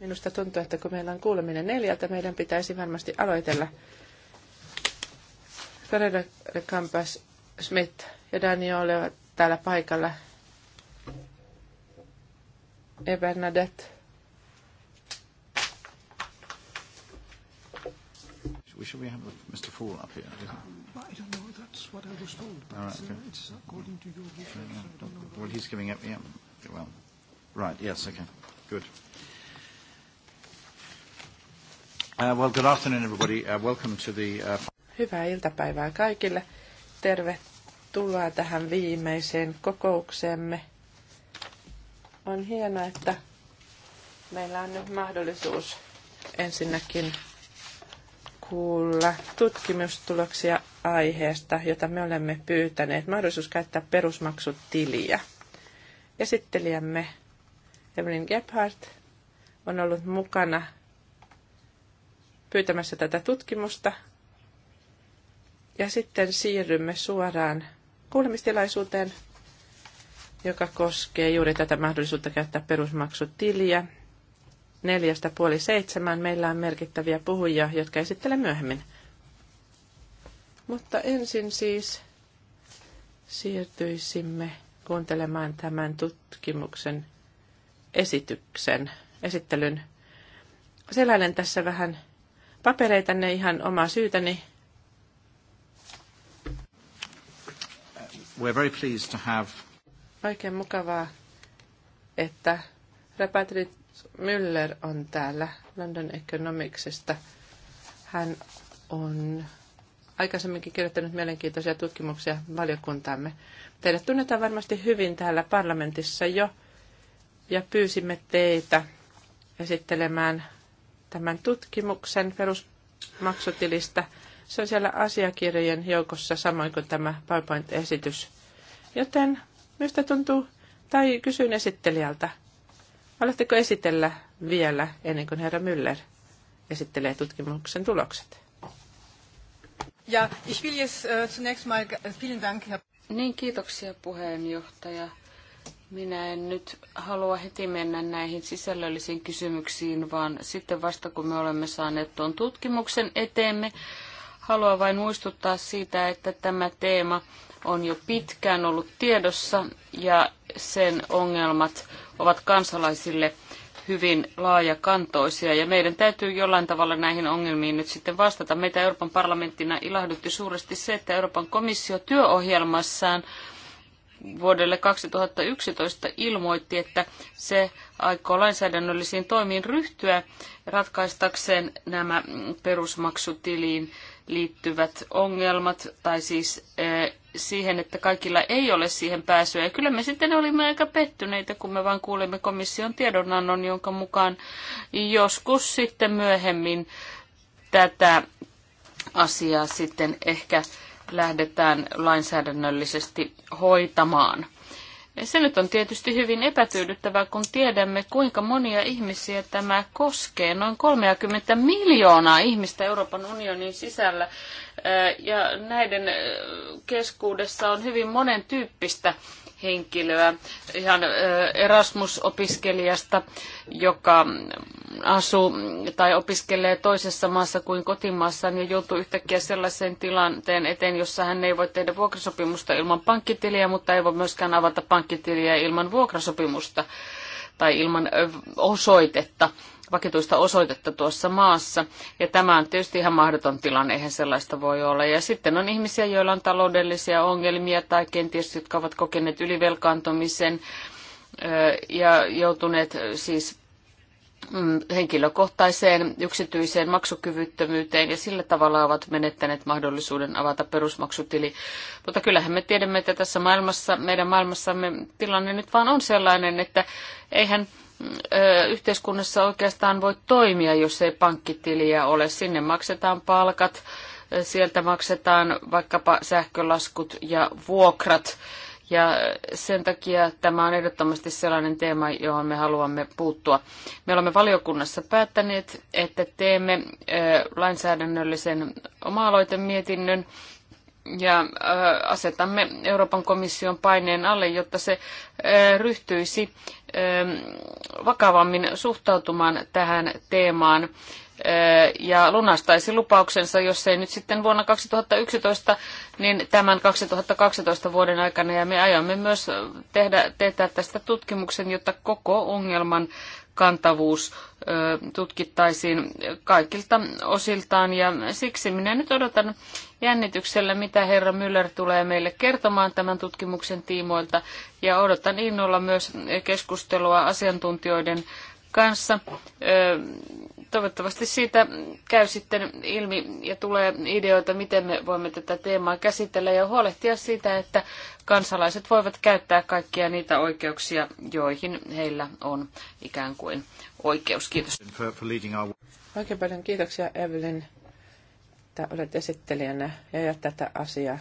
Minusta tuntuu, että kun meillä on kuuleminen neljältä, meidän pitäisi varmasti aloitella. Ferreira Kampas, Smith ja Daniel olivat täällä paikalla. Ebernadette. we should we have Mr. Fall up here? Yeah. I don't know. That's what I was told. But All right, uh, okay. it's according to your wishes. Yeah, yeah. I don't know well, he's giving up. Yeah. Well. Right. Yes. Okay. Good. Uh, well, good afternoon, everybody. Uh, welcome to the. Uh... Hyvää iltapäivää kaikille. Tervetuloa tähän viimeiseen kokoukseemme. On hienoa, että meillä on nyt mahdollisuus ensinnäkin kuulla tutkimustuloksia aiheesta, jota me olemme pyytäneet. Mahdollisuus käyttää perusmaksutiliä. Esittelijämme Evelyn Gebhardt on ollut mukana pyytämässä tätä tutkimusta. Ja sitten siirrymme suoraan kuulemistilaisuuteen, joka koskee juuri tätä mahdollisuutta käyttää perusmaksutiliä neljästä puoli seitsemän. Meillä on merkittäviä puhujia, jotka esittelen myöhemmin. Mutta ensin siis siirtyisimme kuuntelemaan tämän tutkimuksen esityksen, esittelyn. Seläilen tässä vähän papereita, ne ihan omaa syytäni. We're very pleased to have... Oikein mukavaa, että Rapatrit Müller on täällä London Economicsista. Hän on aikaisemminkin kirjoittanut mielenkiintoisia tutkimuksia valiokuntaamme. Teidät tunnetaan varmasti hyvin täällä parlamentissa jo, ja pyysimme teitä esittelemään tämän tutkimuksen perusmaksutilistä. Se on siellä asiakirjojen joukossa samoin kuin tämä PowerPoint-esitys. Joten mistä tuntuu, tai kysyn esittelijältä, Haluatteko esitellä vielä ennen kuin herra Müller esittelee tutkimuksen tulokset? Ja, ich will jetzt äh, zunächst mal äh, vielen Dank, Herr... Niin, kiitoksia puheenjohtaja. Minä en nyt halua heti mennä näihin sisällöllisiin kysymyksiin, vaan sitten vasta kun me olemme saaneet tuon tutkimuksen eteemme, haluan vain muistuttaa siitä, että tämä teema on jo pitkään ollut tiedossa ja sen ongelmat ovat kansalaisille hyvin laajakantoisia ja meidän täytyy jollain tavalla näihin ongelmiin nyt sitten vastata. Meitä Euroopan parlamenttina ilahdutti suuresti se, että Euroopan komissio työohjelmassaan vuodelle 2011 ilmoitti, että se aikoo lainsäädännöllisiin toimiin ryhtyä ratkaistakseen nämä perusmaksutiliin liittyvät ongelmat, tai siis eh, siihen, että kaikilla ei ole siihen pääsyä. Ja kyllä me sitten olimme aika pettyneitä, kun me vain kuulimme komission tiedonannon, jonka mukaan joskus sitten myöhemmin tätä asiaa sitten ehkä lähdetään lainsäädännöllisesti hoitamaan. Ja se nyt on tietysti hyvin epätyydyttävää, kun tiedämme, kuinka monia ihmisiä tämä koskee. Noin 30 miljoonaa ihmistä Euroopan unionin sisällä. Ja näiden keskuudessa on hyvin monen tyyppistä henkilöä, ihan Erasmus-opiskelijasta, joka asuu tai opiskelee toisessa maassa kuin kotimaassaan niin ja joutuu yhtäkkiä sellaiseen tilanteen eteen, jossa hän ei voi tehdä vuokrasopimusta ilman pankkitiliä, mutta ei voi myöskään avata pankkitiliä ilman vuokrasopimusta tai ilman osoitetta vakituista osoitetta tuossa maassa. Ja tämä on tietysti ihan mahdoton tilanne, eihän sellaista voi olla. Ja sitten on ihmisiä, joilla on taloudellisia ongelmia tai kenties, jotka ovat kokeneet ylivelkaantumisen ja joutuneet siis mm, henkilökohtaiseen yksityiseen maksukyvyttömyyteen ja sillä tavalla ovat menettäneet mahdollisuuden avata perusmaksutili. Mutta kyllähän me tiedämme, että tässä maailmassa, meidän maailmassamme tilanne nyt vaan on sellainen, että eihän yhteiskunnassa oikeastaan voi toimia, jos ei pankkitiliä ole. Sinne maksetaan palkat, sieltä maksetaan vaikkapa sähkölaskut ja vuokrat. Ja sen takia tämä on ehdottomasti sellainen teema, johon me haluamme puuttua. Me olemme valiokunnassa päättäneet, että teemme lainsäädännöllisen oma-aloitemietinnön, ja äh, asetamme Euroopan komission paineen alle, jotta se äh, ryhtyisi ähm, vakavammin suhtautumaan tähän teemaan äh, ja lunastaisi lupauksensa, jos ei nyt sitten vuonna 2011, niin tämän 2012 vuoden aikana. Ja me aiomme myös tehdä, tehdä tästä tutkimuksen, jotta koko ongelman kantavuus tutkittaisiin kaikilta osiltaan. Ja siksi minä nyt odotan jännityksellä, mitä herra Müller tulee meille kertomaan tämän tutkimuksen tiimoilta. Ja odotan innolla myös keskustelua asiantuntijoiden kanssa. Toivottavasti siitä käy sitten ilmi ja tulee ideoita, miten me voimme tätä teemaa käsitellä ja huolehtia siitä, että kansalaiset voivat käyttää kaikkia niitä oikeuksia, joihin heillä on ikään kuin oikeus. Kiitos. Oikein paljon kiitoksia Evelyn että olet esittelijänä ja tätä asiaa.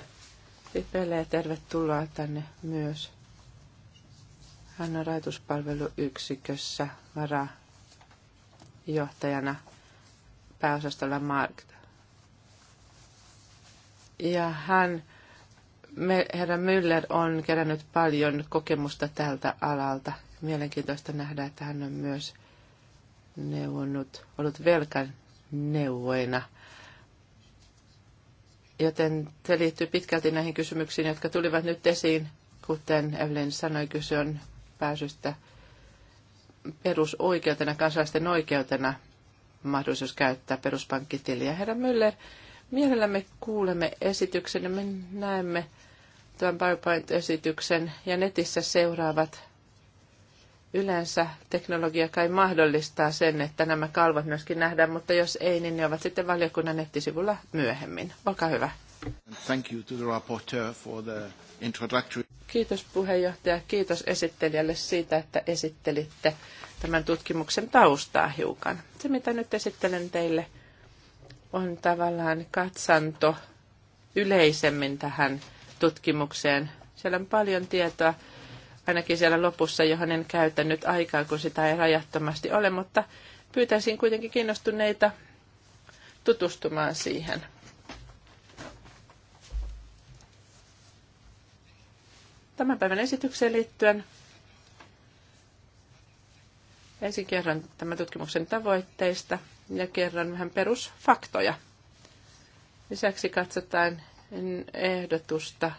Sipele ja tervetuloa tänne myös. Hän on rajoituspalveluyksikössä varajohtajana pääosastolla Mark Ja hän, herra Müller, on kerännyt paljon kokemusta tältä alalta. Mielenkiintoista nähdä, että hän on myös neuvonut, ollut velkan neuvoina – Joten se liittyy pitkälti näihin kysymyksiin, jotka tulivat nyt esiin, kuten Evelyn sanoi, kyse on pääsystä perusoikeutena, kansalaisten oikeutena mahdollisuus käyttää peruspankkitiliä. Herra Müller, mielellämme kuulemme esityksen ja me näemme tämän PowerPoint-esityksen ja netissä seuraavat yleensä teknologia kai mahdollistaa sen, että nämä kalvot myöskin nähdään, mutta jos ei, niin ne ovat sitten valiokunnan nettisivulla myöhemmin. Olkaa hyvä. Thank you to the rapporteur for the introductory. Kiitos puheenjohtaja, kiitos esittelijälle siitä, että esittelitte tämän tutkimuksen taustaa hiukan. Se, mitä nyt esittelen teille, on tavallaan katsanto yleisemmin tähän tutkimukseen. Siellä on paljon tietoa ainakin siellä lopussa, johon en käytänyt aikaa, kun sitä ei rajattomasti ole, mutta pyytäisin kuitenkin kiinnostuneita tutustumaan siihen. Tämän päivän esitykseen liittyen ensin kerran tämän tutkimuksen tavoitteista ja kerran vähän perusfaktoja. Lisäksi katsotaan ehdotusta,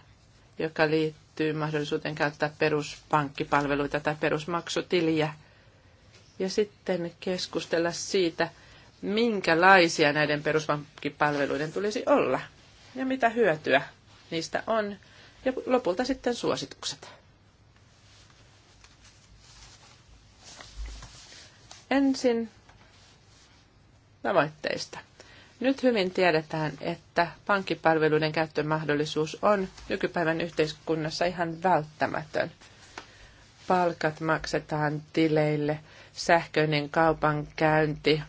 joka liittyy liittyy mahdollisuuteen käyttää peruspankkipalveluita tai perusmaksutiliä. Ja sitten keskustella siitä, minkälaisia näiden peruspankkipalveluiden tulisi olla ja mitä hyötyä niistä on. Ja lopulta sitten suositukset. Ensin tavoitteista. Nyt hyvin tiedetään, että pankkipalveluiden käyttömahdollisuus on nykypäivän yhteiskunnassa ihan välttämätön. Palkat maksetaan tileille, sähköinen kaupankäynti,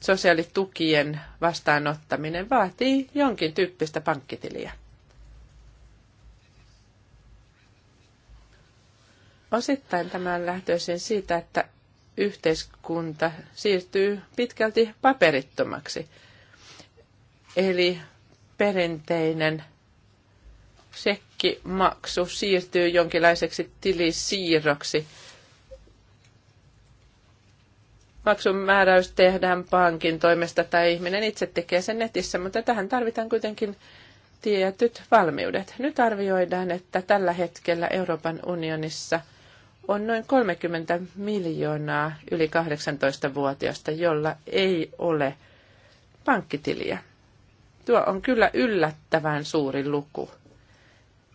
sosiaalitukien vastaanottaminen vaatii jonkin tyyppistä pankkitiliä. Osittain tämä on lähtöisin siitä, että yhteiskunta siirtyy pitkälti paperittomaksi – Eli perinteinen sekkimaksu siirtyy jonkinlaiseksi tilisiirroksi. Maksun määräys tehdään pankin toimesta tai ihminen itse tekee sen netissä, mutta tähän tarvitaan kuitenkin tietyt valmiudet. Nyt arvioidaan, että tällä hetkellä Euroopan unionissa on noin 30 miljoonaa yli 18-vuotiaista, jolla ei ole pankkitiliä. Tuo on kyllä yllättävän suuri luku.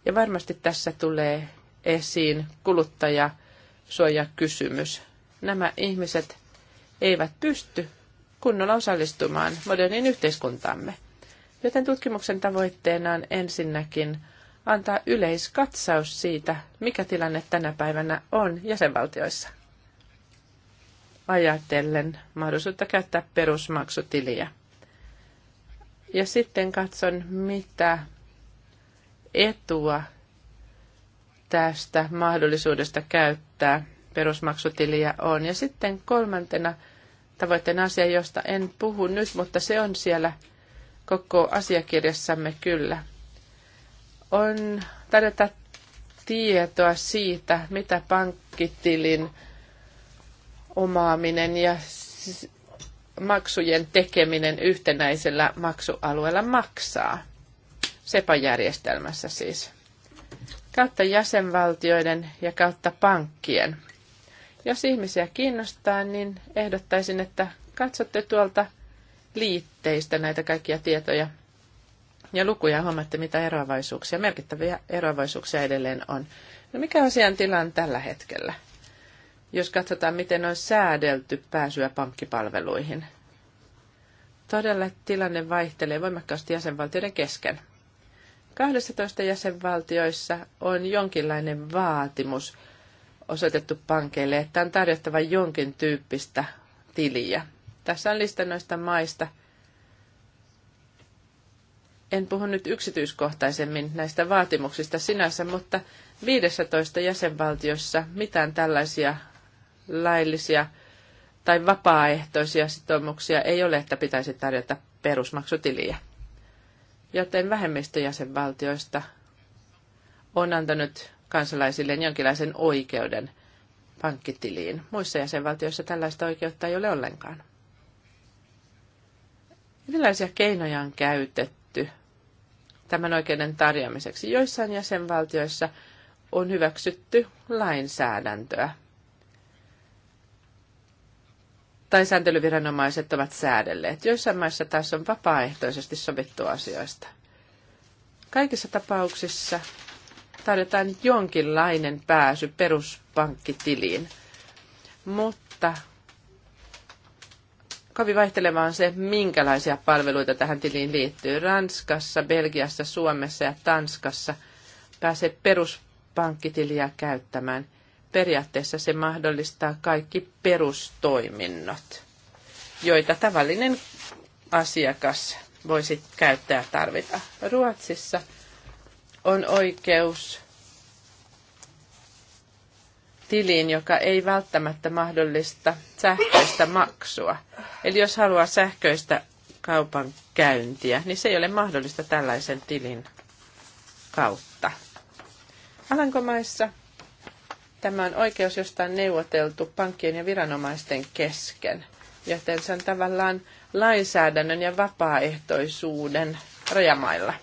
Ja varmasti tässä tulee esiin kuluttajasuojakysymys. Nämä ihmiset eivät pysty kunnolla osallistumaan moderniin yhteiskuntaamme. Joten tutkimuksen tavoitteena on ensinnäkin antaa yleiskatsaus siitä, mikä tilanne tänä päivänä on jäsenvaltioissa. Ajatellen mahdollisuutta käyttää perusmaksutiliä – ja sitten katson, mitä etua tästä mahdollisuudesta käyttää perusmaksutiliä on. Ja sitten kolmantena tavoitteen asia, josta en puhu nyt, mutta se on siellä koko asiakirjassamme kyllä, on tarjota tietoa siitä, mitä pankkitilin omaaminen ja maksujen tekeminen yhtenäisellä maksualueella maksaa. SEPA-järjestelmässä siis. Kautta jäsenvaltioiden ja kautta pankkien. Jos ihmisiä kiinnostaa, niin ehdottaisin, että katsotte tuolta liitteistä näitä kaikkia tietoja ja lukuja huomaatte, mitä eroavaisuuksia, merkittäviä eroavaisuuksia edelleen on. No mikä asian tila tällä hetkellä? jos katsotaan, miten on säädelty pääsyä pankkipalveluihin. Todella tilanne vaihtelee voimakkaasti jäsenvaltioiden kesken. 12 jäsenvaltioissa on jonkinlainen vaatimus osoitettu pankeille, että on tarjottava jonkin tyyppistä tiliä. Tässä on lista noista maista. En puhu nyt yksityiskohtaisemmin näistä vaatimuksista sinänsä, mutta 15 jäsenvaltiossa mitään tällaisia laillisia tai vapaaehtoisia sitoumuksia ei ole, että pitäisi tarjota perusmaksutiliä. Joten vähemmistöjäsenvaltioista on antanut kansalaisille jonkinlaisen oikeuden pankkitiliin. Muissa jäsenvaltioissa tällaista oikeutta ei ole ollenkaan. Erilaisia keinoja on käytetty tämän oikeuden tarjoamiseksi. Joissain jäsenvaltioissa on hyväksytty lainsäädäntöä – tai sääntelyviranomaiset ovat säädelleet. Joissain maissa taas on vapaaehtoisesti sovittu asioista. Kaikissa tapauksissa tarjotaan jonkinlainen pääsy peruspankkitiliin, mutta kovin vaihtelevaa on se, minkälaisia palveluita tähän tiliin liittyy. Ranskassa, Belgiassa, Suomessa ja Tanskassa pääsee peruspankkitiliä käyttämään – periaatteessa se mahdollistaa kaikki perustoiminnot, joita tavallinen asiakas voisi käyttää ja tarvita. Ruotsissa on oikeus tiliin, joka ei välttämättä mahdollista sähköistä maksua. Eli jos haluaa sähköistä kaupan käyntiä, niin se ei ole mahdollista tällaisen tilin kautta. Alankomaissa Tämä on oikeus, josta on neuvoteltu pankkien ja viranomaisten kesken, joten se on tavallaan lainsäädännön ja vapaaehtoisuuden rajamailla.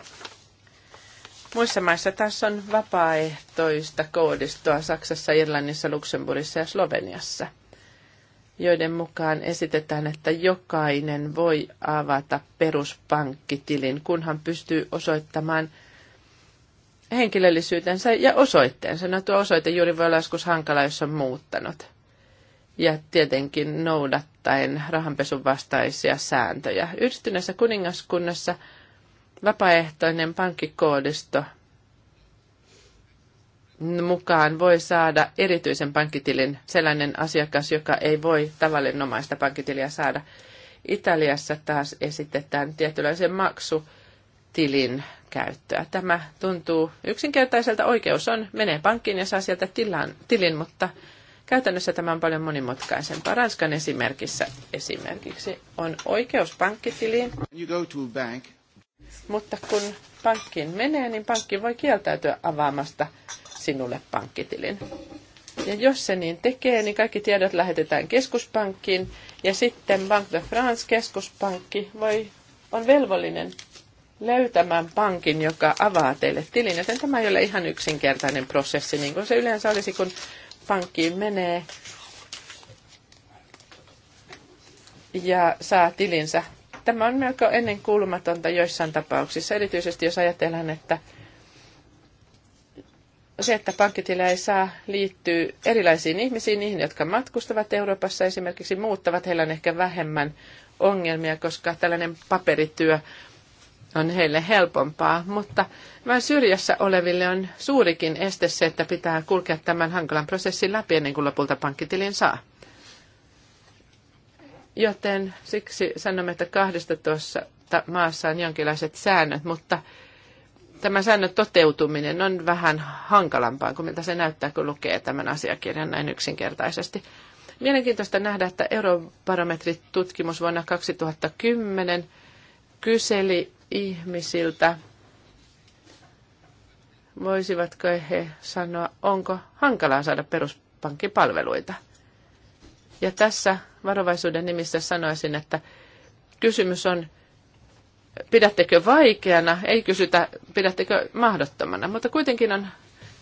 Muissa maissa taas on vapaaehtoista koodistoa Saksassa, Irlannissa, Luxemburgissa ja Sloveniassa, joiden mukaan esitetään, että jokainen voi avata peruspankkitilin, kunhan pystyy osoittamaan henkilöllisyytensä ja osoitteensa. No tuo osoite juuri voi olla joskus hankala, jos on muuttanut. Ja tietenkin noudattaen rahanpesun vastaisia sääntöjä. Yhdistyneessä kuningaskunnassa vapaaehtoinen pankkikoodisto mukaan voi saada erityisen pankkitilin sellainen asiakas, joka ei voi tavallinomaista pankkitiliä saada. Italiassa taas esitetään tietynlaisen maksu tilin käyttöä. Tämä tuntuu yksinkertaiselta. Oikeus on, menee pankkiin ja saa sieltä tilan, tilin, mutta käytännössä tämä on paljon monimutkaisempaa. Ranskan esimerkissä esimerkiksi on oikeus pankkitiliin, bank. mutta kun pankkiin menee, niin pankki voi kieltäytyä avaamasta sinulle pankkitilin. Ja jos se niin tekee, niin kaikki tiedot lähetetään keskuspankkiin ja sitten Banque de France keskuspankki voi, on velvollinen löytämään pankin, joka avaa teille tilin. Joten tämä ei ole ihan yksinkertainen prosessi, niin kuin se yleensä olisi, kun pankkiin menee ja saa tilinsä. Tämä on melko ennenkuulumatonta joissain tapauksissa, erityisesti jos ajatellaan, että se, että pankkitilä ei saa, liittyy erilaisiin ihmisiin, niihin, jotka matkustavat Euroopassa esimerkiksi, muuttavat, heillä on ehkä vähemmän ongelmia, koska tällainen paperityö on heille helpompaa, mutta vain syrjässä oleville on suurikin este se, että pitää kulkea tämän hankalan prosessin läpi ennen kuin lopulta pankkitilin saa. Joten siksi sanomme, että 12 maassa on jonkinlaiset säännöt, mutta tämä säännön toteutuminen on vähän hankalampaa kuin miltä se näyttää, kun lukee tämän asiakirjan näin yksinkertaisesti. Mielenkiintoista nähdä, että eurobarometritutkimus vuonna 2010 kyseli ihmisiltä, voisivatko he sanoa, onko hankalaa saada peruspankkipalveluita. Ja tässä varovaisuuden nimissä sanoisin, että kysymys on, pidättekö vaikeana, ei kysytä, pidättekö mahdottomana, mutta kuitenkin on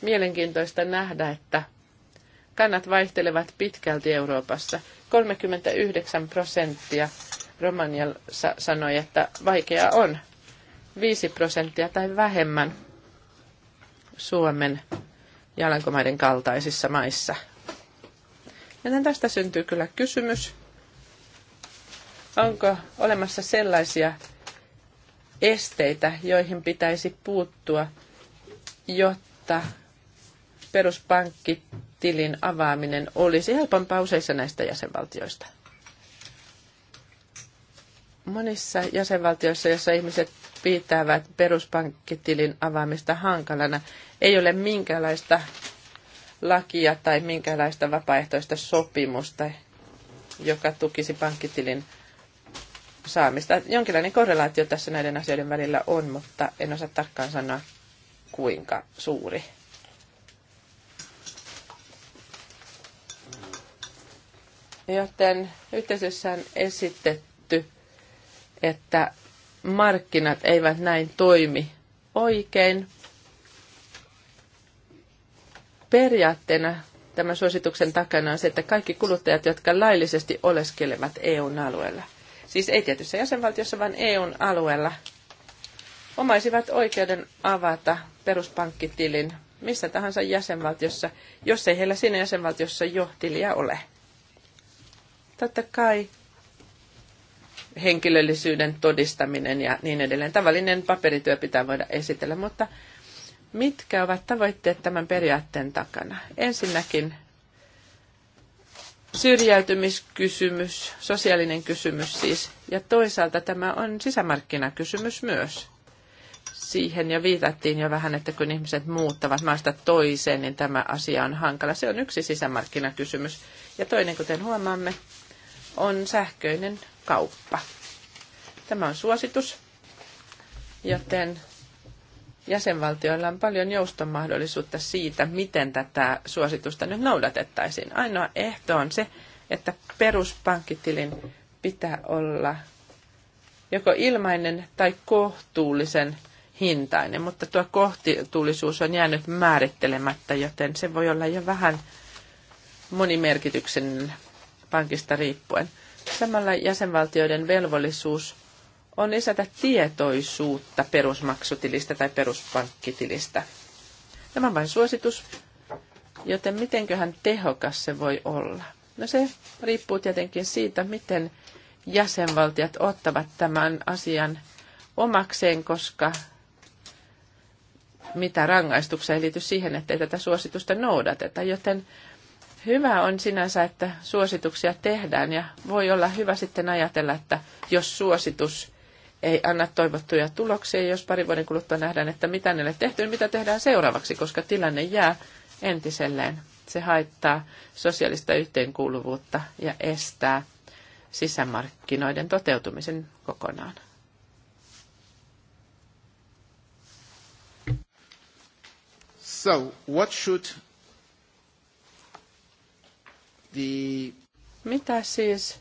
mielenkiintoista nähdä, että kannat vaihtelevat pitkälti Euroopassa. 39 prosenttia Romaniassa sanoi, että vaikeaa on. 5 prosenttia tai vähemmän Suomen jalankomaiden kaltaisissa maissa. Joten tästä syntyy kyllä kysymys, onko olemassa sellaisia esteitä, joihin pitäisi puuttua, jotta peruspankkitilin avaaminen olisi helpompaa useissa näistä jäsenvaltioista. Monissa jäsenvaltioissa, joissa ihmiset pitävät peruspankkitilin avaamista hankalana, ei ole minkäänlaista lakia tai minkäänlaista vapaaehtoista sopimusta, joka tukisi pankkitilin saamista. Jonkinlainen korrelaatio tässä näiden asioiden välillä on, mutta en osaa tarkkaan sanoa kuinka suuri. Joten yhteisössä on esitetty että markkinat eivät näin toimi oikein. Periaatteena tämän suosituksen takana on se, että kaikki kuluttajat, jotka laillisesti oleskelevat EUn alueella, siis ei tietyssä jäsenvaltiossa, vaan EUn alueella, omaisivat oikeuden avata peruspankkitilin missä tahansa jäsenvaltiossa, jos ei heillä siinä jäsenvaltiossa jo tiliä ole. Totta kai henkilöllisyyden todistaminen ja niin edelleen. Tavallinen paperityö pitää voida esitellä, mutta mitkä ovat tavoitteet tämän periaatteen takana? Ensinnäkin syrjäytymiskysymys, sosiaalinen kysymys siis, ja toisaalta tämä on sisämarkkinakysymys myös. Siihen jo viitattiin jo vähän, että kun ihmiset muuttavat maasta toiseen, niin tämä asia on hankala. Se on yksi sisämarkkinakysymys. Ja toinen, kuten huomaamme, on sähköinen kauppa. Tämä on suositus, joten jäsenvaltioilla on paljon joustomahdollisuutta siitä, miten tätä suositusta nyt noudatettaisiin. Ainoa ehto on se, että peruspankkitilin pitää olla joko ilmainen tai kohtuullisen hintainen, mutta tuo kohtuullisuus on jäänyt määrittelemättä, joten se voi olla jo vähän monimerkityksen pankista riippuen. Samalla jäsenvaltioiden velvollisuus on lisätä tietoisuutta perusmaksutilistä tai peruspankkitilistä. Tämä on vain suositus, joten mitenköhän tehokas se voi olla? No se riippuu tietenkin siitä, miten jäsenvaltiot ottavat tämän asian omakseen, koska mitä rangaistuksia ei liity siihen, ettei tätä suositusta noudateta, joten Hyvä on sinänsä, että suosituksia tehdään ja voi olla hyvä sitten ajatella, että jos suositus ei anna toivottuja tuloksia, jos pari vuoden kuluttua nähdään, että mitä niille tehty, niin mitä tehdään seuraavaksi, koska tilanne jää entiselleen. Se haittaa sosiaalista yhteenkuuluvuutta ja estää sisämarkkinoiden toteutumisen kokonaan. So, what should mitä siis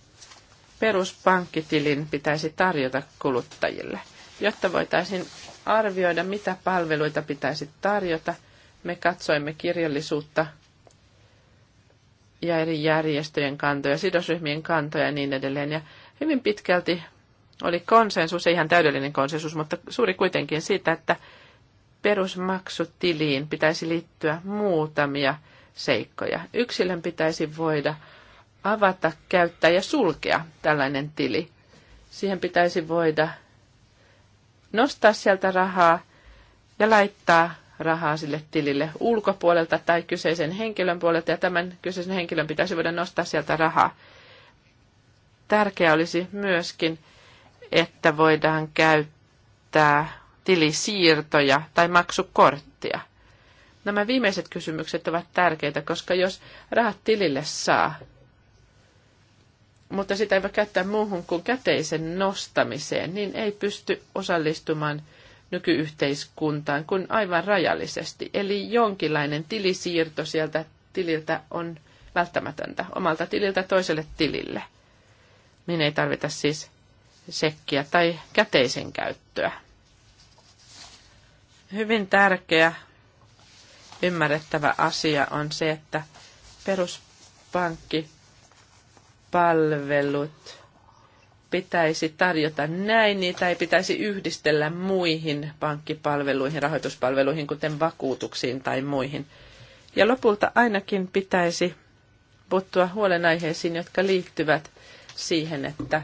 peruspankkitilin pitäisi tarjota kuluttajille, jotta voitaisiin arvioida, mitä palveluita pitäisi tarjota. Me katsoimme kirjallisuutta ja eri järjestöjen kantoja, sidosryhmien kantoja ja niin edelleen. Ja hyvin pitkälti oli konsensus, ei ihan täydellinen konsensus, mutta suuri kuitenkin siitä, että perusmaksutiliin pitäisi liittyä muutamia seikkoja. Yksilön pitäisi voida avata, käyttää ja sulkea tällainen tili. Siihen pitäisi voida nostaa sieltä rahaa ja laittaa rahaa sille tilille ulkopuolelta tai kyseisen henkilön puolelta, ja tämän kyseisen henkilön pitäisi voida nostaa sieltä rahaa. Tärkeää olisi myöskin, että voidaan käyttää tilisiirtoja tai maksukorttia – Nämä viimeiset kysymykset ovat tärkeitä, koska jos rahat tilille saa, mutta sitä ei voi käyttää muuhun kuin käteisen nostamiseen, niin ei pysty osallistumaan nykyyhteiskuntaan kuin aivan rajallisesti. Eli jonkinlainen tilisiirto sieltä tililtä on välttämätöntä omalta tililtä toiselle tilille. Niin ei tarvita siis sekkiä tai käteisen käyttöä. Hyvin tärkeä ymmärrettävä asia on se, että peruspankkipalvelut pitäisi tarjota näin, niitä ei pitäisi yhdistellä muihin pankkipalveluihin, rahoituspalveluihin, kuten vakuutuksiin tai muihin. Ja lopulta ainakin pitäisi puuttua huolenaiheisiin, jotka liittyvät siihen, että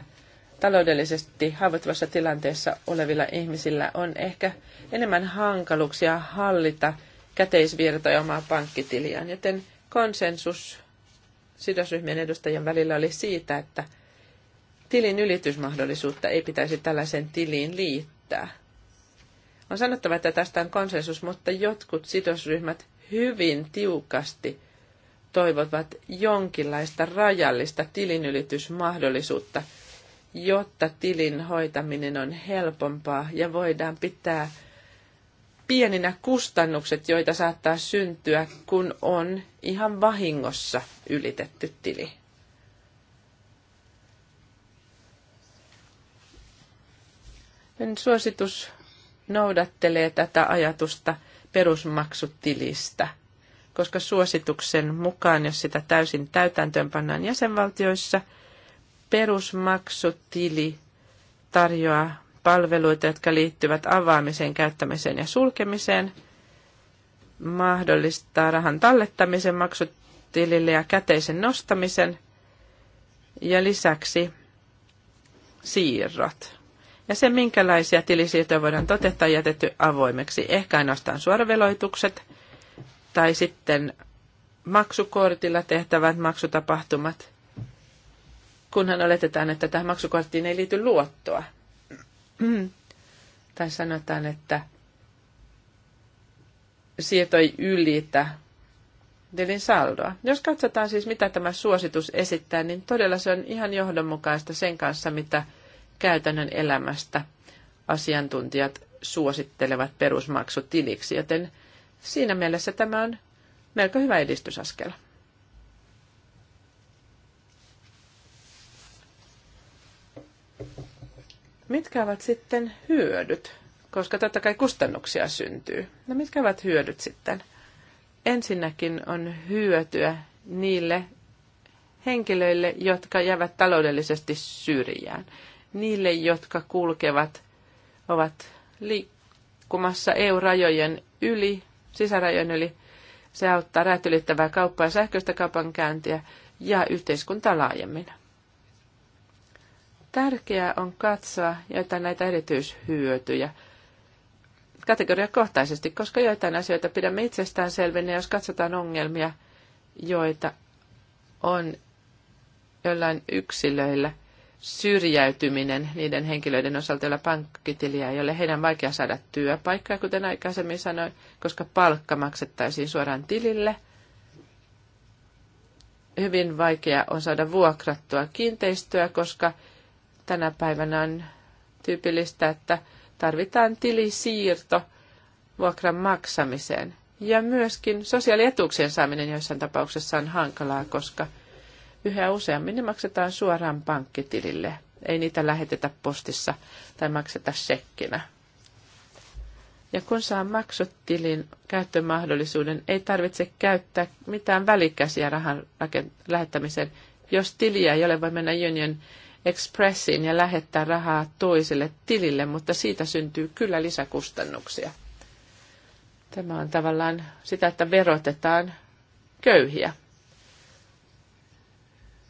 taloudellisesti haavoittuvassa tilanteessa olevilla ihmisillä on ehkä enemmän hankaluuksia hallita – käteisvirtoja omaa pankkitiliään, joten konsensus sidosryhmien edustajien välillä oli siitä, että tilin ylitysmahdollisuutta ei pitäisi tällaisen tiliin liittää. On sanottava, että tästä on konsensus, mutta jotkut sidosryhmät hyvin tiukasti toivovat jonkinlaista rajallista tilinylitysmahdollisuutta, jotta tilin hoitaminen on helpompaa ja voidaan pitää – pieninä kustannukset, joita saattaa syntyä, kun on ihan vahingossa ylitetty tili. En suositus noudattelee tätä ajatusta perusmaksutilistä, koska suosituksen mukaan, jos sitä täysin täytäntöön pannaan jäsenvaltioissa, perusmaksutili tarjoaa palveluita, jotka liittyvät avaamiseen, käyttämiseen ja sulkemiseen, mahdollistaa rahan tallettamisen maksutilille ja käteisen nostamisen ja lisäksi siirrot. Ja se, minkälaisia tilisiirtoja voidaan toteuttaa, jätetty avoimeksi. Ehkä ainoastaan suoraveloitukset tai sitten maksukortilla tehtävät maksutapahtumat, kunhan oletetaan, että tähän maksukorttiin ei liity luottoa. Mm. tai sanotaan, että sieto ei ylitä tilin saldoa. Jos katsotaan siis, mitä tämä suositus esittää, niin todella se on ihan johdonmukaista sen kanssa, mitä käytännön elämästä asiantuntijat suosittelevat perusmaksutiliksi, joten siinä mielessä tämä on melko hyvä edistysaskel. mitkä ovat sitten hyödyt? Koska totta kai kustannuksia syntyy. No mitkä ovat hyödyt sitten? Ensinnäkin on hyötyä niille henkilöille, jotka jäävät taloudellisesti syrjään. Niille, jotka kulkevat, ovat liikkumassa EU-rajojen yli, sisärajojen yli. Se auttaa räätylittävää kauppaa, sähköistä kaupankäyntiä ja yhteiskuntaa laajemmin. Tärkeää on katsoa joitain näitä erityishyötyjä kategoriakohtaisesti, koska joitain asioita pidämme itsestään selvinä, jos katsotaan ongelmia, joita on jollain yksilöillä – syrjäytyminen niiden henkilöiden osalta, joilla pankkitiliä ei ole. Heidän vaikea saada työpaikkaa, kuten aikaisemmin sanoin, koska palkka maksettaisiin suoraan tilille. Hyvin vaikea on saada vuokrattua kiinteistöä, koska Tänä päivänä on tyypillistä, että tarvitaan tilisiirto vuokran maksamiseen. Ja myöskin sosiaalietuuksien saaminen joissain tapauksessa on hankalaa, koska yhä useammin ne maksetaan suoraan pankkitilille. Ei niitä lähetetä postissa tai makseta sekkinä. Ja kun saa maksutilin käyttömahdollisuuden, ei tarvitse käyttää mitään välikäsiä rahan lähettämiseen. Jos tiliä ei ole, voi mennä Union Expressiin ja lähettää rahaa toiselle tilille, mutta siitä syntyy kyllä lisäkustannuksia. Tämä on tavallaan sitä, että verotetaan köyhiä.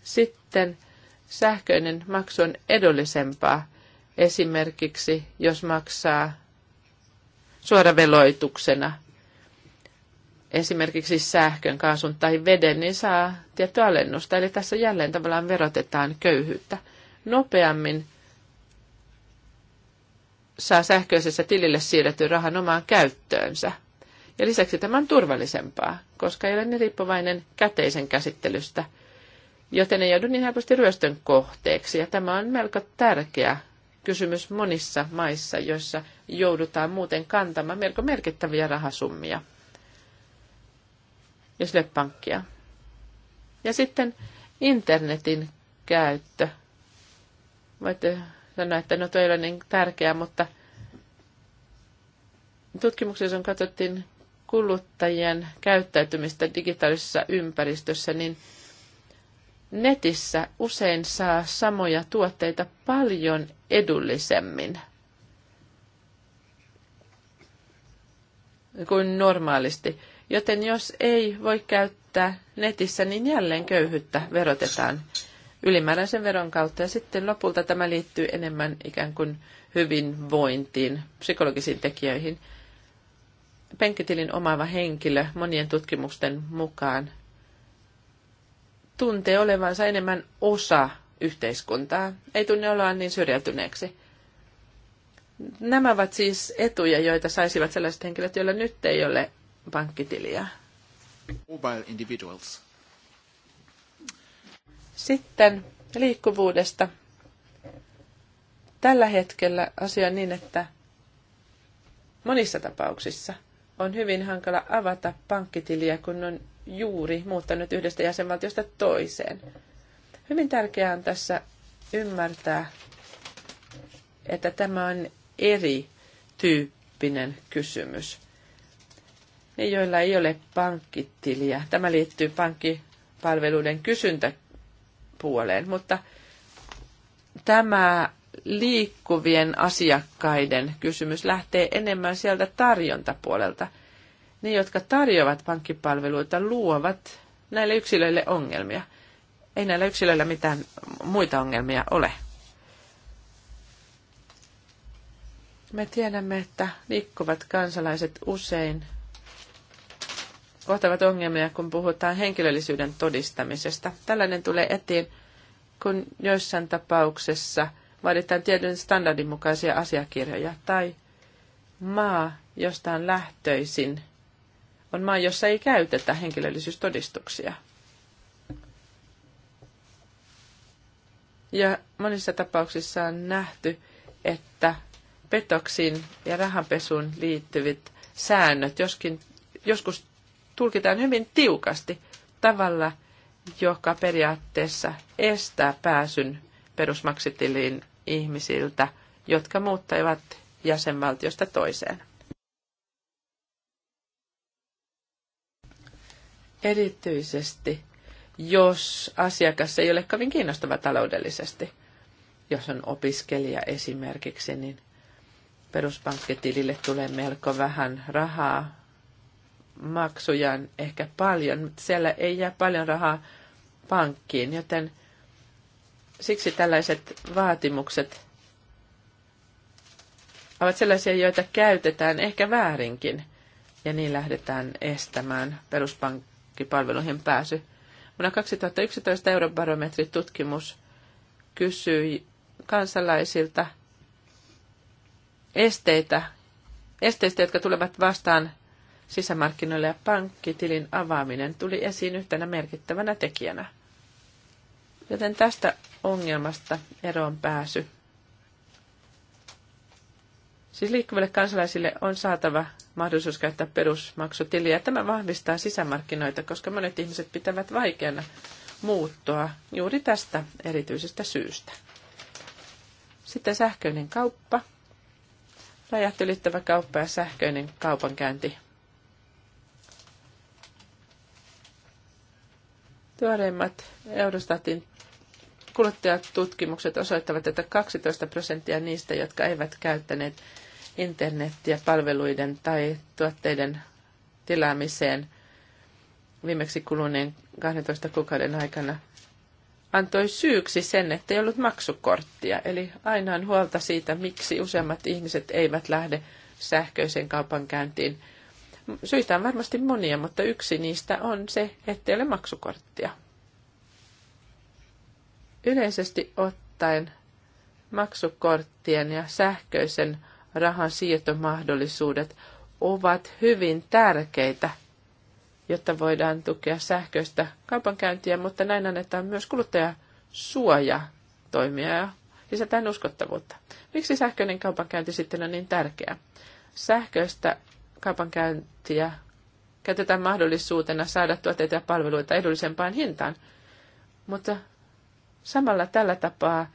Sitten sähköinen maksu on edullisempaa. Esimerkiksi jos maksaa suoraveloituksena esimerkiksi sähkön, kaasun tai veden, niin saa tiettyä alennusta. Eli tässä jälleen tavallaan verotetaan köyhyyttä nopeammin saa sähköisessä tilille siirretty rahan omaan käyttöönsä. Ja lisäksi tämä on turvallisempaa, koska ei ole niin riippuvainen käteisen käsittelystä, joten ei joudu niin helposti ryöstön kohteeksi. Ja tämä on melko tärkeä kysymys monissa maissa, joissa joudutaan muuten kantamaan melko merkittäviä rahasummia, jos ei pankkia. Ja sitten internetin käyttö Voitte sanoa, että no ei ole niin tärkeää, mutta tutkimuksessa on katsottiin kuluttajien käyttäytymistä digitaalisessa ympäristössä, niin netissä usein saa samoja tuotteita paljon edullisemmin kuin normaalisti. Joten jos ei voi käyttää netissä, niin jälleen köyhyyttä verotetaan ylimääräisen veron kautta. Ja sitten lopulta tämä liittyy enemmän ikään kuin hyvinvointiin, psykologisiin tekijöihin. Penkkitilin omaava henkilö monien tutkimusten mukaan tuntee olevansa enemmän osa yhteiskuntaa, ei tunne oloaan niin syrjäytyneeksi. Nämä ovat siis etuja, joita saisivat sellaiset henkilöt, joilla nyt ei ole pankkitiliä. Mobile individuals. Sitten liikkuvuudesta. Tällä hetkellä asia on niin, että monissa tapauksissa on hyvin hankala avata pankkitiliä, kun on juuri muuttanut yhdestä jäsenvaltiosta toiseen. Hyvin tärkeää on tässä ymmärtää, että tämä on eri tyyppinen kysymys. Ne, joilla ei ole pankkitiliä. Tämä liittyy pankkipalveluiden kysyntä puoleen, mutta tämä liikkuvien asiakkaiden kysymys lähtee enemmän sieltä tarjontapuolelta. Ne, jotka tarjoavat pankkipalveluita, luovat näille yksilöille ongelmia. Ei näillä yksilöillä mitään muita ongelmia ole. Me tiedämme, että liikkuvat kansalaiset usein kohtavat ongelmia, kun puhutaan henkilöllisyyden todistamisesta. Tällainen tulee etiin, kun joissain tapauksessa vaaditaan tietyn standardin mukaisia asiakirjoja tai maa, josta on lähtöisin, on maa, jossa ei käytetä henkilöllisyystodistuksia. Ja monissa tapauksissa on nähty, että petoksiin ja rahanpesuun liittyvät säännöt joskin, joskus tulkitaan hyvin tiukasti tavalla, joka periaatteessa estää pääsyn perusmaksitiliin ihmisiltä, jotka muuttavat jäsenvaltiosta toiseen. Erityisesti, jos asiakas ei ole kovin kiinnostava taloudellisesti, jos on opiskelija esimerkiksi, niin peruspankkitilille tulee melko vähän rahaa maksujaan ehkä paljon, mutta siellä ei jää paljon rahaa pankkiin, joten siksi tällaiset vaatimukset ovat sellaisia, joita käytetään ehkä väärinkin, ja niin lähdetään estämään peruspankkipalveluihin pääsy. Vuonna 2011 eurobarometritutkimus kysyi kansalaisilta esteitä, esteistä, jotka tulevat vastaan sisämarkkinoille ja pankkitilin avaaminen tuli esiin yhtenä merkittävänä tekijänä. Joten tästä ongelmasta eroon pääsy. Siis liikkuville kansalaisille on saatava mahdollisuus käyttää perusmaksutiliä. Tämä vahvistaa sisämarkkinoita, koska monet ihmiset pitävät vaikeana muuttoa juuri tästä erityisestä syystä. Sitten sähköinen kauppa. Rajat ylittävä kauppa ja sähköinen kaupankäynti Tuoreimmat Eurostatin kuluttajatutkimukset osoittavat, että 12 prosenttia niistä, jotka eivät käyttäneet internettiä palveluiden tai tuotteiden tilaamiseen viimeksi kuluneen 12 kuukauden aikana, antoi syyksi sen, että ei ollut maksukorttia. Eli aina on huolta siitä, miksi useammat ihmiset eivät lähde sähköisen kaupankäyntiin – Syitä on varmasti monia, mutta yksi niistä on se, ettei ole maksukorttia. Yleisesti ottaen maksukorttien ja sähköisen rahan siirtomahdollisuudet ovat hyvin tärkeitä, jotta voidaan tukea sähköistä kaupankäyntiä, mutta näin annetaan myös kuluttajasuoja toimia ja lisätään uskottavuutta. Miksi sähköinen kaupankäynti sitten on niin tärkeää? Sähköistä kaupankäyntiä käytetään mahdollisuutena saada tuotteita ja palveluita edullisempaan hintaan. Mutta samalla tällä tapaa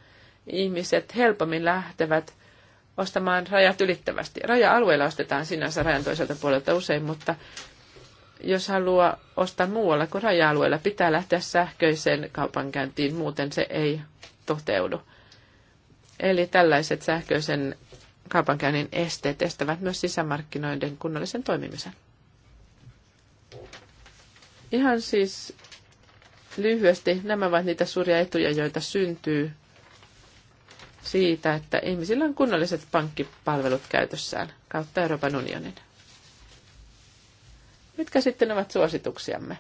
ihmiset helpommin lähtevät ostamaan rajat ylittävästi. Raja-alueella ostetaan sinänsä rajan toiselta puolelta usein, mutta jos haluaa ostaa muualla kuin raja-alueella, pitää lähteä sähköiseen kaupankäyntiin, muuten se ei toteudu. Eli tällaiset sähköisen kaupankäynnin esteet estävät myös sisämarkkinoiden kunnollisen toimimisen. Ihan siis lyhyesti nämä ovat niitä suuria etuja, joita syntyy siitä, että ihmisillä on kunnolliset pankkipalvelut käytössään kautta Euroopan unionin. Mitkä sitten ovat suosituksiamme?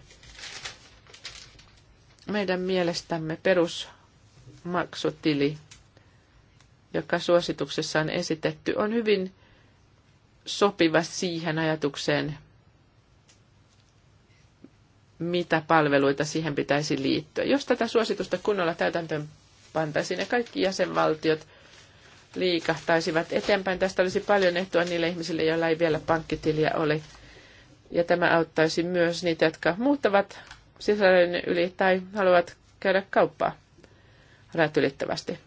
Meidän mielestämme perusmaksutili joka suosituksessa on esitetty, on hyvin sopiva siihen ajatukseen, mitä palveluita siihen pitäisi liittyä. Jos tätä suositusta kunnolla täytäntöön pantaisiin ja kaikki jäsenvaltiot liikahtaisivat eteenpäin, tästä olisi paljon ehtoa niille ihmisille, joilla ei vielä pankkitiliä ole. Ja tämä auttaisi myös niitä, jotka muuttavat sisällön yli tai haluavat käydä kauppaa rajat ylittävästi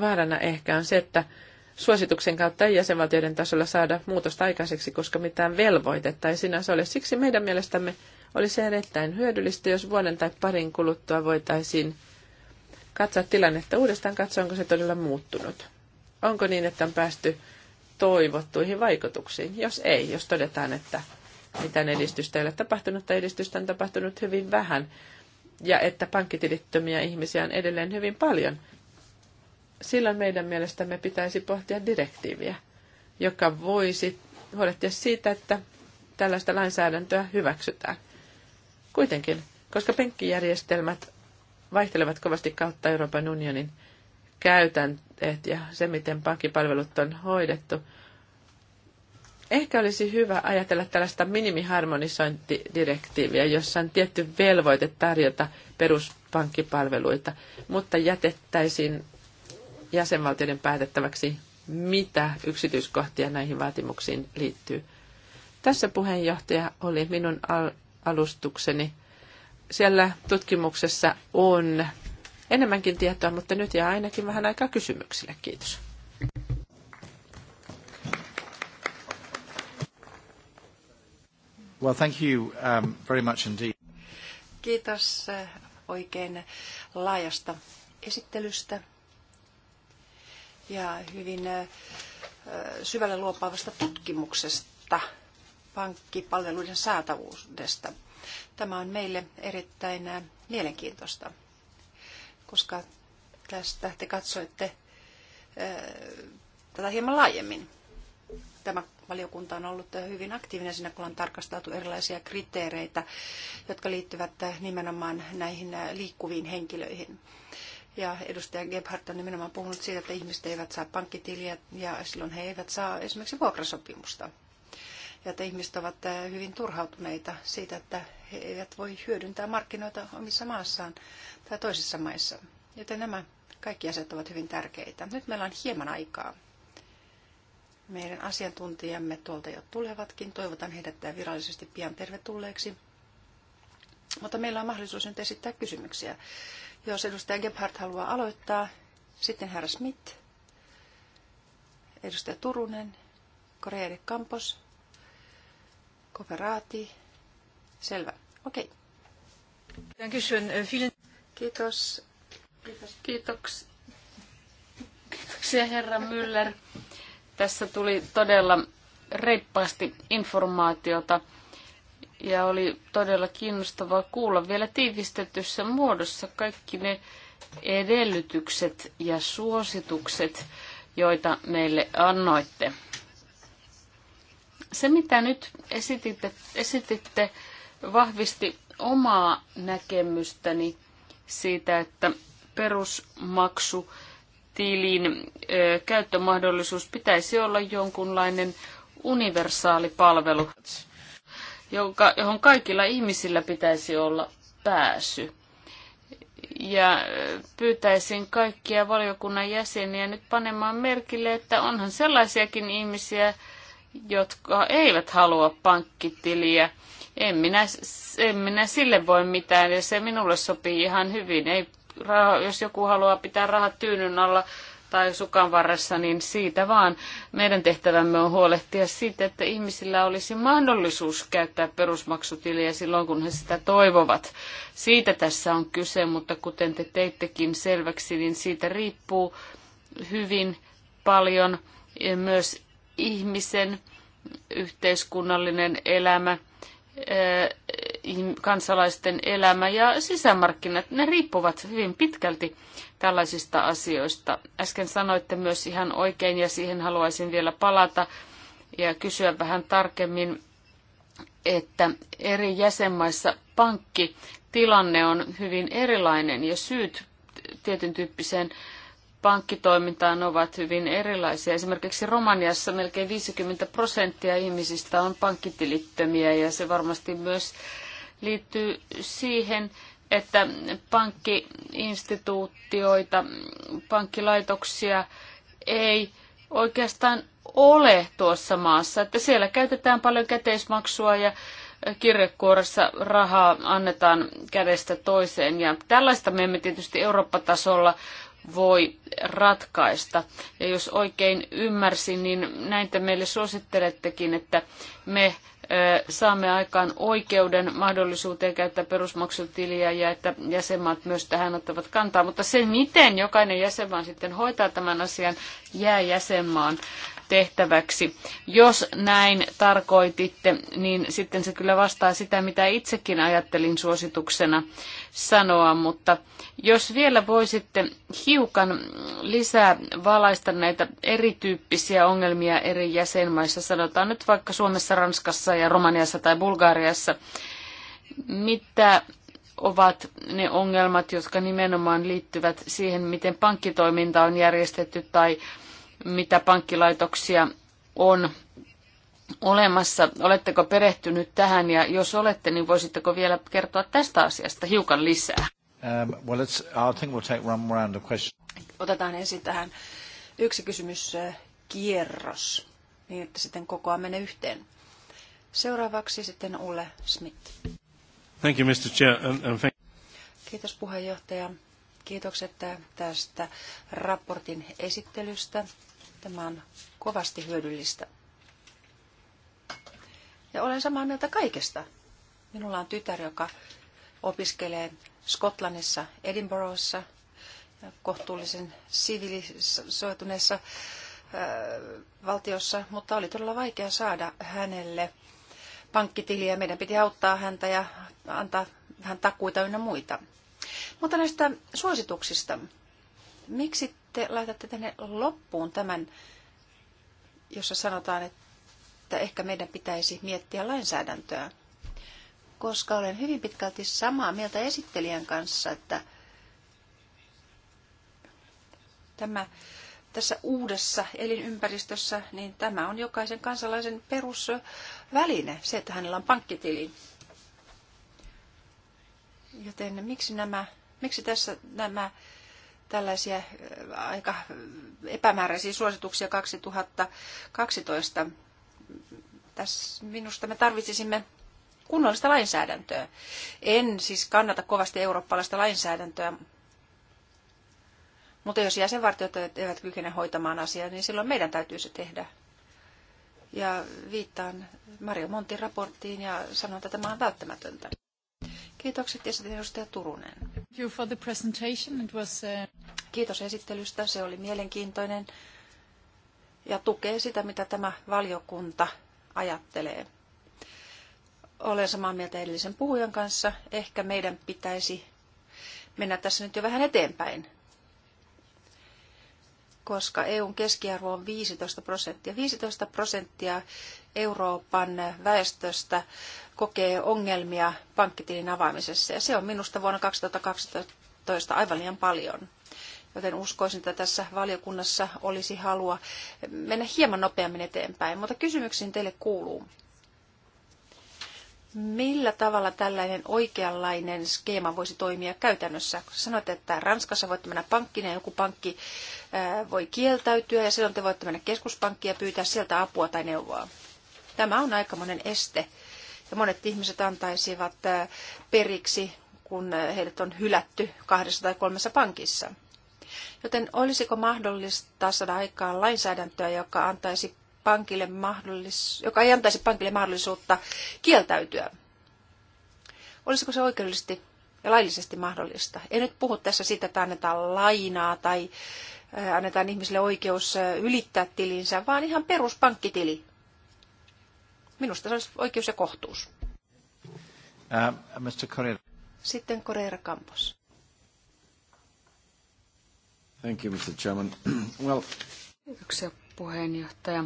vaarana ehkä on se, että suosituksen kautta ei jäsenvaltioiden tasolla saada muutosta aikaiseksi, koska mitään velvoitetta ei sinänsä ole. Siksi meidän mielestämme olisi erittäin hyödyllistä, jos vuoden tai parin kuluttua voitaisiin katsoa tilannetta uudestaan, katsoa onko se todella muuttunut. Onko niin, että on päästy toivottuihin vaikutuksiin? Jos ei, jos todetaan, että mitään edistystä ei ole tapahtunut tai edistystä on tapahtunut hyvin vähän ja että pankkitilittömiä ihmisiä on edelleen hyvin paljon, silloin meidän mielestämme pitäisi pohtia direktiiviä, joka voisi huolehtia siitä, että tällaista lainsäädäntöä hyväksytään. Kuitenkin, koska penkkijärjestelmät vaihtelevat kovasti kautta Euroopan unionin käytänteet ja se, miten pankkipalvelut on hoidettu, ehkä olisi hyvä ajatella tällaista minimiharmonisointidirektiiviä, jossa on tietty velvoite tarjota peruspankkipalveluita, mutta jätettäisiin jäsenvaltioiden päätettäväksi, mitä yksityiskohtia näihin vaatimuksiin liittyy. Tässä puheenjohtaja oli minun alustukseni. Siellä tutkimuksessa on enemmänkin tietoa, mutta nyt jää ainakin vähän aikaa kysymyksille. Kiitos. Well, thank you um, very much indeed. Kiitos äh, oikein laajasta esittelystä ja hyvin syvälle luopaavasta tutkimuksesta pankkipalveluiden saatavuudesta. Tämä on meille erittäin mielenkiintoista, koska tästä te katsoitte tätä hieman laajemmin. Tämä valiokunta on ollut hyvin aktiivinen siinä, kun on tarkasteltu erilaisia kriteereitä, jotka liittyvät nimenomaan näihin liikkuviin henkilöihin. Ja edustaja Gebhardt on nimenomaan puhunut siitä, että ihmiset eivät saa pankkitiliä ja silloin he eivät saa esimerkiksi vuokrasopimusta. Ja että ihmiset ovat eh, hyvin turhautuneita siitä, että he eivät voi hyödyntää markkinoita omissa maassaan tai toisissa maissa. Joten nämä kaikki asiat ovat hyvin tärkeitä. Nyt meillä on hieman aikaa. Meidän asiantuntijamme tuolta jo tulevatkin. Toivotan heidät eh, virallisesti pian tervetulleeksi. Mutta meillä on mahdollisuus nyt esittää kysymyksiä. Jos edustaja Gebhardt haluaa aloittaa, sitten herra Smith, edustaja Turunen, Korea de Campos, Koperaati. Selvä. Okei. Okay. Uh, Kiitos. Kiitos. Kiitoksia herra Müller. Tässä tuli todella reippaasti informaatiota ja oli todella kiinnostavaa kuulla vielä tiivistetyssä muodossa kaikki ne edellytykset ja suositukset, joita meille annoitte. Se, mitä nyt esititte, esititte vahvisti omaa näkemystäni siitä, että perusmaksu tilin käyttömahdollisuus pitäisi olla jonkunlainen universaali palvelu jonka, johon kaikilla ihmisillä pitäisi olla pääsy. Ja pyytäisin kaikkia valiokunnan jäseniä nyt panemaan merkille, että onhan sellaisiakin ihmisiä, jotka eivät halua pankkitiliä. En minä, en minä sille voi mitään ja se minulle sopii ihan hyvin. Ei, raha, jos joku haluaa pitää rahat tyynyn alla tai sukan varressa, niin siitä vaan meidän tehtävämme on huolehtia siitä, että ihmisillä olisi mahdollisuus käyttää perusmaksutiliä silloin, kun he sitä toivovat. Siitä tässä on kyse, mutta kuten te teittekin selväksi, niin siitä riippuu hyvin paljon myös ihmisen yhteiskunnallinen elämä, eh, kansalaisten elämä ja sisämarkkinat, ne riippuvat hyvin pitkälti tällaisista asioista. Äsken sanoitte myös ihan oikein ja siihen haluaisin vielä palata ja kysyä vähän tarkemmin, että eri jäsenmaissa pankkitilanne on hyvin erilainen ja syyt tietyn tyyppiseen pankkitoimintaan ovat hyvin erilaisia. Esimerkiksi Romaniassa melkein 50 prosenttia ihmisistä on pankkitilittömiä ja se varmasti myös liittyy siihen, että pankkiinstituutioita, pankkilaitoksia ei oikeastaan ole tuossa maassa. Että siellä käytetään paljon käteismaksua ja kirjekuoressa rahaa annetaan kädestä toiseen. Ja tällaista me emme tietysti Eurooppa-tasolla voi ratkaista. Ja jos oikein ymmärsin, niin näin te meille suosittelettekin, että me saamme aikaan oikeuden mahdollisuuteen käyttää perusmaksutiliä ja että jäsenmaat myös tähän ottavat kantaa. Mutta se, miten jokainen jäsenmaa sitten hoitaa tämän asian, jää jäsenmaan tehtäväksi. Jos näin tarkoititte, niin sitten se kyllä vastaa sitä, mitä itsekin ajattelin suosituksena sanoa, mutta jos vielä voisitte hiukan lisää valaista näitä erityyppisiä ongelmia eri jäsenmaissa, sanotaan nyt vaikka Suomessa, Ranskassa ja Romaniassa tai Bulgariassa, mitä ovat ne ongelmat, jotka nimenomaan liittyvät siihen, miten pankkitoiminta on järjestetty tai mitä pankkilaitoksia on olemassa. Oletteko perehtynyt tähän ja jos olette, niin voisitteko vielä kertoa tästä asiasta hiukan lisää? Um, well, I think we'll take one round of Otetaan ensin tähän yksi kysymys äh, kierros, niin että sitten kokoa mene yhteen. Seuraavaksi sitten Ulle Smith. Thank you, Mr. Chair, and, and thank... Kiitos puheenjohtaja. Kiitokset äh, tästä raportin esittelystä Tämä on kovasti hyödyllistä. Ja olen samaa mieltä kaikesta. Minulla on tytär, joka opiskelee Skotlannissa, Edinburghissa, kohtuullisen sivilisoituneessa äh, valtiossa, mutta oli todella vaikea saada hänelle pankkitiliä. Meidän piti auttaa häntä ja antaa hän takuita ynnä muita. Mutta näistä suosituksista. Miksi te laitatte tänne loppuun tämän, jossa sanotaan, että ehkä meidän pitäisi miettiä lainsäädäntöä. Koska olen hyvin pitkälti samaa mieltä esittelijän kanssa, että tämä tässä uudessa elinympäristössä, niin tämä on jokaisen kansalaisen perusväline, se, että hänellä on pankkitili. Joten miksi, nämä, miksi tässä nämä tällaisia äh, aika epämääräisiä suosituksia 2012. Tässä minusta me tarvitsisimme kunnollista lainsäädäntöä. En siis kannata kovasti eurooppalaista lainsäädäntöä, mutta jos jäsenvaltiot eivät kykene hoitamaan asiaa, niin silloin meidän täytyy se tehdä. Ja viittaan Mario Montin raporttiin ja sanon, että tämä on välttämätöntä. Kiitokset ja sitten edustaja Turunen. Uh, Kiitos esittelystä, se oli mielenkiintoinen ja tukee sitä, mitä tämä valiokunta ajattelee. Olen samaa mieltä edellisen puhujan kanssa. Ehkä meidän pitäisi mennä tässä nyt jo vähän eteenpäin, koska EUn keskiarvo on 15 prosenttia. 15 prosenttia Euroopan väestöstä kokee ongelmia pankkitilin avaamisessa ja se on minusta vuonna 2012 aivan liian paljon. Joten uskoisin, että tässä valiokunnassa olisi halua mennä hieman nopeammin eteenpäin. Mutta kysymyksiin teille kuuluu. Millä tavalla tällainen oikeanlainen skeema voisi toimia käytännössä? Kun sanoit, että Ranskassa voitte mennä pankkiin ja joku pankki voi kieltäytyä ja silloin te voitte mennä keskuspankkiin ja pyytää sieltä apua tai neuvoa. Tämä on aikamoinen este. Ja monet ihmiset antaisivat äh, periksi, kun äh, heidät on hylätty kahdessa tai kolmessa pankissa. Joten olisiko mahdollista saada aikaan lainsäädäntöä, joka, antaisi pankille mahdollis- joka ei antaisi pankille mahdollisuutta kieltäytyä? Olisiko se oikeudellisesti ja laillisesti mahdollista? En nyt puhu tässä siitä, että annetaan lainaa tai äh, annetaan ihmisille oikeus ylittää tilinsä, vaan ihan peruspankkitili. Minusta se olisi oikeus ja kohtuus. Uh, Mr. Correa. Sitten Correa Campos. Thank you, Mr. Chairman. well... Kiitoksia puheenjohtaja.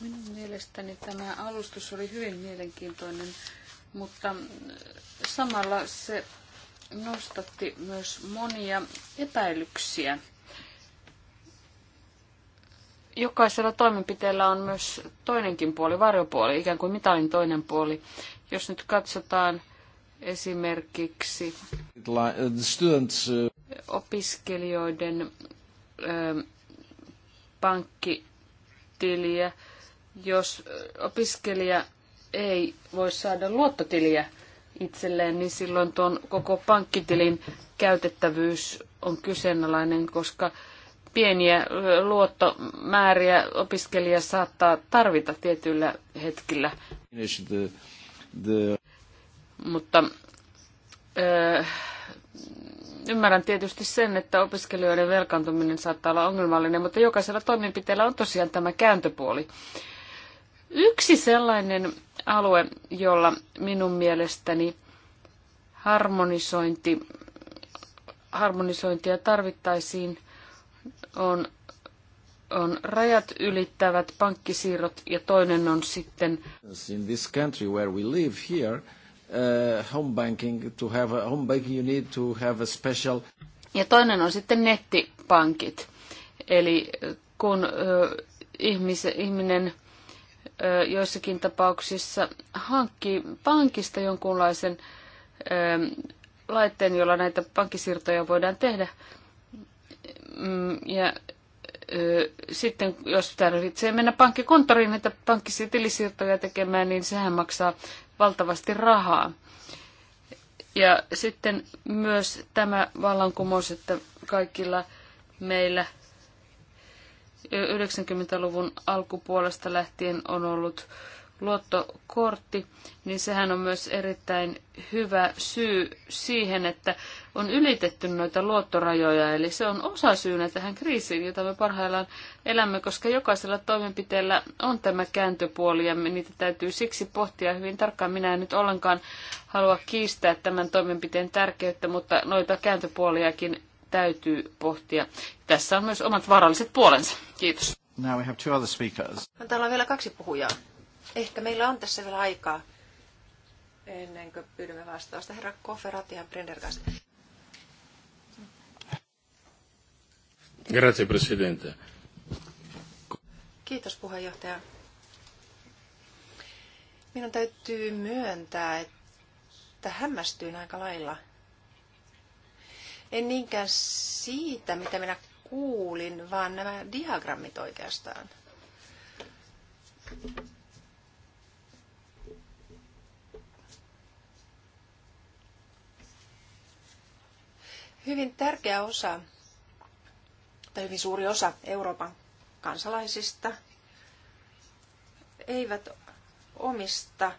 Minun mielestäni tämä alustus oli hyvin mielenkiintoinen, mutta samalla se nostatti myös monia epäilyksiä jokaisella toimenpiteellä on myös toinenkin puoli, varjopuoli, ikään kuin mitalin toinen puoli. Jos nyt katsotaan esimerkiksi opiskelijoiden ö, pankkitiliä, jos opiskelija ei voi saada luottotiliä itselleen, niin silloin tuon koko pankkitilin käytettävyys on kyseenalainen, koska pieniä luottomääriä opiskelija saattaa tarvita tietyillä hetkillä. Mutta ymmärrän tietysti sen, että opiskelijoiden velkaantuminen saattaa olla ongelmallinen, mutta jokaisella toimenpiteellä on tosiaan tämä kääntöpuoli. Yksi sellainen alue, jolla minun mielestäni harmonisointi, harmonisointia tarvittaisiin, on, on rajat ylittävät pankkisiirrot ja toinen on sitten in this country where we live here uh, home banking to have a, home banking you need to have a special ja toinen on sitten nettipankit. Eli eh, kun uh, ihmis, ihminen eh, joissakin tapauksissa hankkii pankista jonkunlaisen ö, laitteen, jolla näitä pankkisiirtoja voidaan tehdä, Mm, ja sitten jos tarvitsee mennä pankkikonttoriin näitä pankkitilisiirtoja tekemään, niin sehän maksaa valtavasti rahaa. Ja sitten myös tämä vallankumous, että kaikilla meillä 90-luvun alkupuolesta lähtien on ollut luottokortti, niin sehän on myös erittäin hyvä syy siihen, että on ylitetty noita luottorajoja. Eli se on osa syynä tähän kriisiin, jota me parhaillaan elämme, koska jokaisella toimenpiteellä on tämä kääntöpuoli ja me niitä täytyy siksi pohtia hyvin tarkkaan. Minä en nyt ollenkaan halua kiistää tämän toimenpiteen tärkeyttä, mutta noita kääntöpuoliakin täytyy pohtia. Tässä on myös omat vaaralliset puolensa. Kiitos. Now we have two other speakers. Täällä on vielä kaksi puhujaa ehkä meillä on tässä vielä aikaa ennen kuin pyydämme vastausta. Herra Koferati ja Prendergast. Grazie, Presidente. Kiitos puheenjohtaja. Minun täytyy myöntää, että hämmästyin aika lailla. En niinkään siitä, mitä minä kuulin, vaan nämä diagrammit oikeastaan. Hyvin tärkeä osa, tai hyvin suuri osa Euroopan kansalaisista eivät omista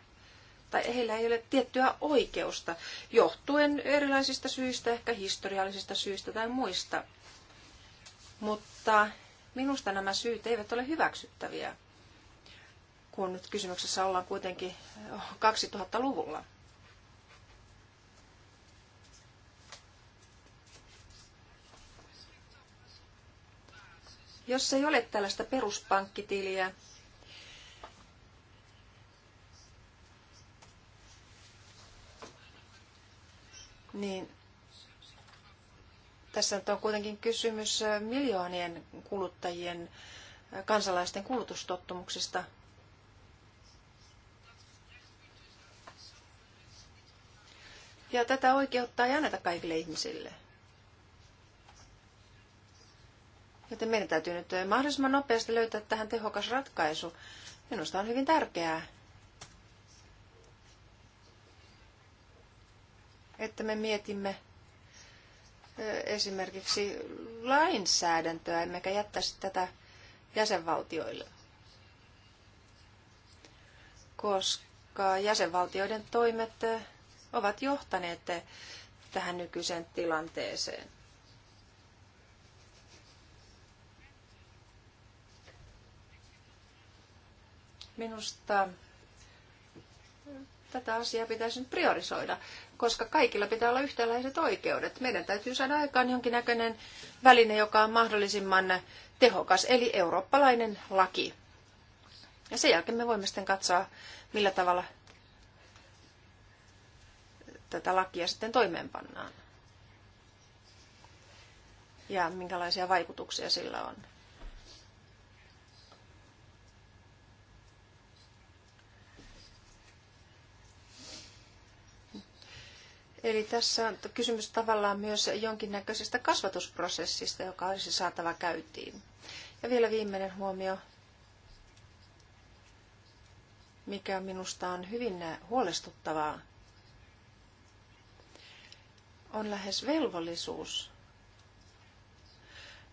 tai heillä ei ole tiettyä oikeusta, johtuen erilaisista syistä, ehkä historiallisista syistä tai muista. Mutta minusta nämä syyt eivät ole hyväksyttäviä, kun nyt kysymyksessä ollaan kuitenkin 2000-luvulla. Jos ei ole tällaista peruspankkitiliä, niin tässä nyt on kuitenkin kysymys miljoonien kuluttajien kansalaisten kulutustottumuksista. Ja tätä oikeutta ei anneta kaikille ihmisille. Joten meidän täytyy nyt mahdollisimman nopeasti löytää tähän tehokas ratkaisu. Minusta on hyvin tärkeää, että me mietimme esimerkiksi lainsäädäntöä, emmekä jättäisi tätä jäsenvaltioille. Koska jäsenvaltioiden toimet ovat johtaneet tähän nykyiseen tilanteeseen. Minusta tätä asiaa pitäisi nyt priorisoida, koska kaikilla pitää olla yhtäläiset oikeudet. Meidän täytyy saada aikaan jonkinnäköinen väline, joka on mahdollisimman tehokas, eli eurooppalainen laki. Ja sen jälkeen me voimme sitten katsoa, millä tavalla tätä lakia sitten toimeenpannaan ja minkälaisia vaikutuksia sillä on. Eli tässä on kysymys tavallaan myös jonkinnäköisestä kasvatusprosessista, joka olisi saatava käytiin. Ja vielä viimeinen huomio, mikä minusta on hyvin huolestuttavaa, on lähes velvollisuus,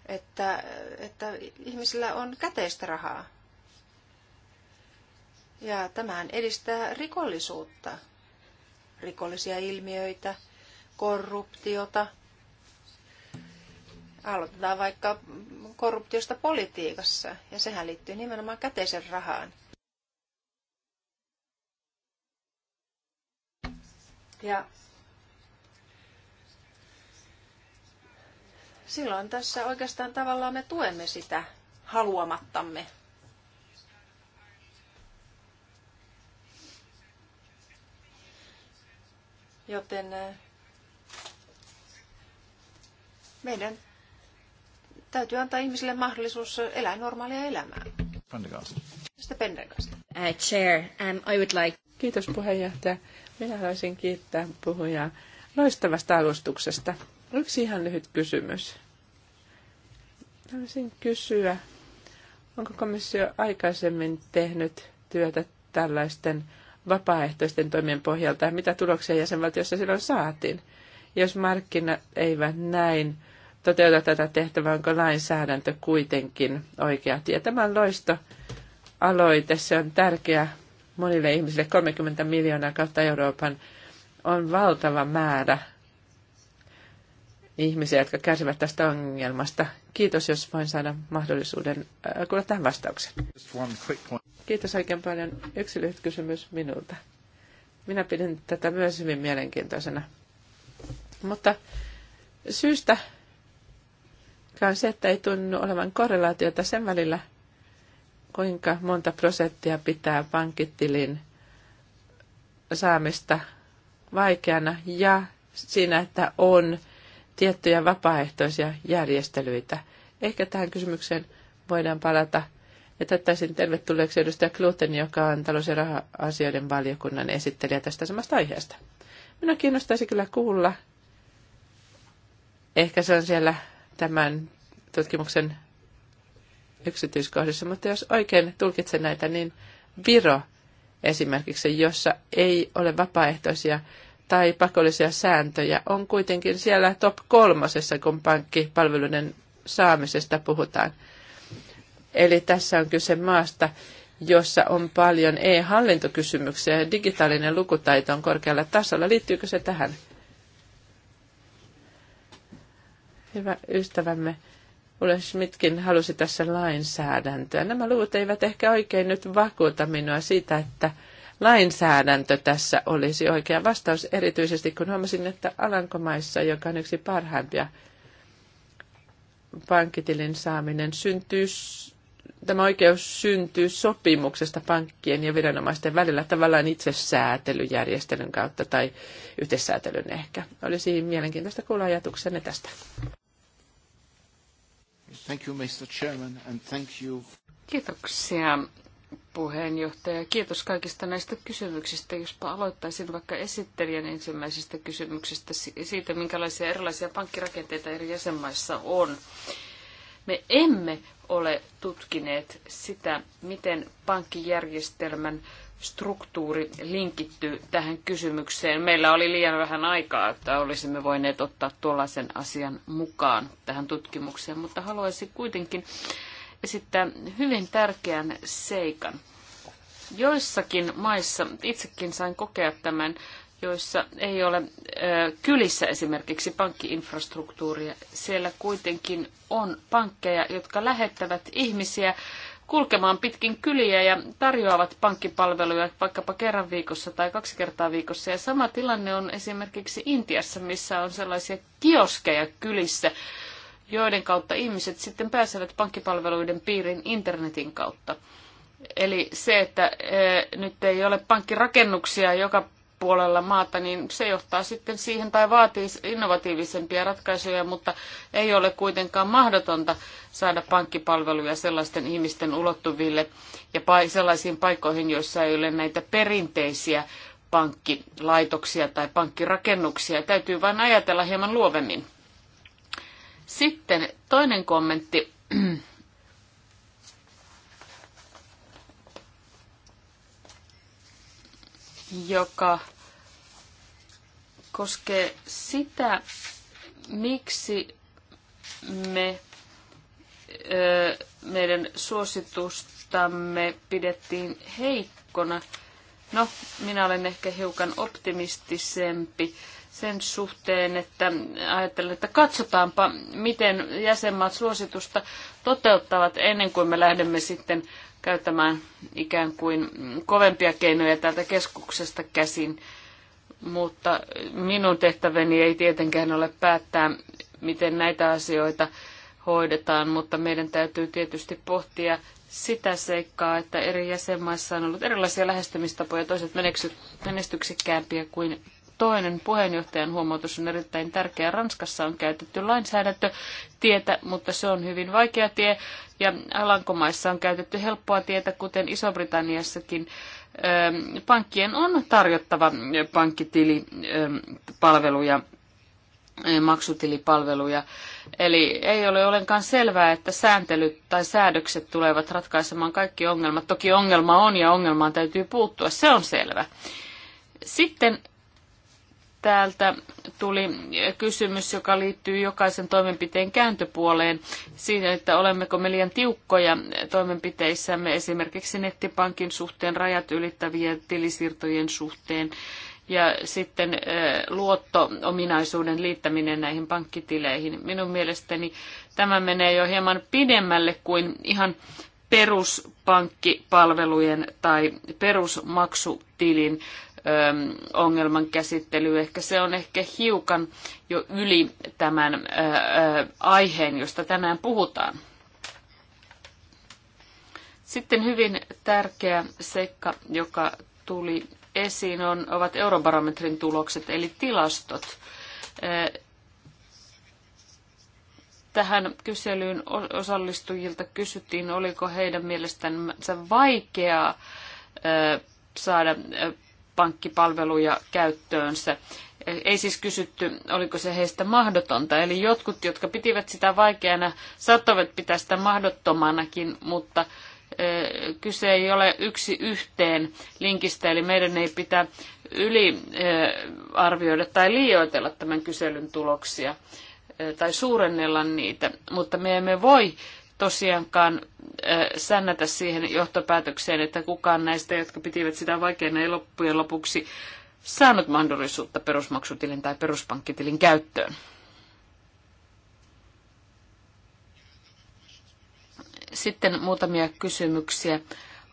että, että ihmisillä on käteistä rahaa. Ja tämähän edistää rikollisuutta rikollisia ilmiöitä, korruptiota. Aloitetaan vaikka korruptiosta politiikassa, ja sehän liittyy nimenomaan käteisen rahaan. Ja silloin tässä oikeastaan tavallaan me tuemme sitä haluamattamme Joten eh, meidän täytyy antaa ihmisille mahdollisuus elää normaalia elämää. Uh, chair, um, I would like... Kiitos puheenjohtaja. Minä haluaisin kiittää puhujaa loistavasta alustuksesta. Yksi ihan lyhyt kysymys. Haluaisin kysyä, onko komissio aikaisemmin tehnyt työtä tällaisten vapaaehtoisten toimien pohjalta, mitä tuloksia jäsenvaltiossa silloin saatiin. Jos markkinat eivät näin toteuta tätä tehtävää, onko lainsäädäntö kuitenkin oikea tie. Tämä on loisto aloite, se on tärkeä monille ihmisille. 30 miljoonaa kautta Euroopan on valtava määrä ihmisiä, jotka kärsivät tästä ongelmasta. Kiitos, jos voin saada mahdollisuuden äh, kuulla tämän vastauksen. Kiitos oikein paljon. Yksi lyhyt kysymys minulta. Minä pidin tätä myös hyvin mielenkiintoisena. Mutta syystä on se, että ei tunnu olevan korrelaatiota sen välillä, kuinka monta prosenttia pitää pankkitilin saamista vaikeana ja siinä, että on tiettyjä vapaaehtoisia järjestelyitä. Ehkä tähän kysymykseen voidaan palata ja täyttäisin tervetulleeksi edustaja Kluten, joka on talous- ja raha-asioiden valiokunnan esittelijä tästä samasta aiheesta. Minä kiinnostaisi kyllä kuulla. Ehkä se on siellä tämän tutkimuksen yksityiskohdissa, mutta jos oikein tulkitsen näitä, niin Viro esimerkiksi, jossa ei ole vapaaehtoisia tai pakollisia sääntöjä, on kuitenkin siellä top kolmosessa, kun pankkipalveluiden saamisesta puhutaan. Eli tässä on kyse maasta, jossa on paljon e-hallintokysymyksiä ja digitaalinen lukutaito on korkealla tasolla. Liittyykö se tähän? Hyvä ystävämme Ule Schmidtkin halusi tässä lainsäädäntöä. Nämä luvut eivät ehkä oikein nyt vakuuta minua siitä, että lainsäädäntö tässä olisi oikea vastaus, erityisesti kun huomasin, että Alankomaissa, joka on yksi parhaimpia, pankkitilin saaminen syntyy tämä oikeus syntyy sopimuksesta pankkien ja viranomaisten välillä tavallaan itse kautta tai yhteissäätelyn ehkä. Olisi mielenkiintoista kuulla ajatuksenne tästä. Thank you, Mr. Chairman, and thank you. Kiitoksia puheenjohtaja. Kiitos kaikista näistä kysymyksistä. Jospa aloittaisin vaikka esittelijän ensimmäisestä kysymyksestä siitä, minkälaisia erilaisia pankkirakenteita eri jäsenmaissa on. Me emme ole tutkineet sitä, miten pankkijärjestelmän struktuuri linkittyy tähän kysymykseen. Meillä oli liian vähän aikaa, että olisimme voineet ottaa tuollaisen asian mukaan tähän tutkimukseen, mutta haluaisin kuitenkin esittää hyvin tärkeän seikan. Joissakin maissa, itsekin sain kokea tämän, joissa ei ole kylissä esimerkiksi pankkiinfrastruktuuria. Siellä kuitenkin on pankkeja, jotka lähettävät ihmisiä kulkemaan pitkin kyliä ja tarjoavat pankkipalveluja vaikkapa kerran viikossa tai kaksi kertaa viikossa. Ja sama tilanne on esimerkiksi Intiassa, missä on sellaisia kioskeja kylissä, joiden kautta ihmiset sitten pääsevät pankkipalveluiden piiriin internetin kautta. Eli se, että nyt ei ole pankkirakennuksia joka puolella maata, niin se johtaa sitten siihen tai vaatii innovatiivisempia ratkaisuja, mutta ei ole kuitenkaan mahdotonta saada pankkipalveluja sellaisten ihmisten ulottuville ja sellaisiin paikkoihin, joissa ei ole näitä perinteisiä pankkilaitoksia tai pankkirakennuksia. Täytyy vain ajatella hieman luovemmin. Sitten toinen kommentti joka koskee sitä, miksi me meidän suositustamme pidettiin heikkona. No, minä olen ehkä hiukan optimistisempi sen suhteen, että ajattelen, että katsotaanpa, miten jäsenmaat suositusta toteuttavat ennen kuin me lähdemme sitten käyttämään ikään kuin kovempia keinoja täältä keskuksesta käsin, mutta minun tehtäväni ei tietenkään ole päättää, miten näitä asioita hoidetaan, mutta meidän täytyy tietysti pohtia sitä seikkaa, että eri jäsenmaissa on ollut erilaisia lähestymistapoja, toiset menestyksekkäämpiä kuin toinen puheenjohtajan huomautus on erittäin tärkeä. Ranskassa on käytetty lainsäädäntötietä, mutta se on hyvin vaikea tie. Ja Alankomaissa on käytetty helppoa tietä, kuten Iso-Britanniassakin. Pankkien on tarjottava pankkitilipalveluja maksutilipalveluja. Eli ei ole ollenkaan selvää, että sääntelyt tai säädökset tulevat ratkaisemaan kaikki ongelmat. Toki ongelma on ja ongelmaan täytyy puuttua, se on selvä. Sitten Täältä tuli kysymys, joka liittyy jokaisen toimenpiteen kääntöpuoleen siinä, että olemmeko me liian tiukkoja toimenpiteissämme esimerkiksi nettipankin suhteen, rajat ylittävien tilisiirtojen suhteen ja sitten luotto-ominaisuuden liittäminen näihin pankkitileihin. Minun mielestäni tämä menee jo hieman pidemmälle kuin ihan peruspankkipalvelujen tai perusmaksutilin ongelman käsittely. Ehkä se on ehkä hiukan jo yli tämän aiheen, josta tänään puhutaan. Sitten hyvin tärkeä seikka, joka tuli esiin, on, ovat eurobarometrin tulokset, eli tilastot. Tähän kyselyyn osallistujilta kysyttiin, oliko heidän mielestään vaikeaa saada pankkipalveluja käyttöönsä. Ei siis kysytty, oliko se heistä mahdotonta. Eli jotkut, jotka pitivät sitä vaikeana, saattoivat pitää sitä mahdottomanakin, mutta e, kyse ei ole yksi yhteen linkistä, eli meidän ei pitää yliarvioida e, tai liioitella tämän kyselyn tuloksia e, tai suurennella niitä, mutta me emme voi tosiaankaan äh, sännätä siihen johtopäätökseen, että kukaan näistä, jotka pitivät sitä vaikeana, ei loppujen lopuksi saanut mahdollisuutta perusmaksutilin tai peruspankkitilin käyttöön. Sitten muutamia kysymyksiä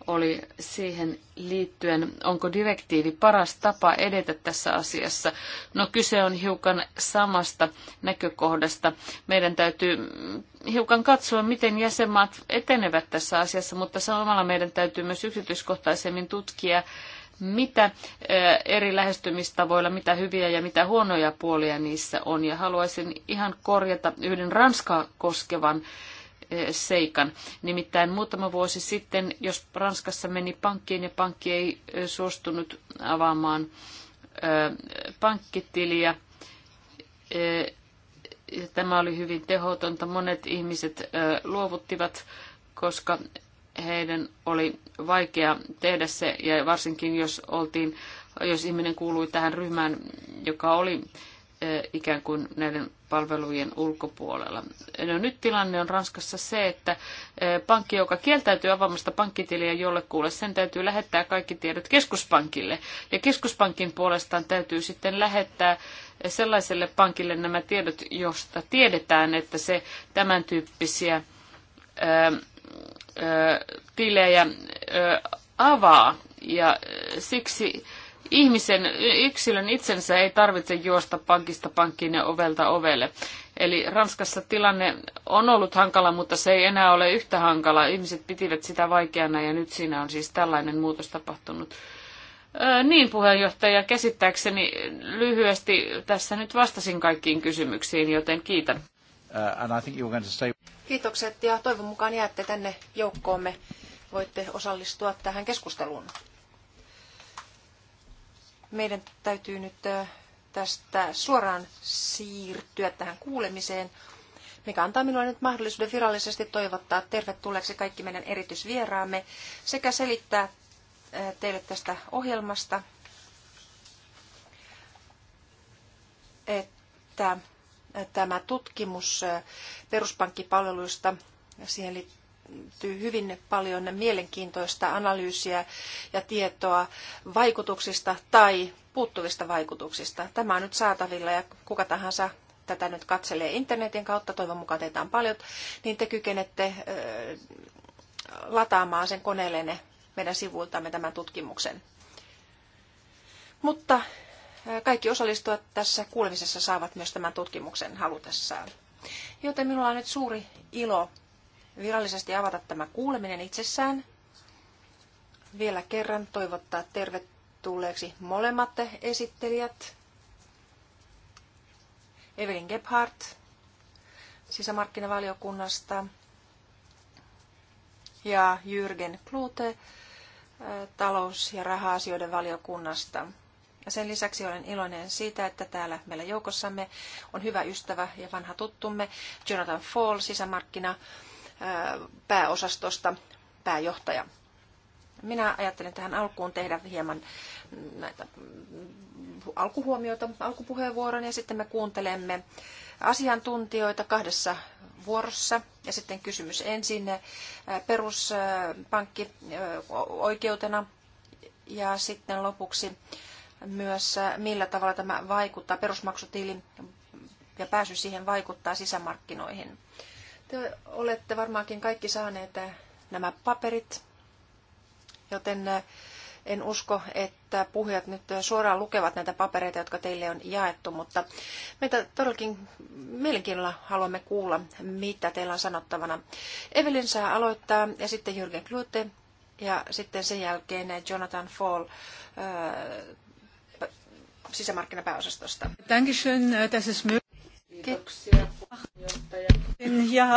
oli siihen liittyen, onko direktiivi paras tapa edetä tässä asiassa. No kyse on hiukan samasta näkökohdasta. Meidän täytyy hiukan katsoa, miten jäsenmaat etenevät tässä asiassa, mutta samalla meidän täytyy myös yksityiskohtaisemmin tutkia, mitä eri lähestymistavoilla, mitä hyviä ja mitä huonoja puolia niissä on. Ja haluaisin ihan korjata yhden Ranskaa koskevan seikan. Nimittäin muutama vuosi sitten, jos Ranskassa meni pankkiin ja pankki ei suostunut avaamaan pankkitiliä, tämä oli hyvin tehotonta. Monet ihmiset luovuttivat, koska heidän oli vaikea tehdä se, ja varsinkin jos, oltiin, jos ihminen kuului tähän ryhmään, joka oli ikään kuin näiden palvelujen ulkopuolella. No, nyt tilanne on Ranskassa se, että e, pankki, joka kieltäytyy avaamasta pankkitiliä jollekulle, sen täytyy lähettää kaikki tiedot keskuspankille. Ja keskuspankin puolestaan täytyy sitten lähettää sellaiselle pankille nämä tiedot, josta tiedetään, että se tämän tyyppisiä ö, e, ö, e, tilejä ö, avaa. Ja siksi ihmisen, yksilön itsensä ei tarvitse juosta pankista pankkiin ja ovelta ovelle. Eli Ranskassa tilanne on ollut hankala, mutta se ei enää ole yhtä hankala. Ihmiset pitivät sitä vaikeana ja nyt siinä on siis tällainen muutos tapahtunut. Niin, puheenjohtaja, käsittääkseni lyhyesti tässä nyt vastasin kaikkiin kysymyksiin, joten kiitän. Uh, Kiitokset ja toivon mukaan jäätte tänne joukkoomme. Voitte osallistua tähän keskusteluun meidän täytyy nyt tästä suoraan siirtyä tähän kuulemiseen, mikä antaa minulle nyt mahdollisuuden virallisesti toivottaa tervetulleeksi kaikki meidän erityisvieraamme sekä selittää teille tästä ohjelmasta, että tämä tutkimus peruspankkipalveluista, siihen liittyy sisältyy hyvin paljon mielenkiintoista analyysiä ja tietoa vaikutuksista tai puuttuvista vaikutuksista. Tämä on nyt saatavilla ja kuka tahansa tätä nyt katselee internetin kautta, toivon mukaan teitä on paljon, niin te kykenette lataamaan sen koneellenne meidän sivuiltamme tämän tutkimuksen. Mutta kaikki osallistujat tässä kuulemisessa saavat myös tämän tutkimuksen halutessaan. Joten minulla on nyt suuri ilo virallisesti avata tämä kuuleminen itsessään. Vielä kerran toivottaa tervetulleeksi molemmat esittelijät. Evelin Gebhardt sisämarkkinavaliokunnasta ja Jürgen Klute äh, talous- ja raha-asioiden valiokunnasta. Ja sen lisäksi olen iloinen siitä, että täällä meillä joukossamme on hyvä ystävä ja vanha tuttumme Jonathan Fall, sisämarkkina pääosastosta pääjohtaja. Minä ajattelin tähän alkuun tehdä hieman näitä alkuhuomioita, alkupuheenvuoron ja sitten me kuuntelemme asiantuntijoita kahdessa vuorossa. Ja sitten kysymys ensin peruspankki oikeutena ja sitten lopuksi myös millä tavalla tämä vaikuttaa, perusmaksutili ja pääsy siihen vaikuttaa sisämarkkinoihin. Te olette varmaankin kaikki saaneet eh, nämä paperit, joten eh, en usko, että puhujat nyt eh, suoraan lukevat näitä papereita, jotka teille on jaettu, mutta meitä todellakin mielenkiinnolla haluamme kuulla, mitä teillä on sanottavana. Evelyn saa aloittaa ja sitten Jürgen Klute ja sitten sen jälkeen Jonathan Fall sisämarkkinapääosastosta. Dankeschön, dass es Kiitoksia Hier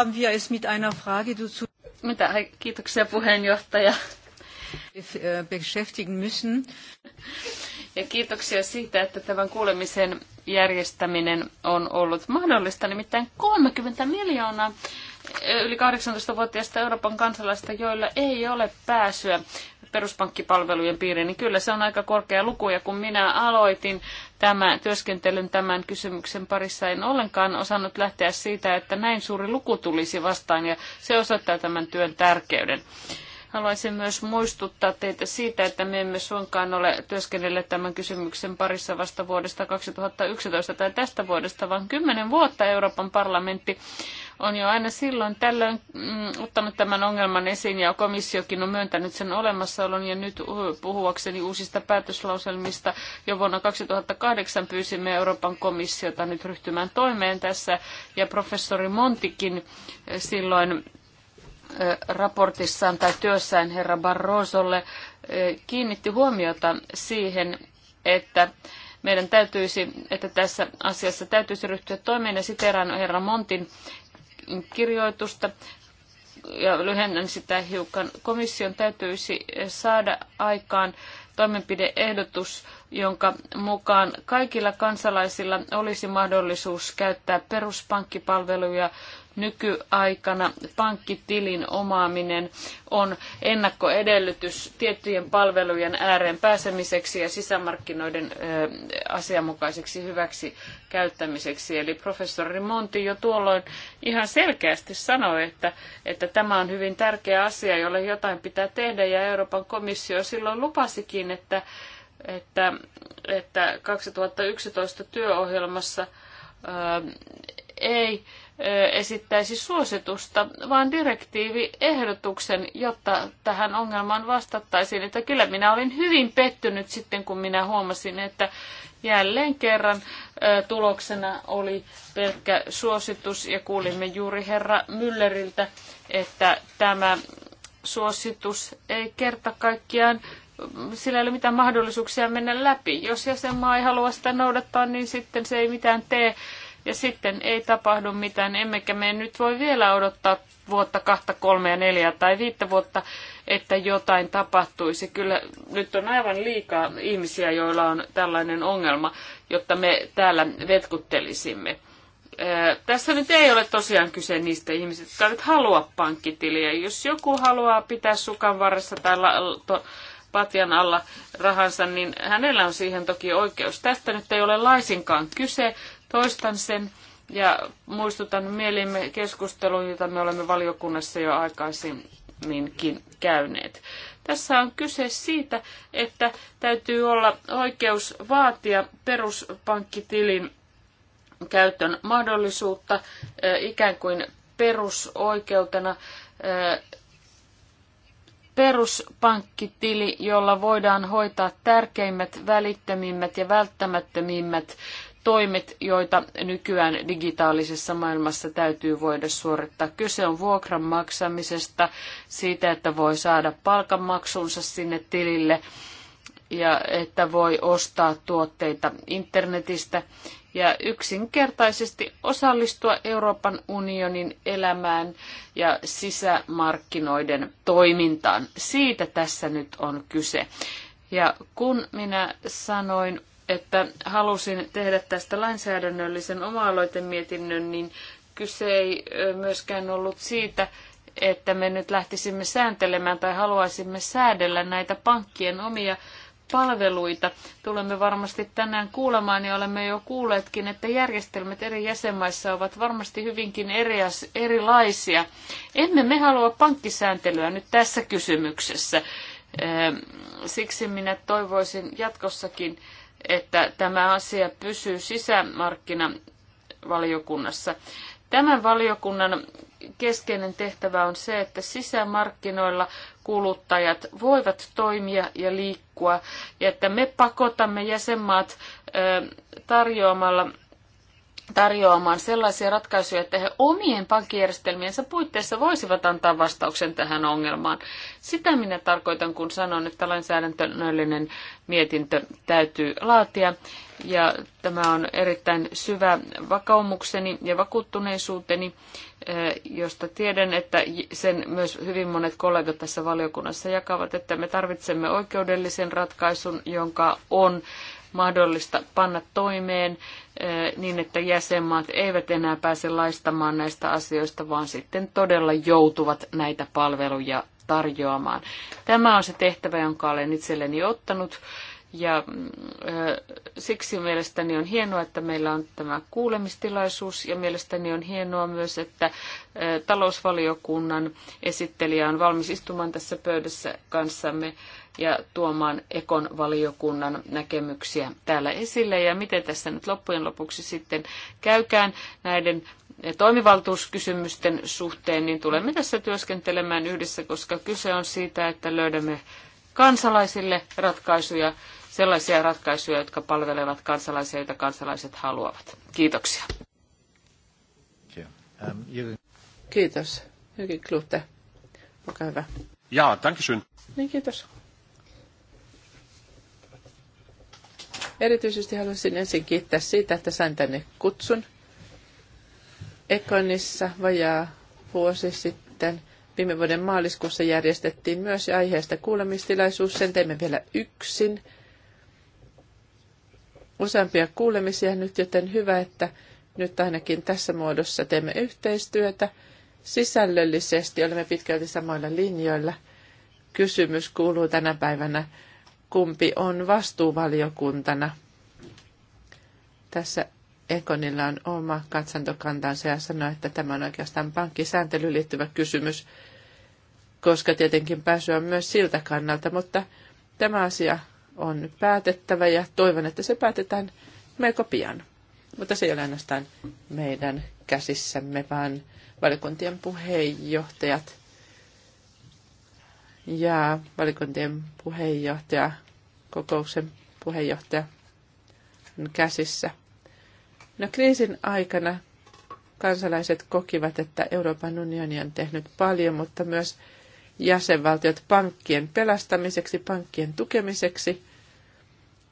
Mitä? Kiitoksia puheenjohtaja. Äh, ja kiitoksia siitä, että tämän kuulemisen järjestäminen on ollut mahdollista. Nimittäin 30 miljoonaa yli 18-vuotiaista Euroopan kansalaista, joilla ei ole pääsyä peruspankkipalvelujen piiriin, niin kyllä se on aika korkea luku. Ja kun minä aloitin tämä, työskentelyn tämän kysymyksen parissa. En ollenkaan osannut lähteä siitä, että näin suuri luku tulisi vastaan ja se osoittaa tämän työn tärkeyden. Haluaisin myös muistuttaa teitä siitä, että me emme suinkaan ole työskennelleet tämän kysymyksen parissa vasta vuodesta 2011 tai tästä vuodesta, vaan kymmenen vuotta Euroopan parlamentti on jo aina silloin tällöin mm, ottanut tämän ongelman esiin ja komissiokin on myöntänyt sen olemassaolon ja nyt uh, puhuakseni uusista päätöslauselmista jo vuonna 2008 pyysimme Euroopan komissiota nyt ryhtymään toimeen tässä ja professori Montikin eh, silloin raportissaan tai työssään herra Barrosolle kiinnitti huomiota siihen, että meidän täytyisi, että tässä asiassa täytyisi ryhtyä toimeen ja siteraan herra Montin kirjoitusta ja lyhennän sitä hiukan. Komission täytyisi saada aikaan toimenpideehdotus, jonka mukaan kaikilla kansalaisilla olisi mahdollisuus käyttää peruspankkipalveluja nykyaikana pankkitilin omaaminen on ennakkoedellytys tiettyjen palvelujen ääreen pääsemiseksi ja sisämarkkinoiden asianmukaiseksi hyväksi käyttämiseksi. Eli professori Monti jo tuolloin ihan selkeästi sanoi, että, että tämä on hyvin tärkeä asia, jolle jotain pitää tehdä ja Euroopan komissio silloin lupasikin, että, että, että 2011 työohjelmassa ei esittäisi suositusta, vaan direktiivi ehdotuksen, jotta tähän ongelmaan vastattaisiin. Että kyllä minä olin hyvin pettynyt sitten, kun minä huomasin, että jälleen kerran tuloksena oli pelkkä suositus ja kuulimme juuri herra Mülleriltä, että tämä suositus ei kerta kaikkiaan sillä ei ole mitään mahdollisuuksia mennä läpi. Jos jäsenmaa ei halua sitä noudattaa, niin sitten se ei mitään tee ja sitten ei tapahdu mitään, emmekä me nyt voi vielä odottaa vuotta, kahta, kolmea, neljää tai viittä vuotta, että jotain tapahtuisi. Kyllä nyt on aivan liikaa ihmisiä, joilla on tällainen ongelma, jotta me täällä vetkuttelisimme. Ää, tässä nyt ei ole tosiaan kyse niistä ihmisistä, jotka eivät halua pankkitiliä. Jos joku haluaa pitää sukan varressa tai patjan alla rahansa, niin hänellä on siihen toki oikeus. Tästä nyt ei ole laisinkaan kyse. Toistan sen ja muistutan mieliimme keskustelun, jota me olemme valiokunnassa jo aikaisemminkin käyneet. Tässä on kyse siitä, että täytyy olla oikeus vaatia peruspankkitilin käytön mahdollisuutta ikään kuin perusoikeutena peruspankkitili, jolla voidaan hoitaa tärkeimmät, välittömimmät ja välttämättömimmät toimet, joita nykyään digitaalisessa maailmassa täytyy voida suorittaa. Kyse on vuokran maksamisesta, siitä, että voi saada palkanmaksunsa sinne tilille ja että voi ostaa tuotteita internetistä ja yksinkertaisesti osallistua Euroopan unionin elämään ja sisämarkkinoiden toimintaan. Siitä tässä nyt on kyse. Ja kun minä sanoin että halusin tehdä tästä lainsäädännöllisen oma-aloitemietinnön, niin kyse ei myöskään ollut siitä, että me nyt lähtisimme sääntelemään tai haluaisimme säädellä näitä pankkien omia palveluita. Tulemme varmasti tänään kuulemaan ja olemme jo kuulleetkin, että järjestelmät eri jäsenmaissa ovat varmasti hyvinkin eri erilaisia. Emme me halua pankkisääntelyä nyt tässä kysymyksessä. Siksi minä toivoisin jatkossakin että tämä asia pysyy sisämarkkinavaliokunnassa. Tämän valiokunnan keskeinen tehtävä on se, että sisämarkkinoilla kuluttajat voivat toimia ja liikkua, ja että me pakotamme jäsenmaat tarjoamalla tarjoamaan sellaisia ratkaisuja, että he omien pankkijärjestelmiensä puitteissa voisivat antaa vastauksen tähän ongelmaan. Sitä minä tarkoitan, kun sanon, että lainsäädännöllinen mietintö täytyy laatia. Ja tämä on erittäin syvä vakaumukseni ja vakuuttuneisuuteni, eh, josta tiedän, että sen myös hyvin monet kollegat tässä valiokunnassa jakavat, että me tarvitsemme oikeudellisen ratkaisun, jonka on mahdollista panna toimeen eh, niin, että jäsenmaat eivät enää pääse laistamaan näistä asioista, vaan sitten todella joutuvat näitä palveluja tarjoamaan. Tämä on se tehtävä, jonka olen itselleni ottanut. Ja mm, eh, siksi mielestäni on hienoa, että meillä on tämä kuulemistilaisuus ja mielestäni on hienoa myös, että eh, talousvaliokunnan esittelijä on valmis istumaan tässä pöydässä kanssamme ja tuomaan Ekon valiokunnan näkemyksiä täällä esille ja miten tässä nyt loppujen lopuksi sitten käykään näiden toimivaltuuskysymysten suhteen, niin tulemme tässä työskentelemään yhdessä, koska kyse on siitä, että löydämme kansalaisille ratkaisuja, sellaisia ratkaisuja, jotka palvelevat kansalaisia, joita kansalaiset haluavat. Kiitoksia. Kiitos. Hyvin Klute. Olkaa hyvä. Jaa, dankeschön. Niin, kiitos. Erityisesti haluaisin ensin kiittää siitä, että sain tänne kutsun. Ekonissa vajaa vuosi sitten viime vuoden maaliskuussa järjestettiin myös aiheesta kuulemistilaisuus. Sen teimme vielä yksin. Useampia kuulemisia nyt, joten hyvä, että nyt ainakin tässä muodossa teemme yhteistyötä. Sisällöllisesti olemme pitkälti samoilla linjoilla. Kysymys kuuluu tänä päivänä, kumpi on vastuuvaliokuntana. Tässä Ekonilla on oma katsantokantansa ja sanoi, että tämä on oikeastaan pankkisääntelyyn liittyvä kysymys, koska tietenkin pääsyä on myös siltä kannalta, mutta tämä asia on päätettävä ja toivon, että se päätetään melko pian. Mutta se ei ole ainoastaan meidän käsissämme, vaan valiokuntien puheenjohtajat ja valikuntien puheenjohtaja, kokouksen puheenjohtaja on käsissä. No kriisin aikana kansalaiset kokivat, että Euroopan unioni on tehnyt paljon, mutta myös jäsenvaltiot pankkien pelastamiseksi, pankkien tukemiseksi.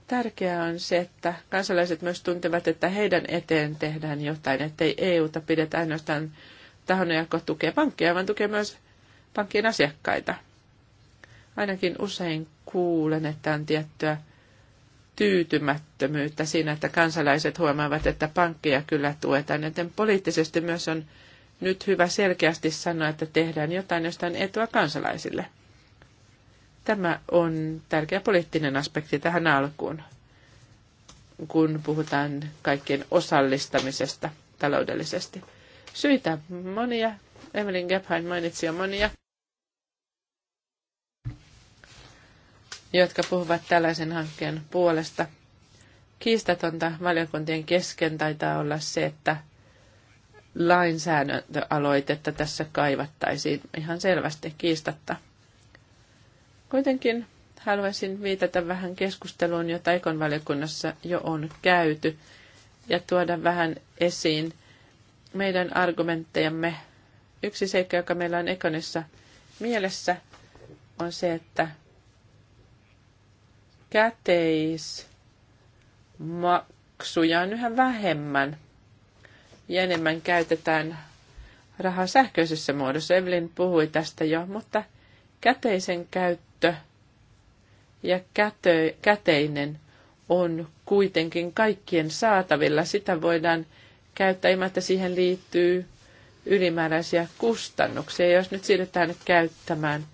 Tärkeää on se, että kansalaiset myös tuntevat, että heidän eteen tehdään jotain, ettei EUta pidetä ainoastaan tahona, joka tukee pankkeja, vaan tukee myös pankkien asiakkaita. Ainakin usein kuulen, että on tiettyä tyytymättömyyttä siinä, että kansalaiset huomaavat, että pankkeja kyllä tuetaan, joten poliittisesti myös on nyt hyvä selkeästi sanoa, että tehdään jotain josta on etua kansalaisille. Tämä on tärkeä poliittinen aspekti tähän alkuun, kun puhutaan kaikkien osallistamisesta taloudellisesti. Syitä monia. Evelyn Gebhain mainitsi jo monia. jotka puhuvat tällaisen hankkeen puolesta. Kiistatonta valiokuntien kesken taitaa olla se, että lainsäädäntöaloitetta tässä kaivattaisiin ihan selvästi kiistatta. Kuitenkin haluaisin viitata vähän keskusteluun, jota Ekon valiokunnassa jo on käyty, ja tuoda vähän esiin meidän argumenttejamme. Yksi seikka, joka meillä on Ekonissa mielessä, on se, että käteismaksuja on yhä vähemmän ja enemmän käytetään rahaa sähköisessä muodossa. Evelyn puhui tästä jo, mutta käteisen käyttö ja kätö, käteinen on kuitenkin kaikkien saatavilla. Sitä voidaan käyttää ilman, että siihen liittyy ylimääräisiä kustannuksia. Jos nyt siirrytään nyt käyttämään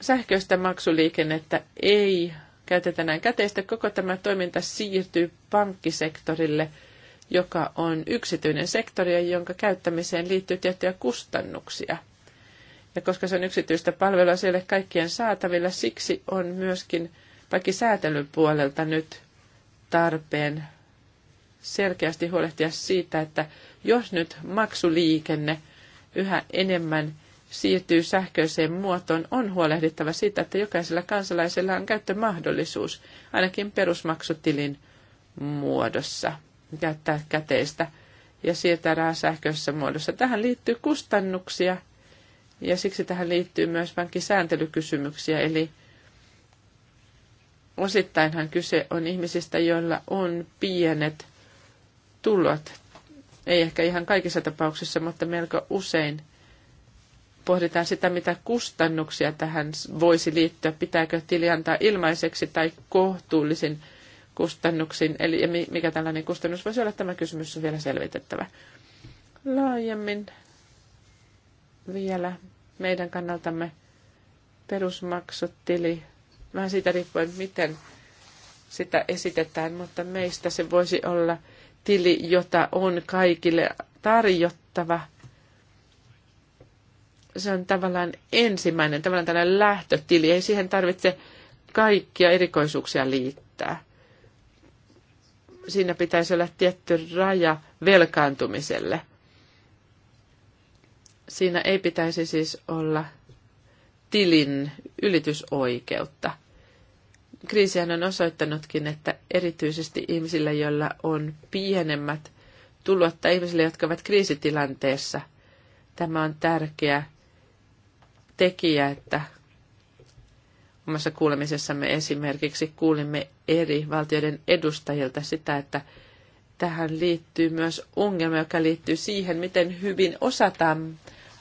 sähköistä maksuliikennettä, ei käytetään näin käteistä. Koko tämä toiminta siirtyy pankkisektorille, joka on yksityinen sektori ja jonka käyttämiseen liittyy tiettyjä kustannuksia. Ja koska se on yksityistä palvelua, se ei ole kaikkien saatavilla, siksi on myöskin kaikki säätelyn puolelta nyt tarpeen selkeästi huolehtia siitä, että jos nyt maksuliikenne yhä enemmän – siirtyy sähköiseen muotoon, on huolehdittava siitä, että jokaisella kansalaisella on käyttömahdollisuus, ainakin perusmaksutilin muodossa, käyttää käteistä ja siirtää rahaa sähköisessä muodossa. Tähän liittyy kustannuksia ja siksi tähän liittyy myös sääntelykysymyksiä, eli osittainhan kyse on ihmisistä, joilla on pienet tulot. Ei ehkä ihan kaikissa tapauksissa, mutta melko usein – pohditaan sitä, mitä kustannuksia tähän voisi liittyä, pitääkö tili antaa ilmaiseksi tai kohtuullisin kustannuksin? eli mikä tällainen kustannus voisi olla, tämä kysymys on vielä selvitettävä. Laajemmin vielä meidän kannaltamme perusmaksutili, vähän siitä riippuen, miten sitä esitetään, mutta meistä se voisi olla tili, jota on kaikille tarjottava – se on tavallaan ensimmäinen, tavallaan tällainen lähtötili. Ei siihen tarvitse kaikkia erikoisuuksia liittää. Siinä pitäisi olla tietty raja velkaantumiselle. Siinä ei pitäisi siis olla tilin ylitysoikeutta. Kriisihän on osoittanutkin, että erityisesti ihmisillä, joilla on pienemmät tulot tai ihmisillä, jotka ovat kriisitilanteessa, tämä on tärkeä tekijä, että omassa kuulemisessamme esimerkiksi kuulimme eri valtioiden edustajilta sitä, että tähän liittyy myös ongelma, joka liittyy siihen, miten hyvin osataan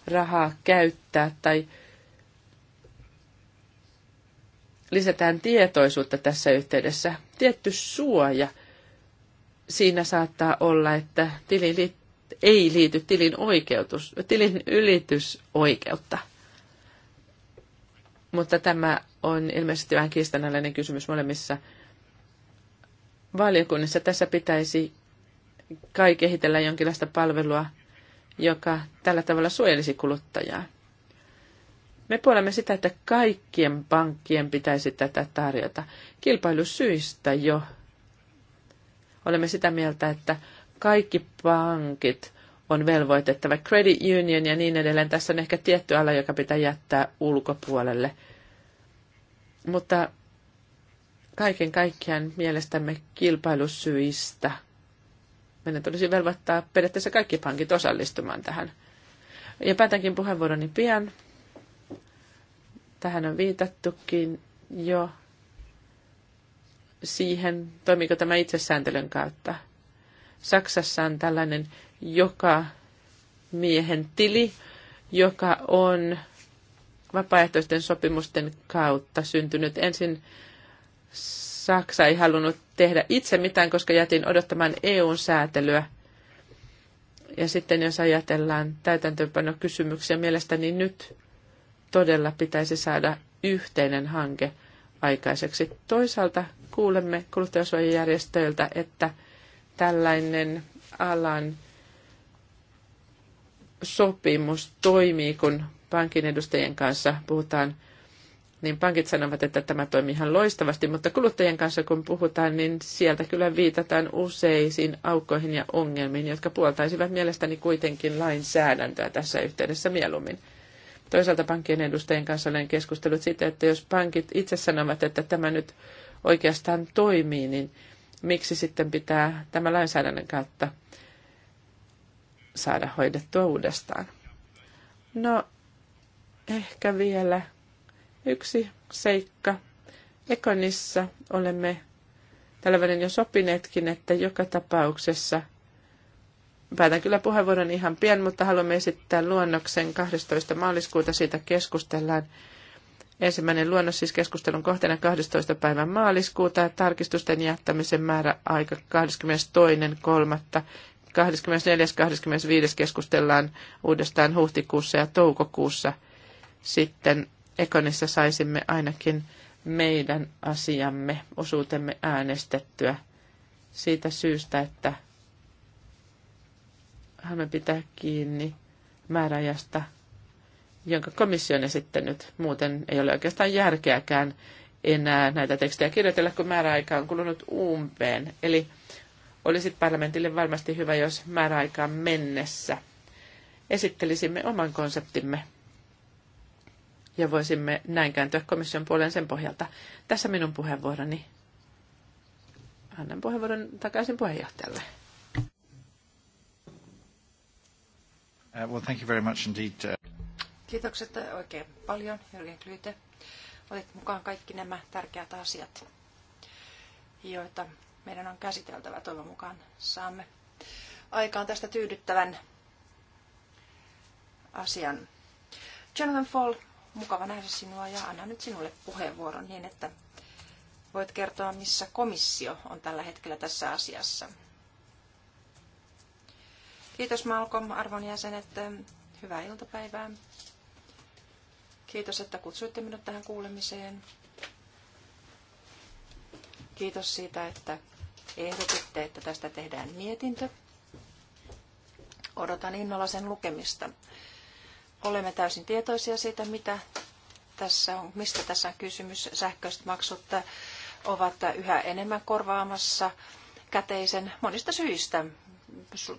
rahaa käyttää tai lisätään tietoisuutta tässä yhteydessä. Tietty suoja siinä saattaa olla, että tilin ei liity tilin, oikeutus, tilin ylitysoikeutta. Mutta tämä on ilmeisesti vähän kiistanalainen kysymys molemmissa valiokunnissa. Tässä pitäisi kai kehitellä jonkinlaista palvelua, joka tällä tavalla suojelisi kuluttajaa. Me puolemme sitä, että kaikkien pankkien pitäisi tätä tarjota. Kilpailusyistä jo olemme sitä mieltä, että kaikki pankit on velvoitettava. Credit union ja niin edelleen. Tässä on ehkä tietty ala, joka pitää jättää ulkopuolelle. Mutta kaiken kaikkiaan mielestämme kilpailusyistä meidän tulisi velvoittaa periaatteessa kaikki pankit osallistumaan tähän. Ja päätänkin puheenvuoroni pian. Tähän on viitattukin jo siihen, toimiko tämä itsesääntelyn kautta. Saksassa on tällainen joka miehen tili, joka on vapaaehtoisten sopimusten kautta syntynyt. Ensin Saksa ei halunnut tehdä itse mitään, koska jätin odottamaan EUn säätelyä. Ja sitten jos ajatellaan täytäntöönpanokysymyksiä, mielestäni nyt todella pitäisi saada yhteinen hanke aikaiseksi. Toisaalta kuulemme kuluttajasuojajärjestöiltä, että tällainen alan sopimus toimii, kun pankin edustajien kanssa puhutaan, niin pankit sanovat, että tämä toimii ihan loistavasti, mutta kuluttajien kanssa kun puhutaan, niin sieltä kyllä viitataan useisiin aukkoihin ja ongelmiin, jotka puoltaisivat mielestäni kuitenkin lainsäädäntöä tässä yhteydessä mieluummin. Toisaalta pankkien edustajien kanssa olen keskustellut siitä, että jos pankit itse sanovat, että tämä nyt oikeastaan toimii, niin miksi sitten pitää tämä lainsäädännön kautta saada hoidettua uudestaan. No, ehkä vielä yksi seikka. Ekonissa olemme tällä jo sopineetkin, että joka tapauksessa päätän kyllä puheenvuoron ihan pian, mutta haluamme esittää luonnoksen 12. maaliskuuta. Siitä keskustellaan. Ensimmäinen luonnos siis keskustelun kohteena 12. päivän maaliskuuta ja tarkistusten jättämisen määrä aika 22.3. 24.–25. keskustellaan uudestaan huhtikuussa ja toukokuussa. Sitten Ekonissa saisimme ainakin meidän asiamme, osuutemme äänestettyä siitä syystä, että haluamme pitää kiinni määräajasta, jonka komissio on esittänyt. Muuten ei ole oikeastaan järkeäkään enää näitä tekstejä kirjoitella, kun määräaika on kulunut umpeen. Eli olisi parlamentille varmasti hyvä, jos määräaikaan mennessä esittelisimme oman konseptimme ja voisimme näin kääntyä komission puoleen sen pohjalta. Tässä minun puheenvuoroni. Annan puheenvuoron takaisin puheenjohtajalle. Uh, well, thank you very much indeed. Uh, Kiitokset oikein paljon, Jörgen Klyte. Olit mukaan kaikki nämä tärkeät asiat, joita meidän on käsiteltävä. Toivon mukaan saamme aikaan tästä tyydyttävän asian. Jonathan Fall, mukava nähdä sinua ja annan nyt sinulle puheenvuoron niin, että voit kertoa, missä komissio on tällä hetkellä tässä asiassa. Kiitos Malcolm, arvon jäsenet. Hyvää iltapäivää. Kiitos, että kutsuitte minut tähän kuulemiseen. Kiitos siitä, että ehdotitte, että tästä tehdään mietintö. Odotan innolla sen lukemista. Olemme täysin tietoisia siitä, mitä tässä on, mistä tässä on kysymys. Sähköiset maksut ovat yhä enemmän korvaamassa käteisen monista syistä,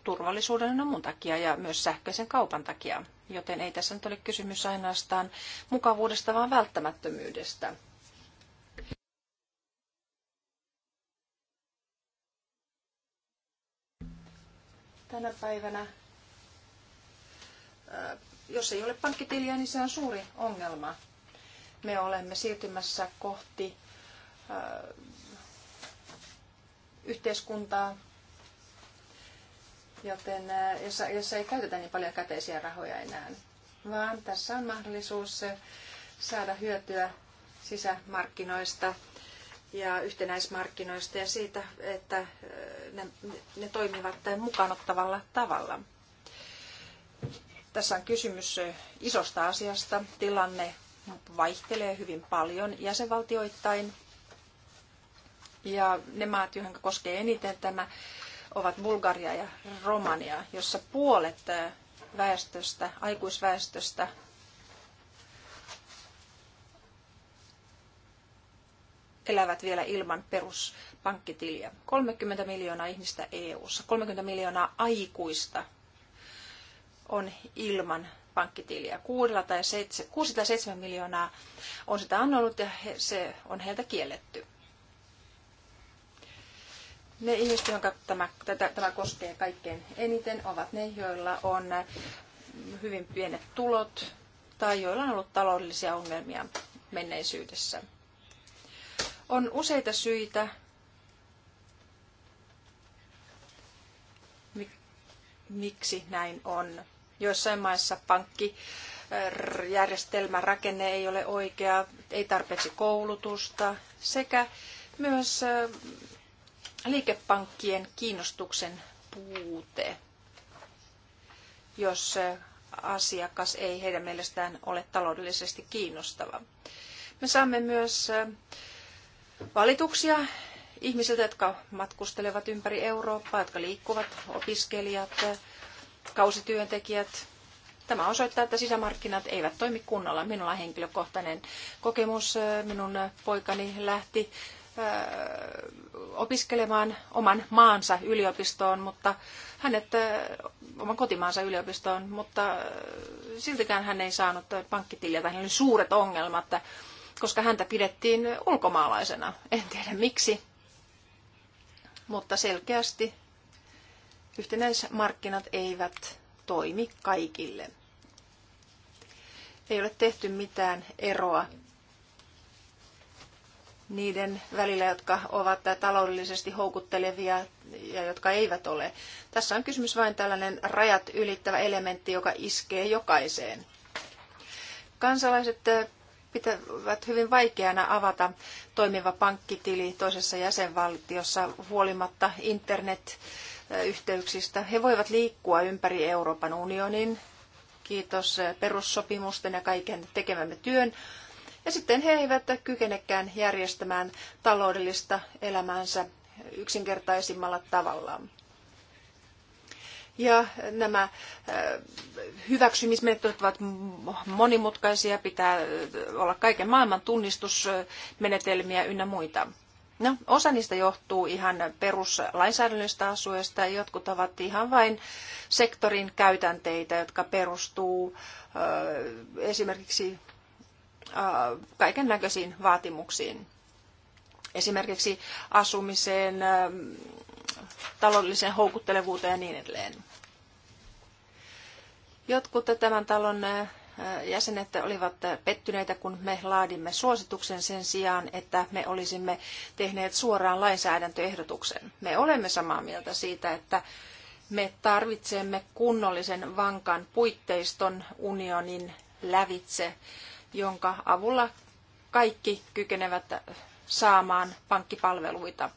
turvallisuuden ja mun takia ja myös sähköisen kaupan takia. Joten ei tässä nyt ole kysymys ainoastaan mukavuudesta, vaan välttämättömyydestä. tänä päivänä, jos ei ole pankkitiliä, niin se on suuri ongelma. Me olemme siirtymässä kohti yhteiskuntaa, joten, jossa, jossa ei käytetä niin paljon käteisiä rahoja enää, vaan tässä on mahdollisuus saada hyötyä sisämarkkinoista ja yhtenäismarkkinoista ja siitä, että äh, ne, ne toimivat mukanottavalla tavalla. Tässä on kysymys äh, isosta asiasta. Tilanne vaihtelee hyvin paljon jäsenvaltioittain. Ja ne maat, joihin koskee eniten tämä, ovat Bulgaria ja Romania, jossa puolet äh, väestöstä, aikuisväestöstä elävät vielä ilman peruspankkitiliä. 30 miljoonaa ihmistä EU-ssa, 30 miljoonaa aikuista on ilman pankkitiliä. 6 tai 7, miljoonaa on sitä annonut ja he, se on heiltä kielletty. Ne ihmiset, jotka tämä, tätä, tämä koskee kaikkein eniten, ovat ne, joilla on hyvin pienet tulot tai joilla on ollut taloudellisia ongelmia menneisyydessä. On useita syitä, miksi näin on. Joissain maissa pankki rakenne ei ole oikea, ei tarpeeksi koulutusta sekä myös liikepankkien kiinnostuksen puute, jos asiakas ei heidän mielestään ole taloudellisesti kiinnostava. Me saamme myös valituksia ihmisiltä, jotka matkustelevat ympäri Eurooppaa, jotka liikkuvat, opiskelijat, kausityöntekijät. Tämä osoittaa, että sisämarkkinat eivät toimi kunnolla. Minulla on henkilökohtainen kokemus. Minun poikani lähti äh, opiskelemaan oman maansa yliopistoon, mutta hänet, äh, oman kotimaansa yliopistoon, mutta äh, siltikään hän ei saanut pankkitiliä, hänellä oli suuret ongelmat koska häntä pidettiin ulkomaalaisena. En tiedä miksi, mutta selkeästi yhtenäismarkkinat eivät toimi kaikille. Ei ole tehty mitään eroa niiden välillä, jotka ovat taloudellisesti houkuttelevia ja jotka eivät ole. Tässä on kysymys vain tällainen rajat ylittävä elementti, joka iskee jokaiseen. Kansalaiset pitävät hyvin vaikeana avata toimiva pankkitili toisessa jäsenvaltiossa huolimatta internetyhteyksistä. He voivat liikkua ympäri Euroopan unionin, kiitos perussopimusten ja kaiken tekemämme työn. Ja sitten he eivät kykenekään järjestämään taloudellista elämäänsä yksinkertaisimmalla tavalla ja nämä äh, hyväksymismenettelyt ovat monimutkaisia, pitää äh, olla kaiken maailman tunnistusmenetelmiä ynnä muita. No, osa niistä johtuu ihan peruslainsäädännöistä asioista, jotkut ovat ihan vain sektorin käytänteitä, jotka perustuu äh, esimerkiksi kaiken näköisiin vaatimuksiin esimerkiksi asumiseen, ähm, taloudelliseen houkuttelevuuteen ja niin edelleen. Jotkut tämän talon äh, jäsenet olivat pettyneitä, kun me laadimme suosituksen sen sijaan, että me olisimme tehneet suoraan lainsäädäntöehdotuksen. Me olemme samaa mieltä siitä, että me tarvitsemme kunnollisen vankan puitteiston unionin lävitse, jonka avulla kaikki kykenevät saamaan pankkipalveluita.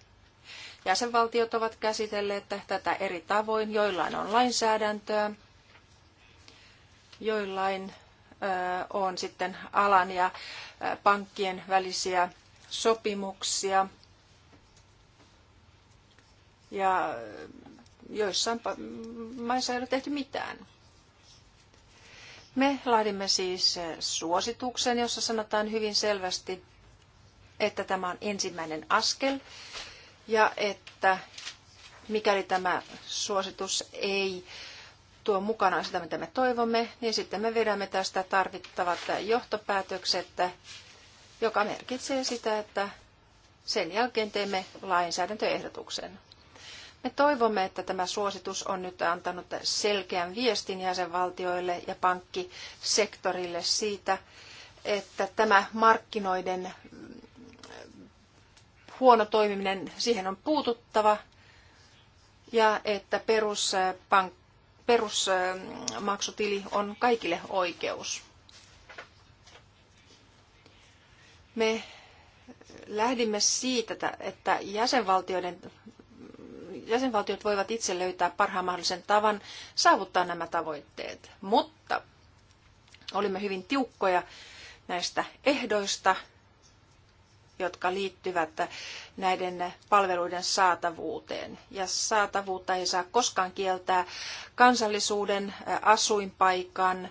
Jäsenvaltiot ovat käsitelleet tätä eri tavoin. Joillain on lainsäädäntöä, joillain on sitten alan ja pankkien välisiä sopimuksia. Ja joissain maissa ei ole tehty mitään. Me laadimme siis suosituksen, jossa sanotaan hyvin selvästi, että tämä on ensimmäinen askel ja että mikäli tämä suositus ei tuo mukanaan sitä, mitä me toivomme, niin sitten me vedämme tästä tarvittavat johtopäätökset, joka merkitsee sitä, että sen jälkeen teemme lainsäädäntöehdotuksen. Me toivomme, että tämä suositus on nyt antanut selkeän viestin jäsenvaltioille ja pankkisektorille siitä, että tämä markkinoiden huono toimiminen, siihen on puututtava ja että peruspank, äh, perusmaksutili äh, on kaikille oikeus. Me lähdimme siitä, että jäsenvaltioiden, jäsenvaltiot voivat itse löytää parhaan mahdollisen tavan saavuttaa nämä tavoitteet, mutta olimme hyvin tiukkoja näistä ehdoista – jotka liittyvät näiden palveluiden saatavuuteen. Ja saatavuutta ei saa koskaan kieltää kansallisuuden, asuinpaikan,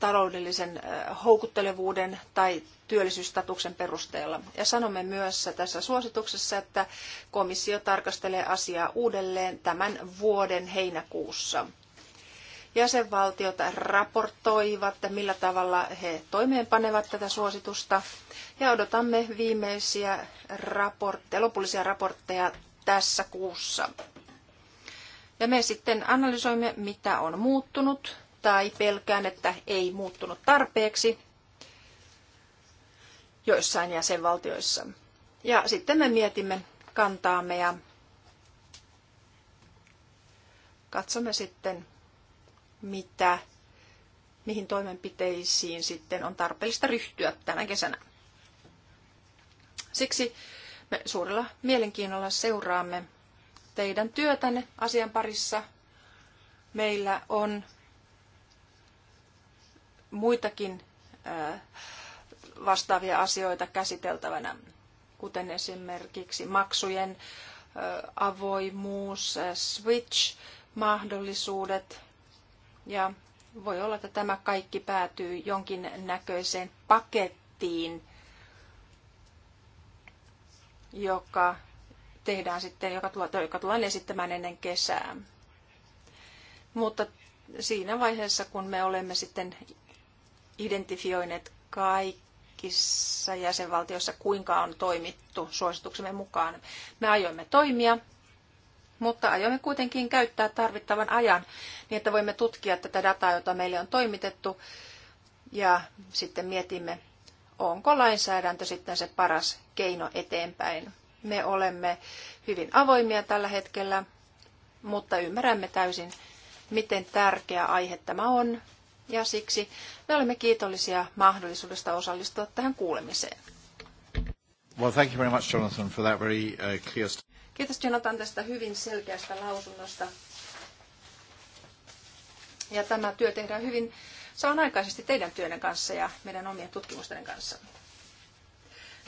taloudellisen houkuttelevuuden tai työllisyysstatuksen perusteella. Ja sanomme myös tässä suosituksessa, että komissio tarkastelee asiaa uudelleen tämän vuoden heinäkuussa. Jäsenvaltiot raportoivat, millä tavalla he toimeenpanevat tätä suositusta ja odotamme viimeisiä raportteja, lopullisia raportteja tässä kuussa. Ja me sitten analysoimme, mitä on muuttunut tai pelkään, että ei muuttunut tarpeeksi joissain jäsenvaltioissa. Ja sitten me mietimme kantaamme ja katsomme sitten, mitä, mihin toimenpiteisiin sitten on tarpeellista ryhtyä tänä kesänä. Siksi me suurella mielenkiinnolla seuraamme teidän työtänne asian parissa. Meillä on muitakin äh, vastaavia asioita käsiteltävänä, kuten esimerkiksi maksujen äh, avoimuus, äh, switch-mahdollisuudet ja voi olla, että tämä kaikki päätyy jonkin näköiseen pakettiin, joka tehdään sitten, joka, tulla, joka tullaan esittämään ennen kesää. Mutta siinä vaiheessa, kun me olemme sitten identifioineet kaikissa jäsenvaltioissa, kuinka on toimittu suosituksemme mukaan, me aiomme toimia mutta aiomme kuitenkin käyttää tarvittavan ajan niin, että voimme tutkia tätä dataa, jota meille on toimitettu, ja sitten mietimme, onko lainsäädäntö sitten se paras keino eteenpäin. Me olemme hyvin avoimia tällä hetkellä, mutta ymmärrämme täysin, miten tärkeä aihe tämä on, ja siksi me olemme kiitollisia mahdollisuudesta osallistua tähän kuulemiseen. Well, thank you very much, Jonathan, for that very uh, clear... Kiitos Jonathan tästä hyvin selkeästä lausunnosta. Ja tämä työ tehdään hyvin samanaikaisesti teidän työnne kanssa ja meidän omien tutkimusten kanssa.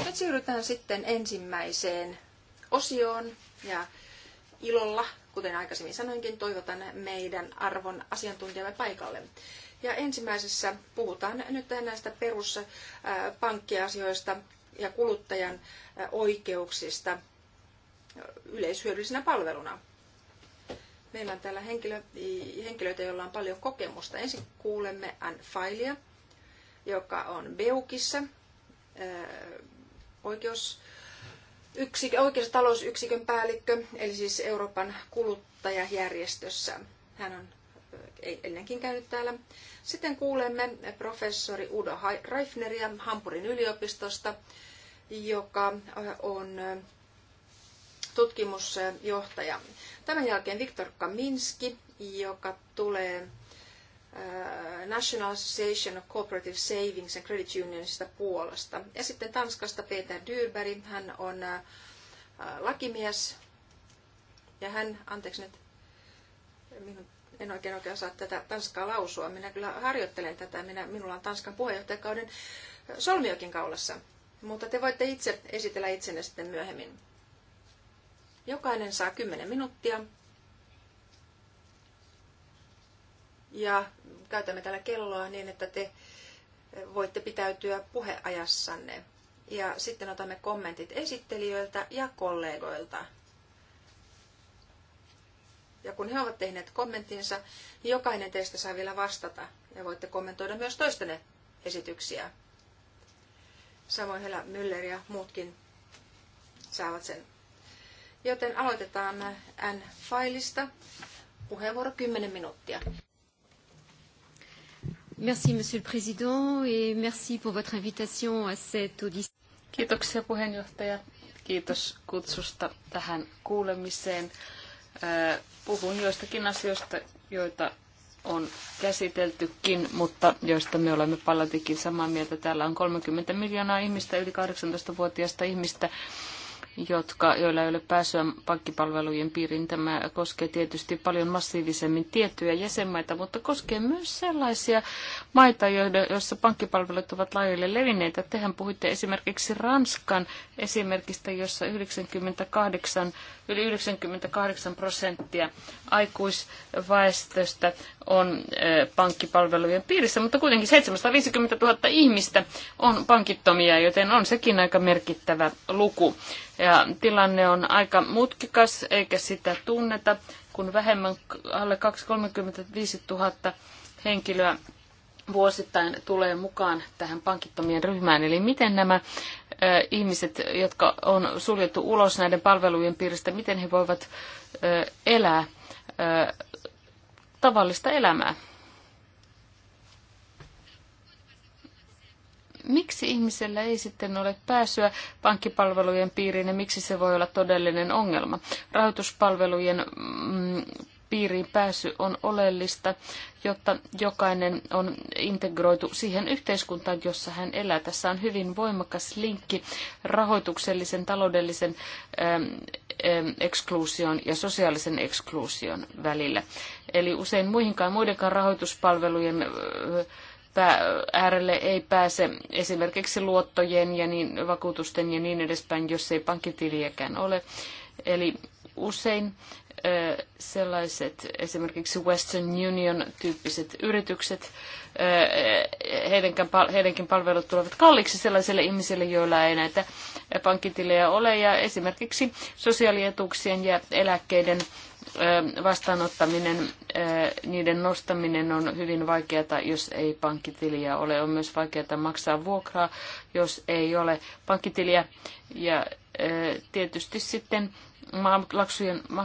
Nyt siirrytään sitten ensimmäiseen osioon ja ilolla, kuten aikaisemmin sanoinkin, toivotan meidän arvon asiantuntijamme paikalle. Ja ensimmäisessä puhutaan nyt näistä peruspankkiasioista ja kuluttajan oikeuksista yleishyödyllisenä palveluna. Meillä on täällä henkilö, henkilöitä, joilla on paljon kokemusta. Ensin kuulemme Ann Failia, joka on Beukissa, äh, oikeus, yksikö, oikeus- ja talousyksikön päällikkö, eli siis Euroopan kuluttajajärjestössä. Hän on äh, ennenkin käynyt täällä. Sitten kuulemme professori Udo Reifneria Hampurin yliopistosta, joka äh, on tutkimusjohtaja. Tämän jälkeen Viktor Kaminski, joka tulee äh, National Association of Cooperative Savings and Credit Unionsista Puolasta. Ja sitten Tanskasta Peter Dyrberg, hän on äh, lakimies. Ja hän, anteeksi nyt, minun, en oikein oikein osaa tätä tanskaa lausua. Minä kyllä harjoittelen tätä. Minä, minulla on Tanskan puheenjohtajakauden solmiokin kaulassa. Mutta te voitte itse esitellä itsenne sitten myöhemmin. Jokainen saa 10 minuuttia. Ja käytämme tällä kelloa niin, että te voitte pitäytyä puheajassanne. Ja sitten otamme kommentit esittelijöiltä ja kollegoilta. Ja kun he ovat tehneet kommenttinsa, niin jokainen teistä saa vielä vastata. Ja voitte kommentoida myös toistenne esityksiä. Samoin Hela Müller ja muutkin saavat sen Joten aloitetaan N-failista. Puheenvuoro 10 minuuttia. Merci, Monsieur le Président, et merci pour votre invitation à cette audition. Kiitoksia puheenjohtaja. Kiitos kutsusta tähän kuulemiseen. Äh, puhun joistakin asioista, joita on käsiteltykin, mutta joista me olemme paljoltikin samaa mieltä. Täällä on 30 miljoonaa ihmistä, yli 18-vuotiaista ihmistä, jotka, joilla ei ole pääsyä pankkipalvelujen piiriin. Tämä koskee tietysti paljon massiivisemmin tiettyjä jäsenmaita, mutta koskee myös sellaisia maita, joissa pankkipalvelut ovat laajalle levinneitä. Tehän puhuitte esimerkiksi Ranskan esimerkistä, jossa 98, yli 98 prosenttia aikuisväestöstä on pankkipalvelujen piirissä, mutta kuitenkin 750 000 ihmistä on pankittomia, joten on sekin aika merkittävä luku. Ja tilanne on aika mutkikas, eikä sitä tunneta, kun vähemmän alle 235 000 henkilöä vuosittain tulee mukaan tähän pankittomien ryhmään. Eli miten nämä ihmiset, jotka on suljettu ulos näiden palvelujen piiristä, miten he voivat elää tavallista elämää? miksi ihmisellä ei sitten ole pääsyä pankkipalvelujen piiriin ja miksi se voi olla todellinen ongelma? Rahoituspalvelujen mm, piiriin pääsy on oleellista, jotta jokainen on integroitu siihen yhteiskuntaan, jossa hän elää. Tässä on hyvin voimakas linkki rahoituksellisen, taloudellisen ähm, ähm, ja sosiaalisen eksklusion välillä. Eli usein muihinkaan muidenkaan rahoituspalvelujen äh, äärelle ei pääse esimerkiksi luottojen ja niin, vakuutusten ja niin edespäin, jos ei pankkitiliäkään ole. Eli usein sellaiset esimerkiksi Western Union-tyyppiset yritykset, heidänkin palvelut tulevat kalliiksi sellaisille ihmisille, joilla ei näitä pankkitilejä ole. Ja esimerkiksi sosiaalietuuksien ja eläkkeiden vastaanottaminen, niiden nostaminen on hyvin vaikeata, jos ei pankkitiliä ole. On myös vaikeata maksaa vuokraa, jos ei ole pankkitiliä. Ja tietysti sitten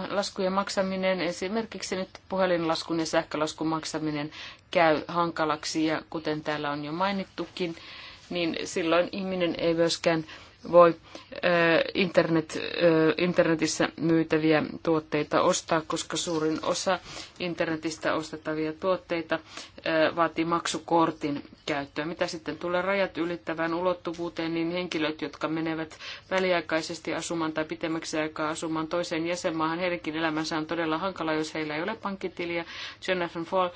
laskujen maksaminen, esimerkiksi nyt puhelinlaskun ja sähkölaskun maksaminen käy hankalaksi ja kuten täällä on jo mainittukin, niin silloin ihminen ei myöskään voi internet, internetissä myytäviä tuotteita ostaa, koska suurin osa internetistä ostettavia tuotteita vaatii maksukortin käyttöä. Mitä sitten tulee rajat ylittävään ulottuvuuteen, niin henkilöt, jotka menevät väliaikaisesti asumaan tai pitemmäksi aikaa asumaan toiseen jäsenmaahan, heidänkin elämänsä on todella hankala, jos heillä ei ole pankkitiliä. Fall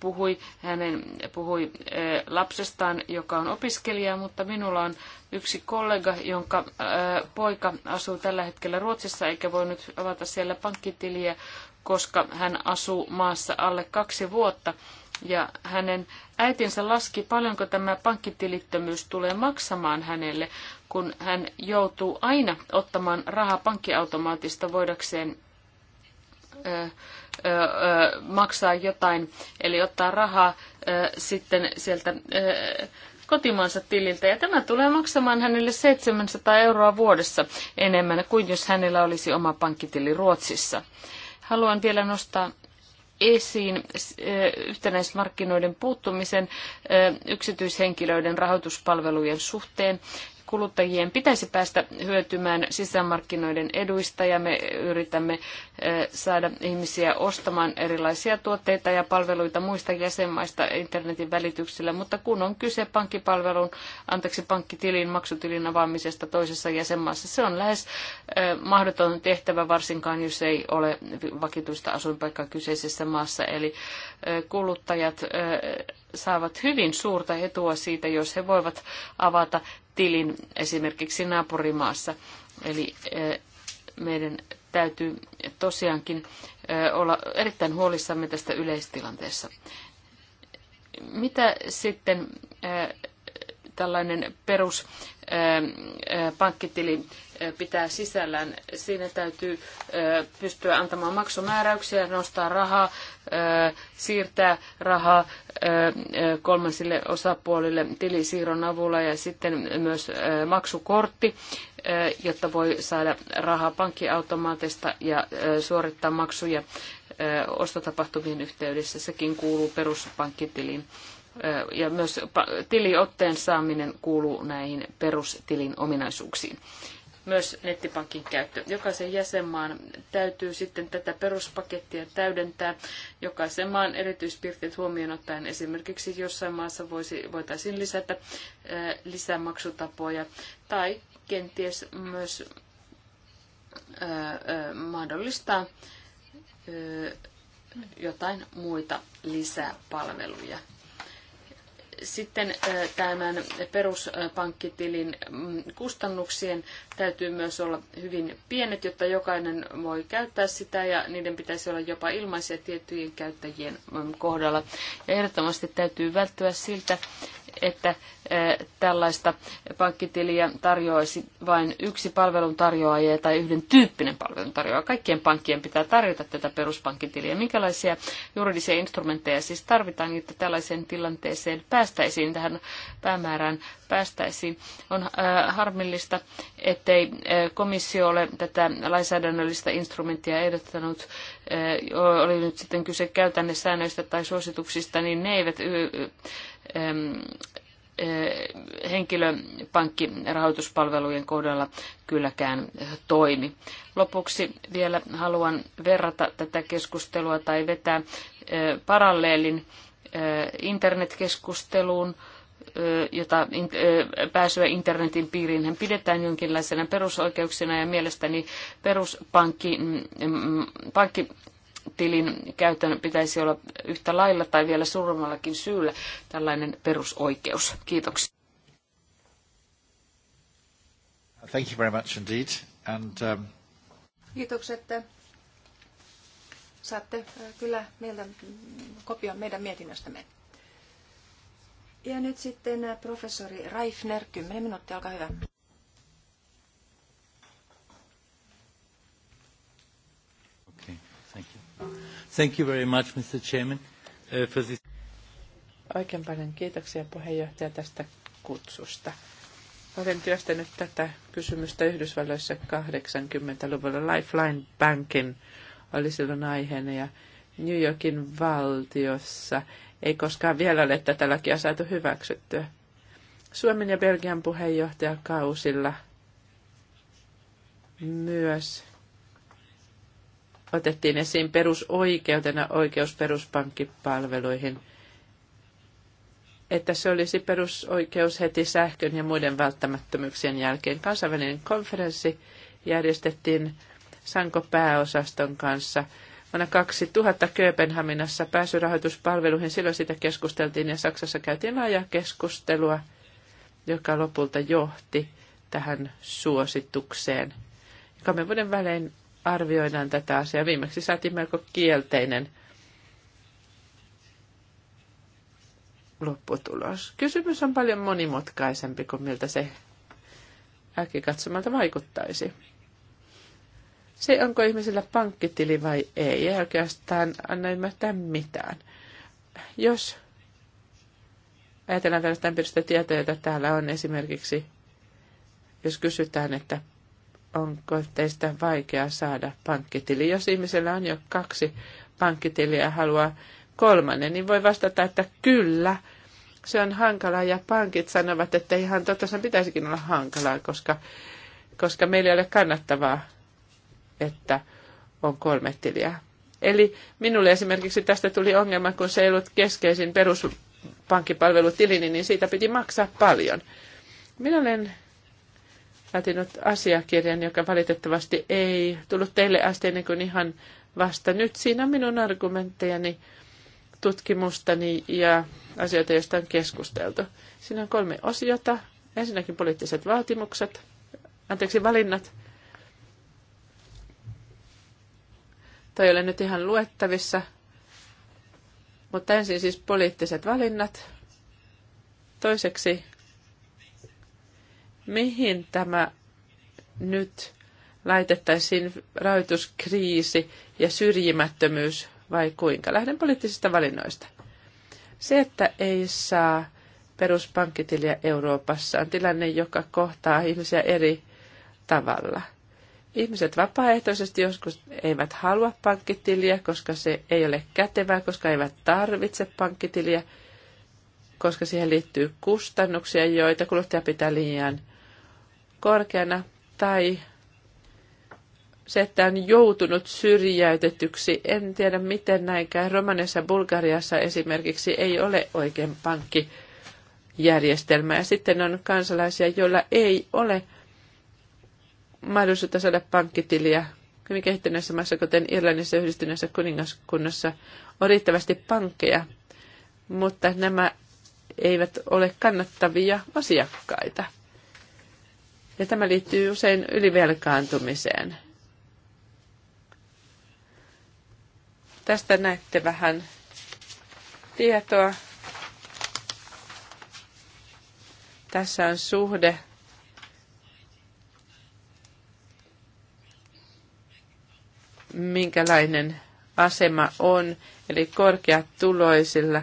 puhui, hänen puhui eh, lapsestaan, joka on opiskelija, mutta minulla on yksi kollega, jonka eh, poika asuu tällä hetkellä Ruotsissa eikä voi nyt avata siellä pankkitiliä, koska hän asuu maassa alle kaksi vuotta. Ja hänen äitinsä laski, paljonko tämä pankkitilittömyys tulee maksamaan hänelle, kun hän joutuu aina ottamaan rahaa pankkiautomaatista voidakseen maksaa jotain, eli ottaa rahaa sitten sieltä kotimaansa tililtä. Ja tämä tulee maksamaan hänelle 700 euroa vuodessa enemmän kuin jos hänellä olisi oma pankkitili Ruotsissa. Haluan vielä nostaa esiin yhtenäismarkkinoiden puuttumisen yksityishenkilöiden rahoituspalvelujen suhteen kuluttajien pitäisi päästä hyötymään sisämarkkinoiden eduista ja me yritämme eh, saada ihmisiä ostamaan erilaisia tuotteita ja palveluita muista jäsenmaista internetin välityksellä, mutta kun on kyse pankkipalvelun, anteeksi pankkitilin, maksutilin avaamisesta toisessa jäsenmaassa, se on lähes eh, mahdoton tehtävä varsinkaan, jos ei ole vakituista asuinpaikkaa kyseisessä maassa, eli eh, kuluttajat saavat hyvin suurta etua siitä, jos he voivat avata tilin esimerkiksi naapurimaassa. Eli e, meidän täytyy tosiaankin e, olla erittäin huolissamme tästä yleistilanteessa. Mitä sitten e, tällainen perus pankkitili pitää sisällään. Siinä täytyy pystyä antamaan maksumääräyksiä, nostaa rahaa, siirtää rahaa, kolmansille osapuolille tilisiirron avulla ja sitten myös maksukortti, jotta voi saada rahaa pankkiautomaatista ja suorittaa maksuja ostotapahtumien yhteydessä. Sekin kuuluu peruspankkitiliin. Ja myös tiliotteen saaminen kuuluu näihin perustilin ominaisuuksiin myös nettipankin käyttö. Jokaisen jäsenmaan täytyy sitten tätä peruspakettia täydentää. Jokaisen maan erityispiirteet huomioon ottaen esimerkiksi jossain maassa voisi, voitaisiin lisätä ää, eh, lisämaksutapoja tai kenties myös ää, eh, ää, eh, mahdollistaa ää, jotain muita lisäpalveluja. Sitten tämän peruspankkitilin mm, kustannuksien täytyy myös olla hyvin pienet, jotta jokainen voi käyttää sitä ja niiden pitäisi olla jopa ilmaisia tiettyjen käyttäjien mm, kohdalla. Ja ehdottomasti täytyy välttyä siltä, että tällaista pankkitiliä tarjoaisi vain yksi palveluntarjoaja tai yhden tyyppinen palveluntarjoaja. Kaikkien pankkien pitää tarjota tätä peruspankkitiliä. Minkälaisia juridisia instrumentteja siis tarvitaan, jotta tällaiseen tilanteeseen päästäisiin, tähän päämäärään päästäisiin? On harmillista, ettei komissio ole tätä lainsäädännöllistä instrumenttia ehdottanut, oli nyt sitten kyse säännöistä tai suosituksista, niin ne eivät E, henkilöpankkirahoituspalvelujen kohdalla kylläkään toimi. Lopuksi vielä haluan verrata tätä keskustelua tai vetää e, paralleelin e, internetkeskusteluun, jota pääsyä internetin piiriin hän pidetään jonkinlaisena perusoikeuksena ja mielestäni peruspankki, mm, mm, pankki, tilin käytön pitäisi olla yhtä lailla tai vielä suuremmallakin syyllä tällainen perusoikeus. Kiitoksia. Thank you very much indeed. And, um... Kiitokset. Saatte äh, kyllä meiltä mm, kopion meidän mietinnöstämme. Ja nyt sitten äh, professori Reifner, 10 minuuttia, olkaa hyvä. Thank you very much, Mr. Chairman, uh, for this. Oikein paljon kiitoksia puheenjohtaja tästä kutsusta. Olen työstänyt tätä kysymystä Yhdysvalloissa 80-luvulla. Lifeline Bankin oli silloin aiheena ja New Yorkin valtiossa ei koskaan vielä ole tätä lakia saatu hyväksyttyä. Suomen ja Belgian puheenjohtajakausilla myös otettiin esiin perusoikeutena oikeus peruspankkipalveluihin, että se olisi perusoikeus heti sähkön ja muiden välttämättömyyksien jälkeen. Kansainvälinen konferenssi järjestettiin Sanko-pääosaston kanssa vuonna 2000 Kööpenhaminassa pääsyrahoituspalveluihin. Silloin sitä keskusteltiin ja Saksassa käytiin laajaa keskustelua, joka lopulta johti tähän suositukseen. Kolmen vuoden välein arvioidaan tätä asiaa. Viimeksi saatiin melko kielteinen lopputulos. Kysymys on paljon monimutkaisempi kuin miltä se katsomalta vaikuttaisi. Se, onko ihmisellä pankkitili vai ei, ei oikeastaan anna ymmärtää mitään. Jos ajatellaan tällaista tietoja, joita täällä on esimerkiksi, jos kysytään, että onko teistä vaikea saada pankkitili. Jos ihmisellä on jo kaksi pankkitiliä ja haluaa kolmannen, niin voi vastata, että kyllä, se on hankalaa ja pankit sanovat, että ihan totta se pitäisikin olla hankalaa, koska, koska meillä ei ole kannattavaa, että on kolme tiliä. Eli minulle esimerkiksi tästä tuli ongelma, kun se ei ollut keskeisin peruspankkipalvelutilini, niin siitä piti maksaa paljon. Minä olen laatinut asiakirjan, joka valitettavasti ei tullut teille asti ennen kuin ihan vasta nyt. Siinä on minun argumenttejani, tutkimustani ja asioita, joista on keskusteltu. Siinä on kolme osiota. Ensinnäkin poliittiset vaatimukset, anteeksi valinnat. ei ole nyt ihan luettavissa, mutta ensin siis poliittiset valinnat. Toiseksi mihin tämä nyt laitettaisiin rahoituskriisi ja syrjimättömyys vai kuinka? Lähden poliittisista valinnoista. Se, että ei saa peruspankkitiliä Euroopassa, on tilanne, joka kohtaa ihmisiä eri tavalla. Ihmiset vapaaehtoisesti joskus eivät halua pankkitiliä, koska se ei ole kätevää, koska eivät tarvitse pankkitiliä, koska siihen liittyy kustannuksia, joita kuluttaja pitää liian korkeana tai se, että on joutunut syrjäytetyksi. En tiedä, miten näinkään. Romaniassa Bulgariassa esimerkiksi ei ole oikein pankkijärjestelmää. Ja sitten on kansalaisia, joilla ei ole mahdollisuutta saada pankkitiliä hyvin kehittyneessä maassa, kuten Irlannissa ja yhdistyneessä kuningaskunnassa, on riittävästi pankkeja, mutta nämä eivät ole kannattavia asiakkaita. Ja tämä liittyy usein ylivelkaantumiseen. Tästä näette vähän tietoa. Tässä on suhde minkälainen asema on. Eli korkeat tuloisilla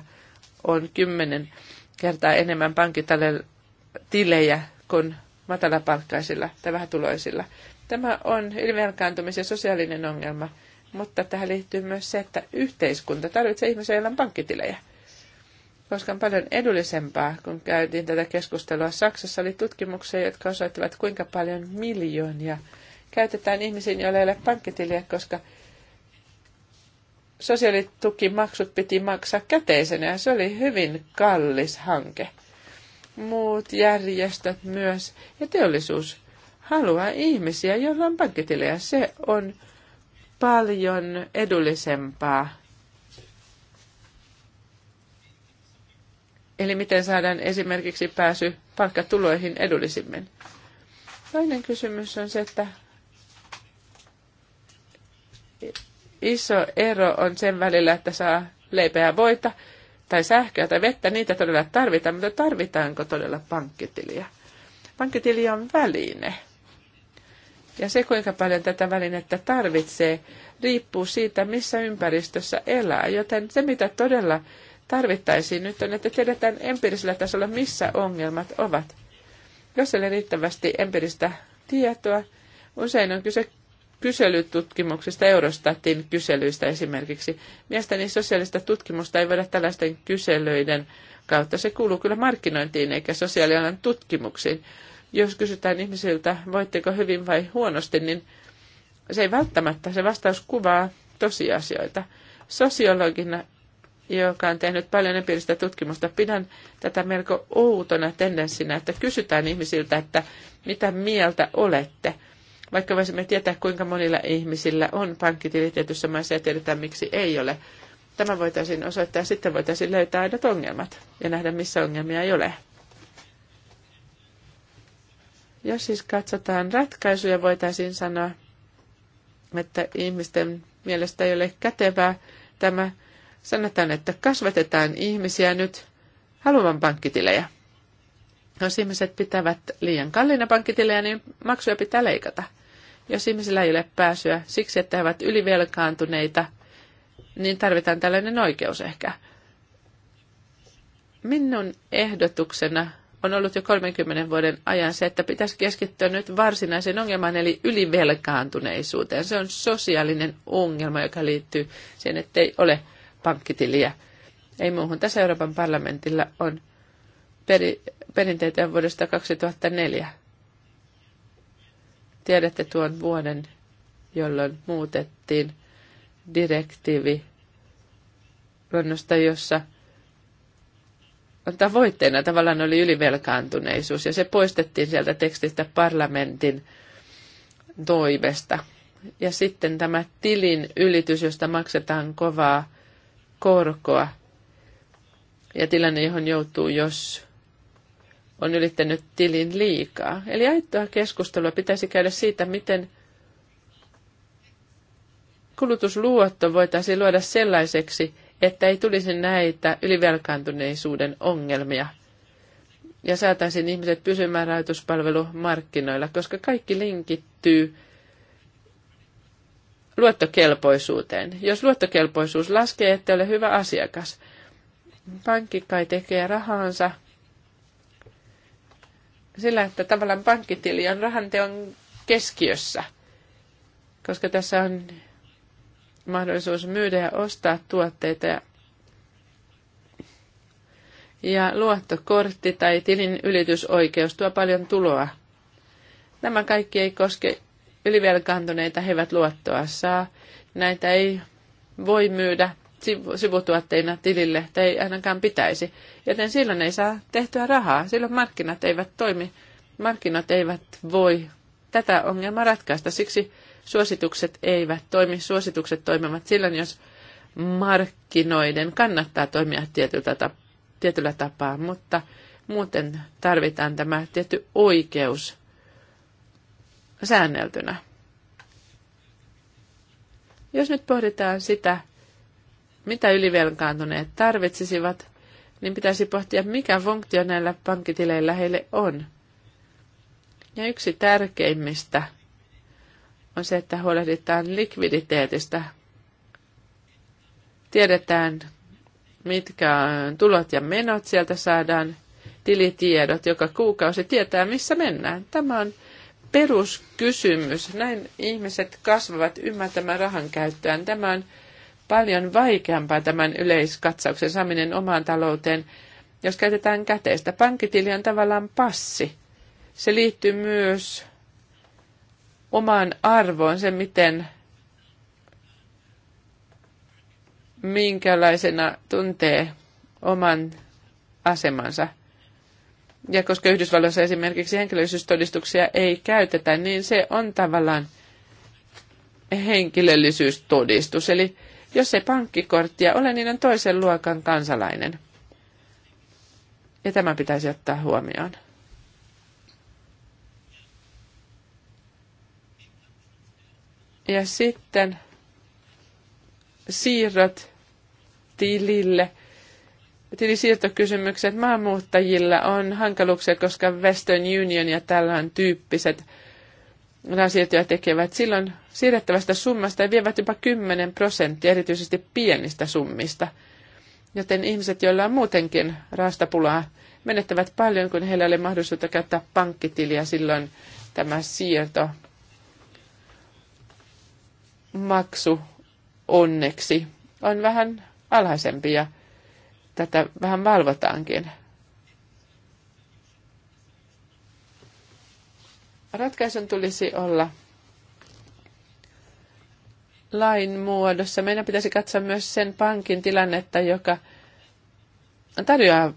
on kymmenen kertaa enemmän pankkitilejä kuin matalapalkkaisilla tai vähätuloisilla. Tämä on ylivelkaantumisen sosiaalinen ongelma, mutta tähän liittyy myös se, että yhteiskunta tarvitsee ihmisiä, joilla on pankkitilejä. Koska on paljon edullisempaa, kun käytiin tätä keskustelua Saksassa, oli tutkimuksia, jotka osoittivat, kuinka paljon miljoonia käytetään ihmisiin, joilla ei ole pankkitiliä, koska sosiaalitukimaksut piti maksaa käteisenä ja se oli hyvin kallis hanke muut järjestöt myös ja teollisuus haluaa ihmisiä, joilla on pankkitilejä. Se on paljon edullisempaa. Eli miten saadaan esimerkiksi pääsy palkkatuloihin edullisimmin? Toinen kysymys on se, että iso ero on sen välillä, että saa leipää voita tai sähköä tai vettä, niitä todella tarvitaan, mutta tarvitaanko todella pankkitiliä? Pankkitili on väline. Ja se, kuinka paljon tätä välinettä tarvitsee, riippuu siitä, missä ympäristössä elää. Joten se, mitä todella tarvittaisiin nyt, on, että tiedetään empiirisellä tasolla, missä ongelmat ovat. Jos ei ole riittävästi empiiristä tietoa, usein on kyse kyselytutkimuksista, Eurostatin kyselyistä esimerkiksi. Mielestäni sosiaalista tutkimusta ei voida tällaisten kyselyiden kautta. Se kuuluu kyllä markkinointiin eikä sosiaalialan tutkimuksiin. Jos kysytään ihmisiltä, voitteko hyvin vai huonosti, niin se ei välttämättä, se vastaus kuvaa tosiasioita. Sosiologina, joka on tehnyt paljon empiiristä tutkimusta, pidän tätä melko outona tendenssinä, että kysytään ihmisiltä, että mitä mieltä olette – vaikka voisimme tietää, kuinka monilla ihmisillä on pankkitili tietyssä maassa ja tiedetään, miksi ei ole. Tämä voitaisiin osoittaa ja sitten voitaisiin löytää aidot ongelmat ja nähdä, missä ongelmia ei ole. Jos siis katsotaan ratkaisuja, voitaisiin sanoa, että ihmisten mielestä ei ole kätevää tämä. Sanotaan, että kasvatetaan ihmisiä nyt haluamaan pankkitilejä. Jos ihmiset pitävät liian kalliina pankkitilejä, niin maksuja pitää leikata. Jos ihmisillä ei ole pääsyä siksi, että he ovat ylivelkaantuneita, niin tarvitaan tällainen oikeus ehkä. Minun ehdotuksena on ollut jo 30 vuoden ajan se, että pitäisi keskittyä nyt varsinaiseen ongelmaan, eli ylivelkaantuneisuuteen. Se on sosiaalinen ongelma, joka liittyy siihen, että ei ole pankkitiliä. Ei muuhun. Tässä Euroopan parlamentilla on peri- perinteitä vuodesta 2004. Tiedätte tuon vuoden, jolloin muutettiin direktiivi luonnosta, jossa on tavoitteena tavallaan oli ylivelkaantuneisuus, ja se poistettiin sieltä tekstistä parlamentin toivesta. Ja sitten tämä tilin ylitys, josta maksetaan kovaa korkoa, ja tilanne, johon joutuu, jos on ylittänyt tilin liikaa. Eli aitoa keskustelua pitäisi käydä siitä, miten kulutusluotto voitaisiin luoda sellaiseksi, että ei tulisi näitä ylivelkaantuneisuuden ongelmia ja saataisiin ihmiset pysymään rahoituspalvelumarkkinoilla, koska kaikki linkittyy luottokelpoisuuteen. Jos luottokelpoisuus laskee, ette ole hyvä asiakas. Pankki kai tekee rahansa – sillä, että tavallaan pankkitili on rahanteon keskiössä, koska tässä on mahdollisuus myydä ja ostaa tuotteita ja, ja luottokortti tai tilin ylitysoikeus tuo paljon tuloa. Nämä kaikki ei koske ylivelkaantuneita, he eivät luottoa saa. Näitä ei voi myydä sivutuotteina tilille, tai ei ainakaan pitäisi joten silloin ei saa tehtyä rahaa. Silloin markkinat eivät toimi, markkinat eivät voi tätä ongelmaa ratkaista. Siksi suositukset eivät toimi. Suositukset toimivat silloin, jos markkinoiden kannattaa toimia tietyllä, tap- tietyllä tapaa, mutta muuten tarvitaan tämä tietty oikeus säänneltynä. Jos nyt pohditaan sitä, mitä ylivelkaantuneet tarvitsisivat, niin pitäisi pohtia, mikä funktio näillä pankkitileillä heille on. Ja yksi tärkeimmistä on se, että huolehditaan likviditeetistä. Tiedetään, mitkä tulot ja menot, sieltä saadaan tilitiedot joka kuukausi, tietää missä mennään. Tämä on peruskysymys. Näin ihmiset kasvavat ymmärtämään rahan käyttöön. Tämä on paljon vaikeampaa tämän yleiskatsauksen saaminen omaan talouteen, jos käytetään käteistä. Pankkitili on tavallaan passi. Se liittyy myös omaan arvoon, se miten minkälaisena tuntee oman asemansa. Ja koska Yhdysvalloissa esimerkiksi henkilöllisyystodistuksia ei käytetä, niin se on tavallaan henkilöllisyystodistus. Eli jos ei pankkikorttia ole, niin on toisen luokan kansalainen. Ja tämä pitäisi ottaa huomioon. Ja sitten siirrot tilille. Tilisiirtokysymykset maanmuuttajilla on hankaluuksia, koska Western Union ja tällainen tyyppiset – rasityö tekevät silloin siirrettävästä summasta ja vievät jopa 10 prosenttia, erityisesti pienistä summista. Joten ihmiset, joilla on muutenkin raastapulaa, menettävät paljon, kun heillä oli mahdollisuutta käyttää pankkitiliä silloin tämä siirto maksu onneksi on vähän alhaisempi ja tätä vähän valvotaankin. Ratkaisun tulisi olla lain muodossa. Meidän pitäisi katsoa myös sen pankin tilannetta, joka tarjoaa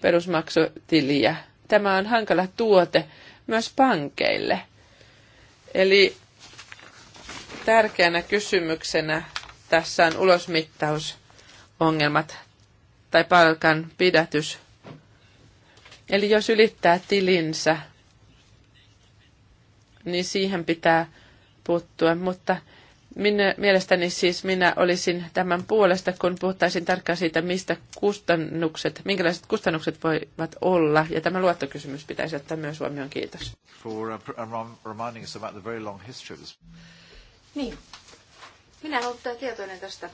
perusmaksutiliä. Tämä on hankala tuote myös pankeille. Eli tärkeänä kysymyksenä tässä on ulosmittausongelmat tai palkan pidätys. Eli jos ylittää tilinsä niin siihen pitää puuttua. Mutta minä, mielestäni siis minä olisin tämän puolesta, kun puhuttaisiin tarkkaan siitä, mistä kustannukset, minkälaiset kustannukset voivat olla. Ja tämä luottokysymys pitäisi ottaa myös huomioon. Kiitos. Uh, niin. Minä olen ollut tietoinen tästä.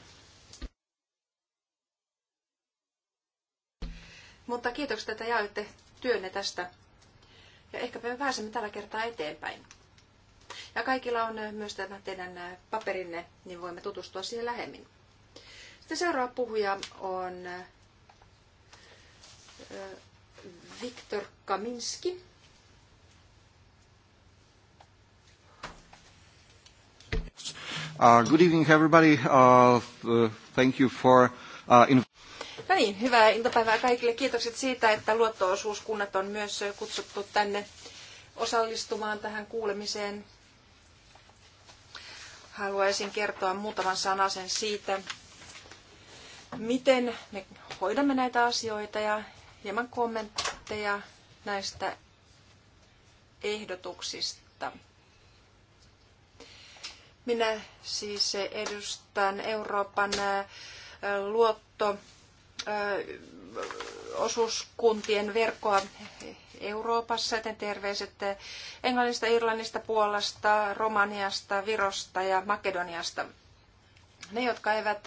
Mutta kiitoksia, että jaoitte työnne tästä ja ehkäpä me pääsemme tällä kertaa eteenpäin. Ja kaikilla on eh, myös tämä teidän eh, paperinne, niin voimme tutustua siihen lähemmin. Sitten seuraava puhuja on eh, Viktor Kaminski. Uh, good evening, everybody. Uh, uh thank you for uh, No niin, hyvää iltapäivää kaikille. Kiitokset siitä, että luottoosuuskunnat on myös kutsuttu tänne osallistumaan tähän kuulemiseen. Haluaisin kertoa muutaman sanan sen siitä, miten me hoidamme näitä asioita ja hieman kommentteja näistä ehdotuksista. Minä siis edustan Euroopan luotto osuuskuntien verkkoa Euroopassa, joten terveiset Englannista, Irlannista, Puolasta, Romaniasta, Virosta ja Makedoniasta. Ne, jotka eivät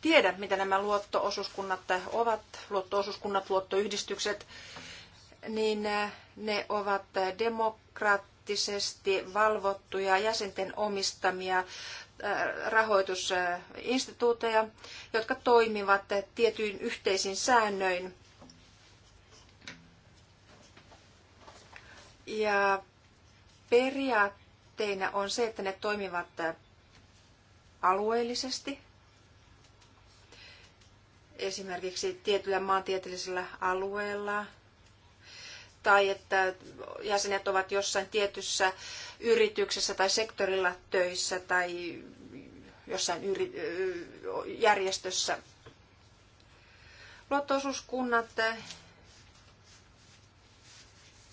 tiedä, mitä nämä luotto-osuuskunnat ovat, luotto-osuuskunnat, luottoyhdistykset, niin ne ovat demokraattisesti valvottuja jäsenten omistamia Äh, rahoitusinstituuteja, jotka toimivat tietyin yhteisin säännöin. Ja periaatteena on se, että ne toimivat alueellisesti, esimerkiksi tietyllä maantieteellisellä alueella, tai että jäsenet ovat jossain tietyssä yrityksessä tai sektorilla töissä tai jossain yri- järjestössä. Luottoosuuskunnat eh,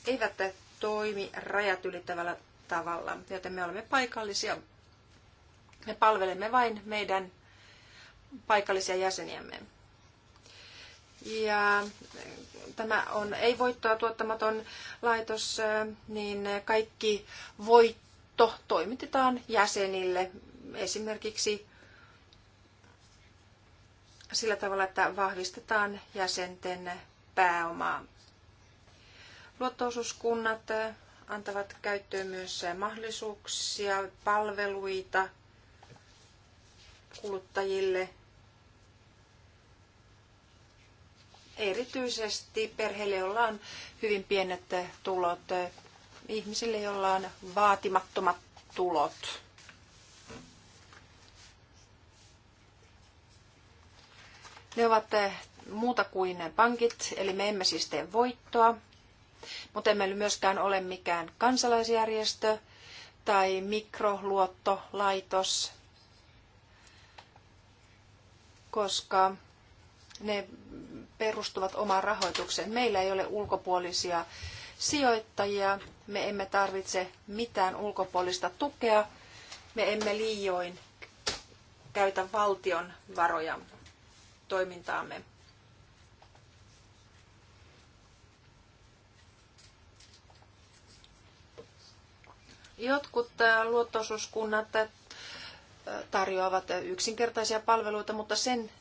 eivät toimi rajat ylittävällä tavalla, joten me olemme paikallisia. Me palvelemme vain meidän paikallisia jäseniämme ja tämä on ei-voittoa tuottamaton laitos, niin kaikki voitto toimitetaan jäsenille esimerkiksi sillä tavalla, että vahvistetaan jäsenten pääomaa. Luottoosuuskunnat antavat käyttöön myös mahdollisuuksia, palveluita kuluttajille – erityisesti perheille, joilla on hyvin pienet tulot, ihmisille, joilla on vaatimattomat tulot. Ne ovat muuta kuin pankit, eli me emme siis tee voittoa, mutta emme myöskään ole mikään kansalaisjärjestö tai mikroluottolaitos, koska ne perustuvat omaan rahoitukseen. Meillä ei ole ulkopuolisia sijoittajia, me emme tarvitse mitään ulkopuolista tukea, me emme liioin käytä valtion varoja toimintaamme. Jotkut äh, luottosuuskunnat äh, tarjoavat yksinkertaisia palveluita, mutta sen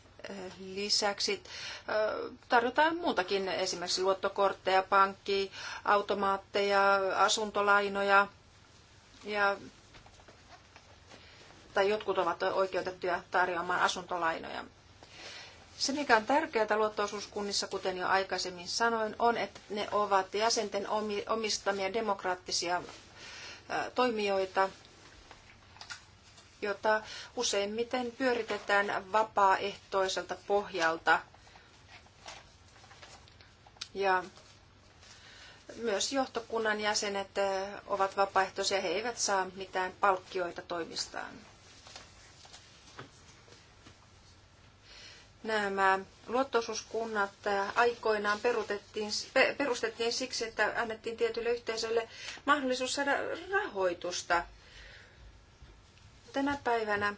lisäksi tarjotaan muutakin, esimerkiksi luottokortteja, pankki, automaatteja, asuntolainoja ja tai jotkut ovat oikeutettuja tarjoamaan asuntolainoja. Se, mikä on tärkeää luottoosuuskunnissa, kuten jo aikaisemmin sanoin, on, että ne ovat jäsenten omistamia demokraattisia toimijoita, jota useimmiten pyöritetään vapaaehtoiselta pohjalta. Ja myös johtokunnan jäsenet eh, ovat vapaaehtoisia, he eivät saa mitään palkkioita toimistaan. Nämä luottosuuskunnat eh, aikoinaan perustettiin siksi, että annettiin tietylle yhteisölle mahdollisuus saada rahoitusta – Tänä päivänä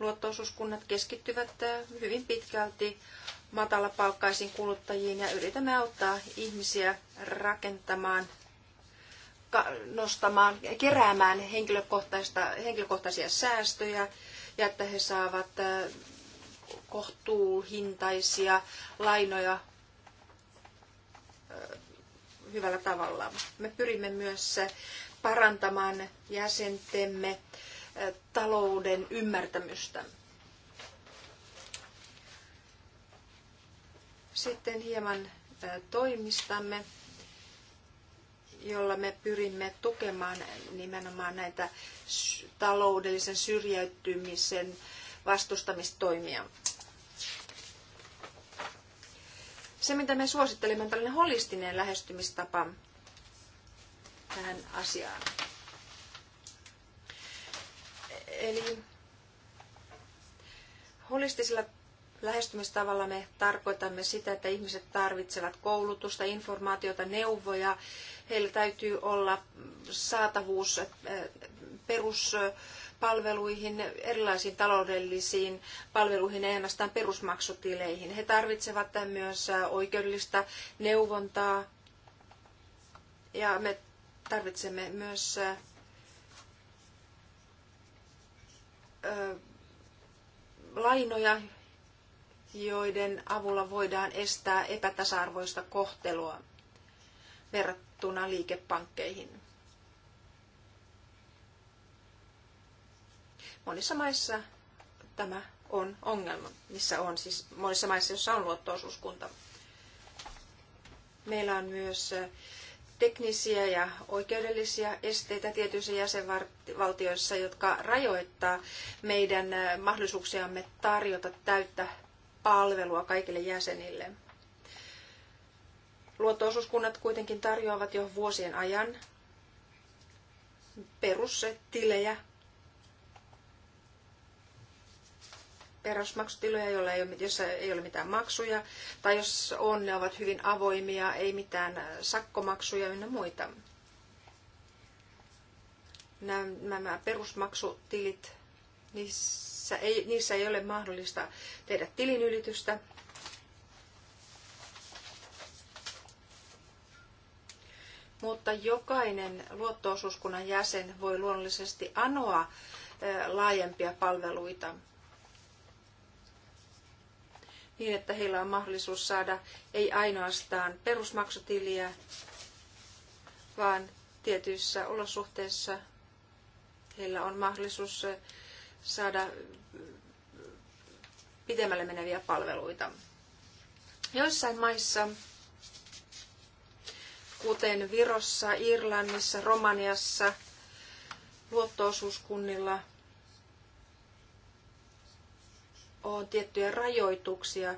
luottoosuuskunnat keskittyvät äh, hyvin pitkälti matalapalkkaisiin kuluttajiin ja yritämme auttaa ihmisiä rakentamaan, nostamaan, keräämään henkilökohtaista, henkilökohtaisia säästöjä ja että he saavat äh, kohtuuhintaisia lainoja äh, hyvällä tavalla. Me pyrimme myös parantamaan jäsentemme talouden ymmärtämystä. Sitten hieman toimistamme, jolla me pyrimme tukemaan nimenomaan näitä taloudellisen syrjäytymisen vastustamistoimia. Se, mitä me suosittelemme, on tällainen holistinen lähestymistapa tähän asiaan. Eli holistisella lähestymistavalla me tarkoitamme sitä, että ihmiset tarvitsevat koulutusta, informaatiota, neuvoja. Heillä täytyy olla saatavuus äh, peruspalveluihin, erilaisiin taloudellisiin palveluihin, ei ainoastaan perusmaksutileihin. He tarvitsevat myös äh, oikeudellista neuvontaa. Ja me tarvitsemme myös lainoja, joiden avulla voidaan estää epätasa-arvoista kohtelua verrattuna liikepankkeihin. Monissa maissa tämä on ongelma, missä on siis monissa maissa, joissa on luotto-osuuskunta. Meillä on myös teknisiä ja oikeudellisia esteitä tietyissä jäsenvaltioissa, jotka rajoittaa meidän mahdollisuuksiamme tarjota täyttä palvelua kaikille jäsenille. Luotto-osuuskunnat kuitenkin tarjoavat jo vuosien ajan perustilejä perusmaksutiloja, joilla ei ole, jossa ei ole mitään maksuja, tai jos on, ne ovat hyvin avoimia, ei mitään äh, sakkomaksuja ynnä muita. Nämä perusmaksutilit, niissä ei, niissä ei ole mahdollista tehdä tilinylitystä. Mutta jokainen luottoosuuskunnan jäsen voi luonnollisesti anoa äh, laajempia palveluita niin, että heillä on mahdollisuus saada ei ainoastaan perusmaksutiliä, vaan tietyissä olosuhteissa heillä on mahdollisuus eh, saada eh, pidemmälle meneviä palveluita. Joissain maissa, kuten Virossa, Irlannissa, Romaniassa, luottoosuuskunnilla – on tiettyjä rajoituksia,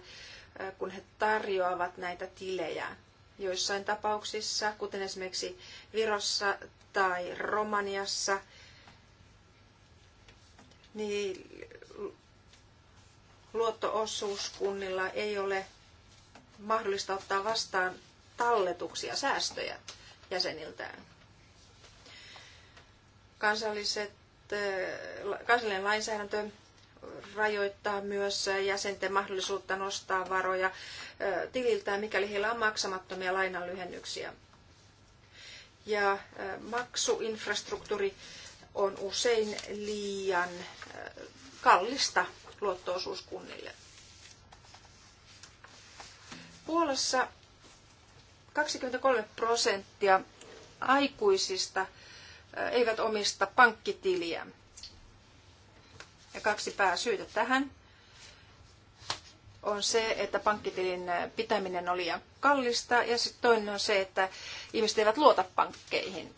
kun he tarjoavat näitä tilejä. Joissain tapauksissa, kuten esimerkiksi Virossa tai Romaniassa, niin luottoosuuskunnilla ei ole mahdollista ottaa vastaan talletuksia, säästöjä jäseniltään. Kansalliset, kansallinen lainsäädäntö rajoittaa myös jäsenten mahdollisuutta nostaa varoja tililtään, mikäli heillä on maksamattomia lainanlyhennyksiä. Ja maksuinfrastruktuuri on usein liian kallista luottoosuuskunnille. Puolassa 23 prosenttia aikuisista eivät omista pankkitiliä. Ja kaksi pääsyytä tähän on se, että pankkitilin pitäminen oli liian kallista ja sitten toinen on se, että ihmiset eivät luota pankkeihin.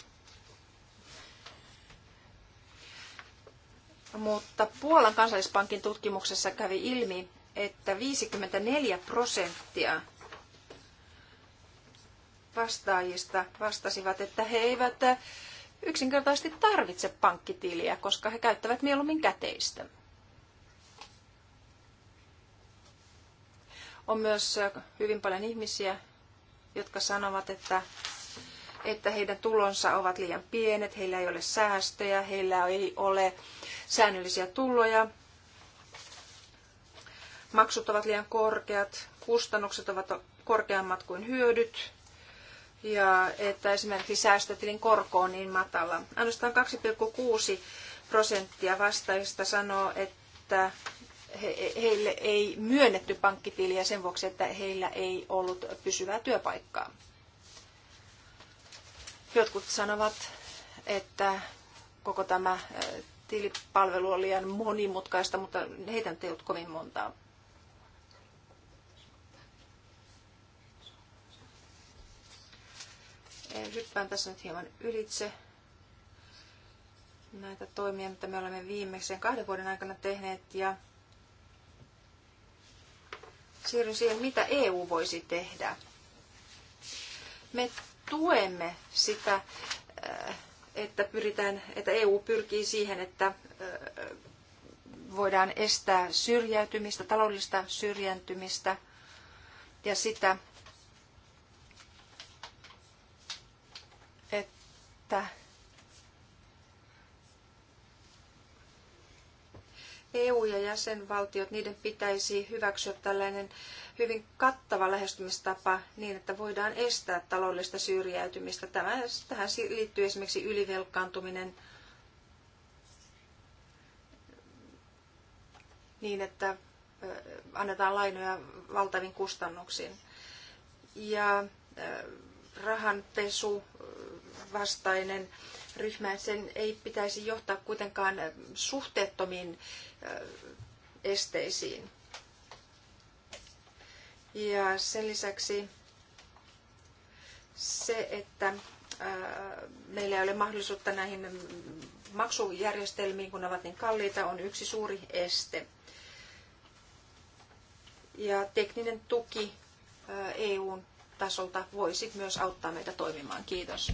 Mutta Puolan kansallispankin tutkimuksessa kävi ilmi, että 54 prosenttia vastaajista vastasivat, että he eivät yksinkertaisesti tarvitse pankkitiliä, koska he käyttävät mieluummin käteistä. On myös hyvin paljon ihmisiä, jotka sanovat, että, että heidän tulonsa ovat liian pienet, heillä ei ole säästöjä, heillä ei ole säännöllisiä tuloja, maksut ovat liian korkeat, kustannukset ovat korkeammat kuin hyödyt, ja että esimerkiksi säästötilin korko on niin matala. Ainoastaan 2,6 prosenttia vastaajista sanoo, että heille ei myönnetty pankkitiliä sen vuoksi, että heillä ei ollut pysyvää työpaikkaa. Jotkut sanovat, että koko tämä tilipalvelu on liian monimutkaista, mutta heitä ei ollut kovin montaa. Hyppään eh, tässä nyt hieman ylitse näitä toimia, mitä me olemme viimeisen kahden vuoden aikana tehneet ja siirryn siihen, mitä EU voisi tehdä. Me tuemme sitä, eh, että, pyritään, että EU pyrkii siihen, että eh, voidaan estää syrjäytymistä, taloudellista syrjäytymistä ja sitä, että EU ja jäsenvaltiot, niiden pitäisi hyväksyä tällainen hyvin kattava lähestymistapa niin, että voidaan estää taloudellista syrjäytymistä. Tämä, tähän liittyy esimerkiksi ylivelkaantuminen niin, että annetaan lainoja valtavin kustannuksiin. Ja rahanpesu, vastainen ryhmä, sen ei pitäisi johtaa kuitenkaan suhteettomiin esteisiin. Ja sen lisäksi se, että meillä ei ole mahdollisuutta näihin maksujärjestelmiin, kun ne ovat niin kalliita, on yksi suuri este. Ja tekninen tuki EUn tasolta voisi myös auttaa meitä toimimaan. Kiitos.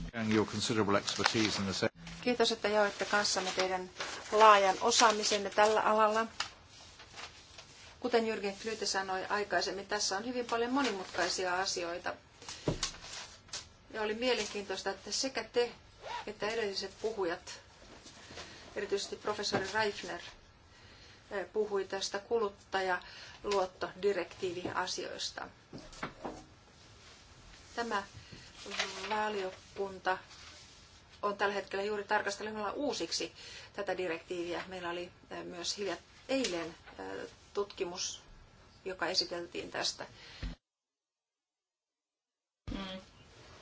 Kiitos, että jaoitte kanssamme teidän laajan osaamisenne tällä alalla. Kuten Jürgen Flyte sanoi aikaisemmin, tässä on hyvin paljon monimutkaisia asioita. Ja oli mielenkiintoista, että sekä te että edelliset puhujat, erityisesti professori Reifner, eh, puhui tästä kuluttajaluottodirektiiviasioista tämä valiokunta on tällä hetkellä juuri tarkastelemalla uusiksi tätä direktiiviä. Meillä oli myös hiljat eilen tutkimus, joka esiteltiin tästä. Mm.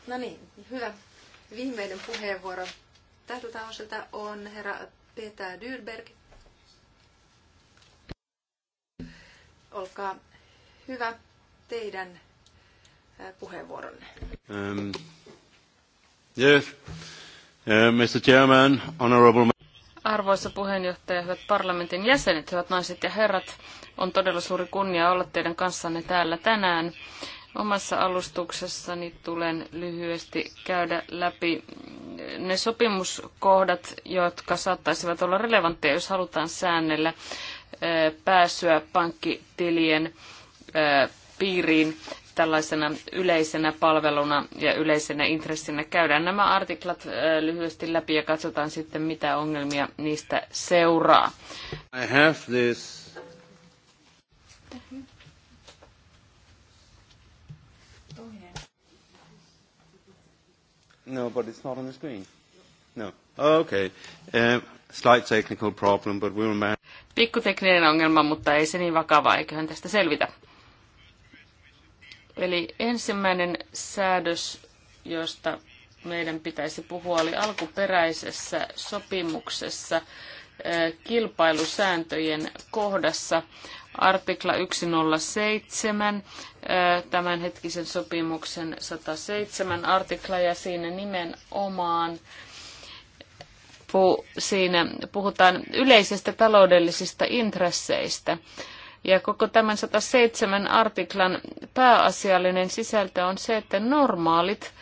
No niin, hyvä. Viimeinen puheenvuoro tältä osalta on herra Peter Dyrberg. Olkaa hyvä teidän Äh, puheenvuoronne. Um, yes. uh, Mr. Chairman, honorable... Arvoisa puheenjohtaja, hyvät parlamentin jäsenet, hyvät naiset ja herrat, on todella suuri kunnia olla teidän kanssanne täällä tänään. Omassa alustuksessani tulen lyhyesti käydä läpi ne sopimuskohdat, jotka saattaisivat olla relevantteja, jos halutaan säännellä äh, pääsyä pankkitilien äh, piiriin tällaisena yleisenä palveluna ja yleisenä intressinä. Käydään nämä artiklat äh, lyhyesti läpi ja katsotaan sitten, mitä ongelmia niistä seuraa. I have this. No, but it's not on the screen. No. okay. Uh, slight technical problem, but we'll manage. Pikkutekninen ongelma, mutta ei se niin vakava, eiköhän tästä selvitä. Eli ensimmäinen säädös, josta meidän pitäisi puhua, oli alkuperäisessä sopimuksessa kilpailusääntöjen kohdassa artikla 107, tämänhetkisen sopimuksen 107 artikla ja siinä nimenomaan siinä puhutaan yleisistä taloudellisista intresseistä. Ja koko tämän 107 artiklan pääasiallinen sisältö on se, että normaalit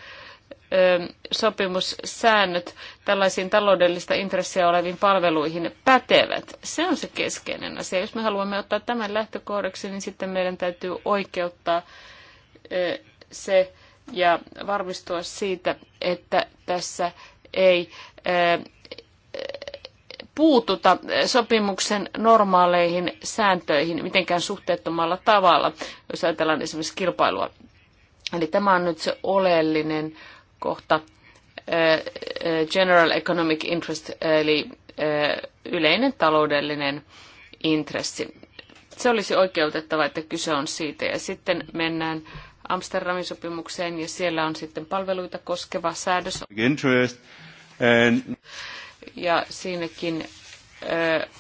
ö, sopimussäännöt tällaisiin taloudellista intressiä oleviin palveluihin pätevät. Se on se keskeinen asia. Jos me haluamme ottaa tämän lähtökohdaksi, niin sitten meidän täytyy oikeuttaa ö, se ja varmistua siitä, että tässä ei ö, puututa sopimuksen normaaleihin sääntöihin mitenkään suhteettomalla tavalla, jos ajatellaan esimerkiksi kilpailua. Eli tämä on nyt se oleellinen kohta. General Economic Interest, eli yleinen taloudellinen intressi. Se olisi oikeutettava, että kyse on siitä. Ja sitten mennään Amsterdamin sopimukseen, ja siellä on sitten palveluita koskeva säädös. Interest and ja siinäkin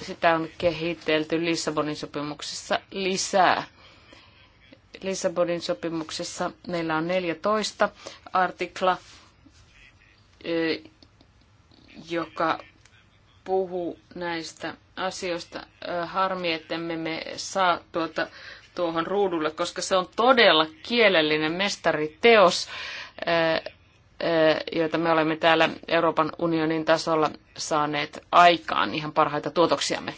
sitä on kehitelty Lissabonin sopimuksessa lisää. Lissabonin sopimuksessa meillä on 14 artikla, joka puhuu näistä asioista. Harmi, että me, saa tuota, tuohon ruudulle, koska se on todella kielellinen mestariteos joita me olemme täällä Euroopan unionin tasolla saaneet aikaan ihan parhaita tuotoksiamme.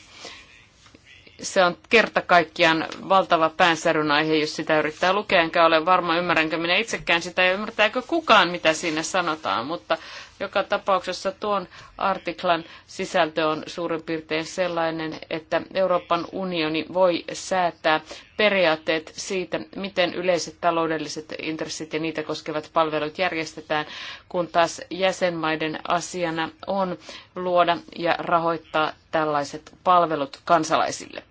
Se on kerta kaikkiaan valtava päänsäryn aihe, jos sitä yrittää lukea, enkä ole varma ymmärränkö minä itsekään sitä ja ymmärtääkö kukaan, mitä siinä sanotaan, mutta joka tapauksessa tuon artiklan sisältö on suurin piirtein sellainen, että Euroopan unioni voi säätää periaatteet siitä, miten yleiset taloudelliset intressit ja niitä koskevat palvelut järjestetään, kun taas jäsenmaiden asiana on luoda ja rahoittaa tällaiset palvelut kansalaisille.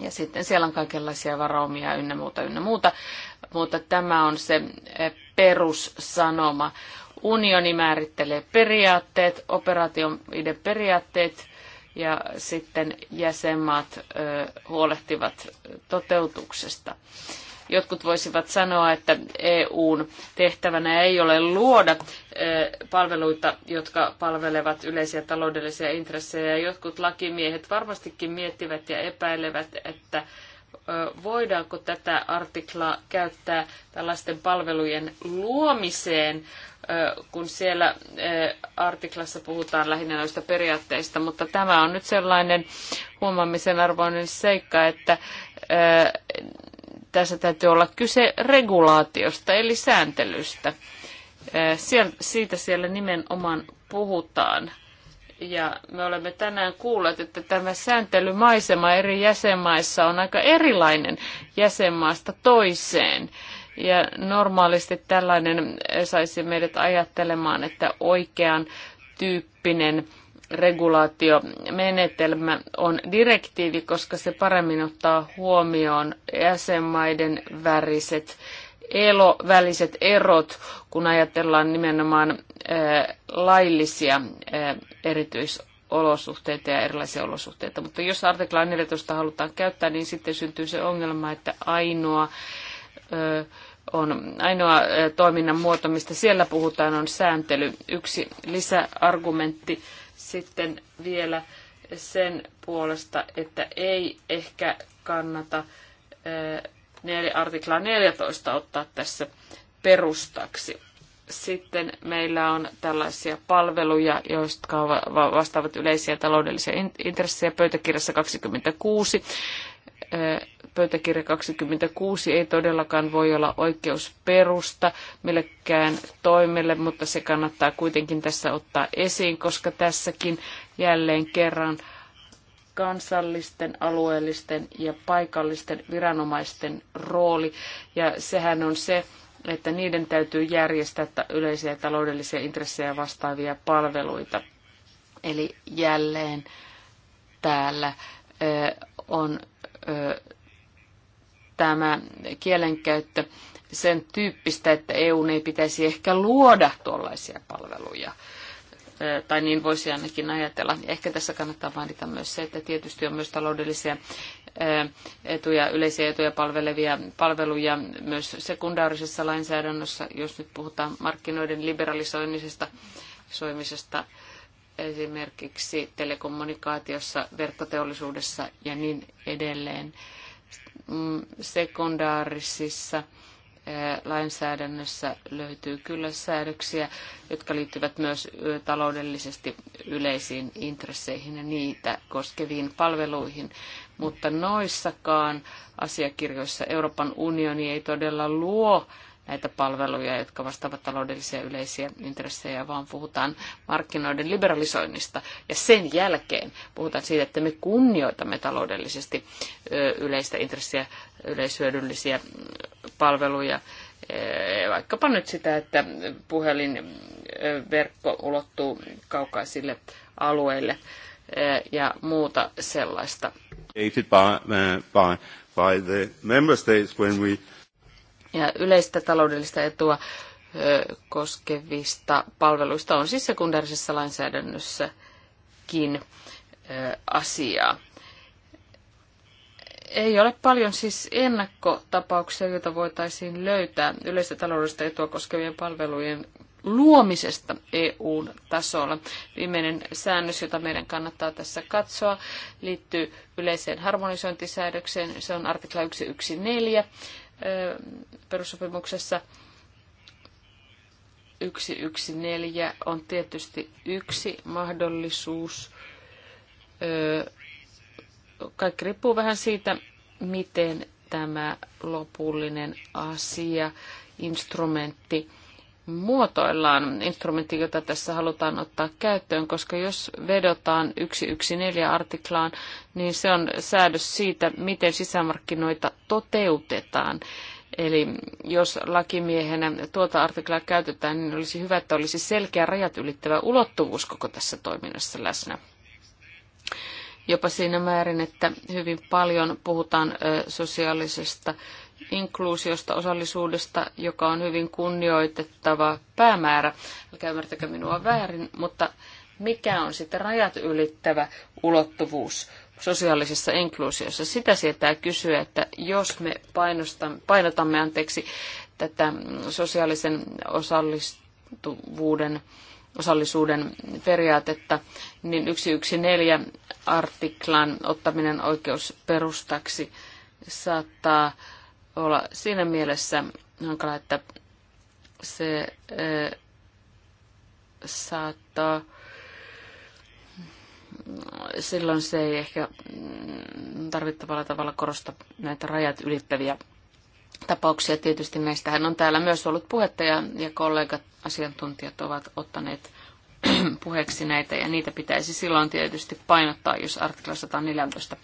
Ja sitten siellä on kaikenlaisia varaumia ynnä muuta, ynnä muuta. Mutta tämä on se eh, perussanoma unioni määrittelee periaatteet, operaatioiden periaatteet ja sitten jäsenmaat huolehtivat toteutuksesta. Jotkut voisivat sanoa, että EUn tehtävänä ei ole luoda palveluita, jotka palvelevat yleisiä taloudellisia intressejä. Jotkut lakimiehet varmastikin miettivät ja epäilevät, että voidaanko tätä artiklaa käyttää tällaisten palvelujen luomiseen, kun siellä artiklassa puhutaan lähinnä noista periaatteista, mutta tämä on nyt sellainen huomaamisen arvoinen seikka, että tässä täytyy olla kyse regulaatiosta eli sääntelystä. Siitä siellä nimenomaan puhutaan. Ja me olemme tänään kuulleet, että tämä sääntelymaisema eri jäsenmaissa on aika erilainen jäsenmaasta toiseen. Ja normaalisti tällainen saisi meidät ajattelemaan, että oikean tyyppinen regulaatiomenetelmä on direktiivi, koska se paremmin ottaa huomioon jäsenmaiden väriset eloväliset erot, kun ajatellaan nimenomaan laillisia erityisolosuhteita ja erilaisia olosuhteita. Mutta jos artiklaa 14 halutaan käyttää, niin sitten syntyy se ongelma, että ainoa on ainoa toiminnan muoto, mistä siellä puhutaan, on sääntely. Yksi lisäargumentti sitten vielä sen puolesta, että ei ehkä kannata 4, artiklaa 14 ottaa tässä perustaksi. Sitten meillä on tällaisia palveluja, jotka vastaavat yleisiä taloudellisia intressejä pöytäkirjassa 26 pöytäkirja 26 ei todellakaan voi olla oikeusperusta millekään toimelle, mutta se kannattaa kuitenkin tässä ottaa esiin, koska tässäkin jälleen kerran kansallisten, alueellisten ja paikallisten viranomaisten rooli. Ja sehän on se, että niiden täytyy järjestää yleisiä taloudellisia intressejä vastaavia palveluita. Eli jälleen täällä on tämä kielenkäyttö sen tyyppistä, että n e ei pitäisi ehkä luoda tuollaisia palveluja tai niin voisi ainakin ajatella. Ehkä tässä kannattaa mainita myös se, että tietysti on myös taloudellisia etuja, yleisiä etuja palvelevia palveluja myös sekundaarisessa lainsäädännössä, jos nyt puhutaan markkinoiden liberalisoimisesta, soimisesta esimerkiksi telekommunikaatiossa, verkkoteollisuudessa ja niin edelleen mm, sekundaarisissa lainsäädännössä löytyy kyllä säädöksiä, jotka liittyvät myös taloudellisesti yleisiin intresseihin ja niitä koskeviin palveluihin. Mutta noissakaan asiakirjoissa Euroopan unioni ei todella luo näitä palveluja, jotka vastaavat taloudellisia yleisiä intressejä, vaan puhutaan markkinoiden liberalisoinnista. Ja sen jälkeen puhutaan siitä, että me kunnioitamme taloudellisesti yleistä intressiä, yleishyödyllisiä mm, palveluja, e, vaikkapa nyt sitä, että puhelinverkko ulottuu kaukaisille alueille e, ja muuta sellaista. By, uh, by, by the member states when we ja yleistä taloudellista etua koskevista palveluista on siis sekundaarisessa lainsäädännössäkin asiaa. Ei ole paljon siis ennakkotapauksia, joita voitaisiin löytää yleistä taloudellista etua koskevien palvelujen luomisesta eu tasolla. Viimeinen säännös, jota meidän kannattaa tässä katsoa, liittyy yleiseen harmonisointisäädökseen. Se on artikla 114 perussopimuksessa. 114 on tietysti yksi mahdollisuus. Kaikki riippuu vähän siitä, miten tämä lopullinen asia, instrumentti muotoillaan instrumentti, jota tässä halutaan ottaa käyttöön, koska jos vedotaan 114 artiklaan, niin se on säädös siitä, miten sisämarkkinoita toteutetaan. Eli jos lakimiehenä tuota artiklaa käytetään, niin olisi hyvä, että olisi selkeä rajat ylittävä ulottuvuus koko tässä toiminnassa läsnä. Jopa siinä määrin, että hyvin paljon puhutaan sosiaalisesta inkluusiosta, osallisuudesta, joka on hyvin kunnioitettava päämäärä. Älkää ymmärtäkö minua väärin, mutta mikä on sitten rajat ylittävä ulottuvuus sosiaalisessa inkluusiossa? Sitä sietää kysyä, että jos me painotamme anteeksi tätä sosiaalisen osallistuvuuden osallisuuden periaatetta, niin 114 artiklan ottaminen oikeusperustaksi saattaa olla siinä mielessä hankala, että se saattaa silloin se ei ehkä tarvittavalla tavalla korosta näitä rajat ylittäviä tapauksia. Tietysti näistähän on täällä myös ollut puhetta ja, ja kollegat, asiantuntijat ovat ottaneet puheeksi näitä ja niitä pitäisi silloin tietysti painottaa, jos artikla 114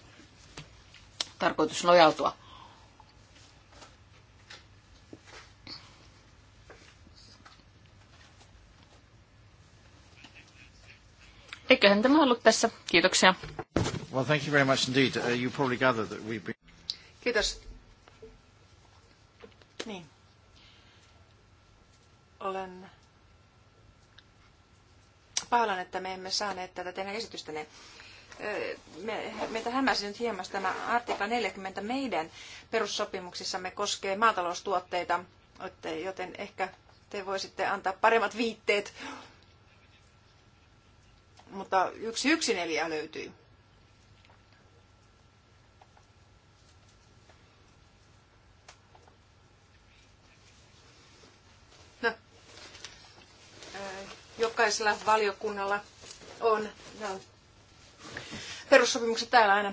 tarkoitus nojautua Eiköhän tämä ollut tässä. Kiitoksia. Well, thank you very much indeed. Uh, you probably gather that we've been... Kiitos. Niin. Olen pahoillani, että me emme saaneet tätä teidän esitystänne. Me, meitä hämäsi nyt hieman tämä artikla 40 meidän perussopimuksissamme koskee maataloustuotteita, joten ehkä te voisitte antaa paremmat viitteet mutta yksi yksi neljä löytyi. No. Jokaisella valiokunnalla on no, perussopimukset täällä aina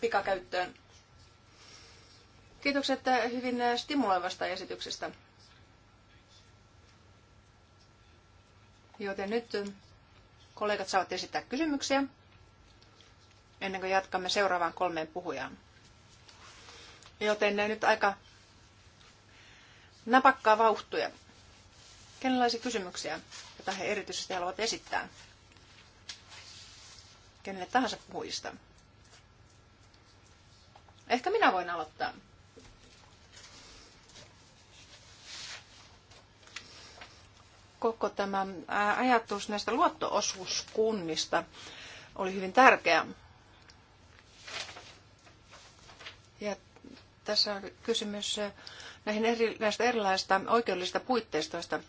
pikakäyttöön. Kiitokset hyvin stimuloivasta esityksestä. Joten nyt Kollegat saavat esittää kysymyksiä ennen kuin jatkamme seuraavaan kolmeen puhujaan. Joten ne nyt aika napakkaa vauhtuja. Kenenlaisia kysymyksiä, joita he erityisesti haluavat esittää? Kenelle tahansa puhujista. Ehkä minä voin aloittaa. koko tämä ajatus näistä luottoosuuskunnista oli hyvin tärkeä. Ja tässä on kysymys näihin eri, näistä erilaisista oikeudellisista puitteista, joista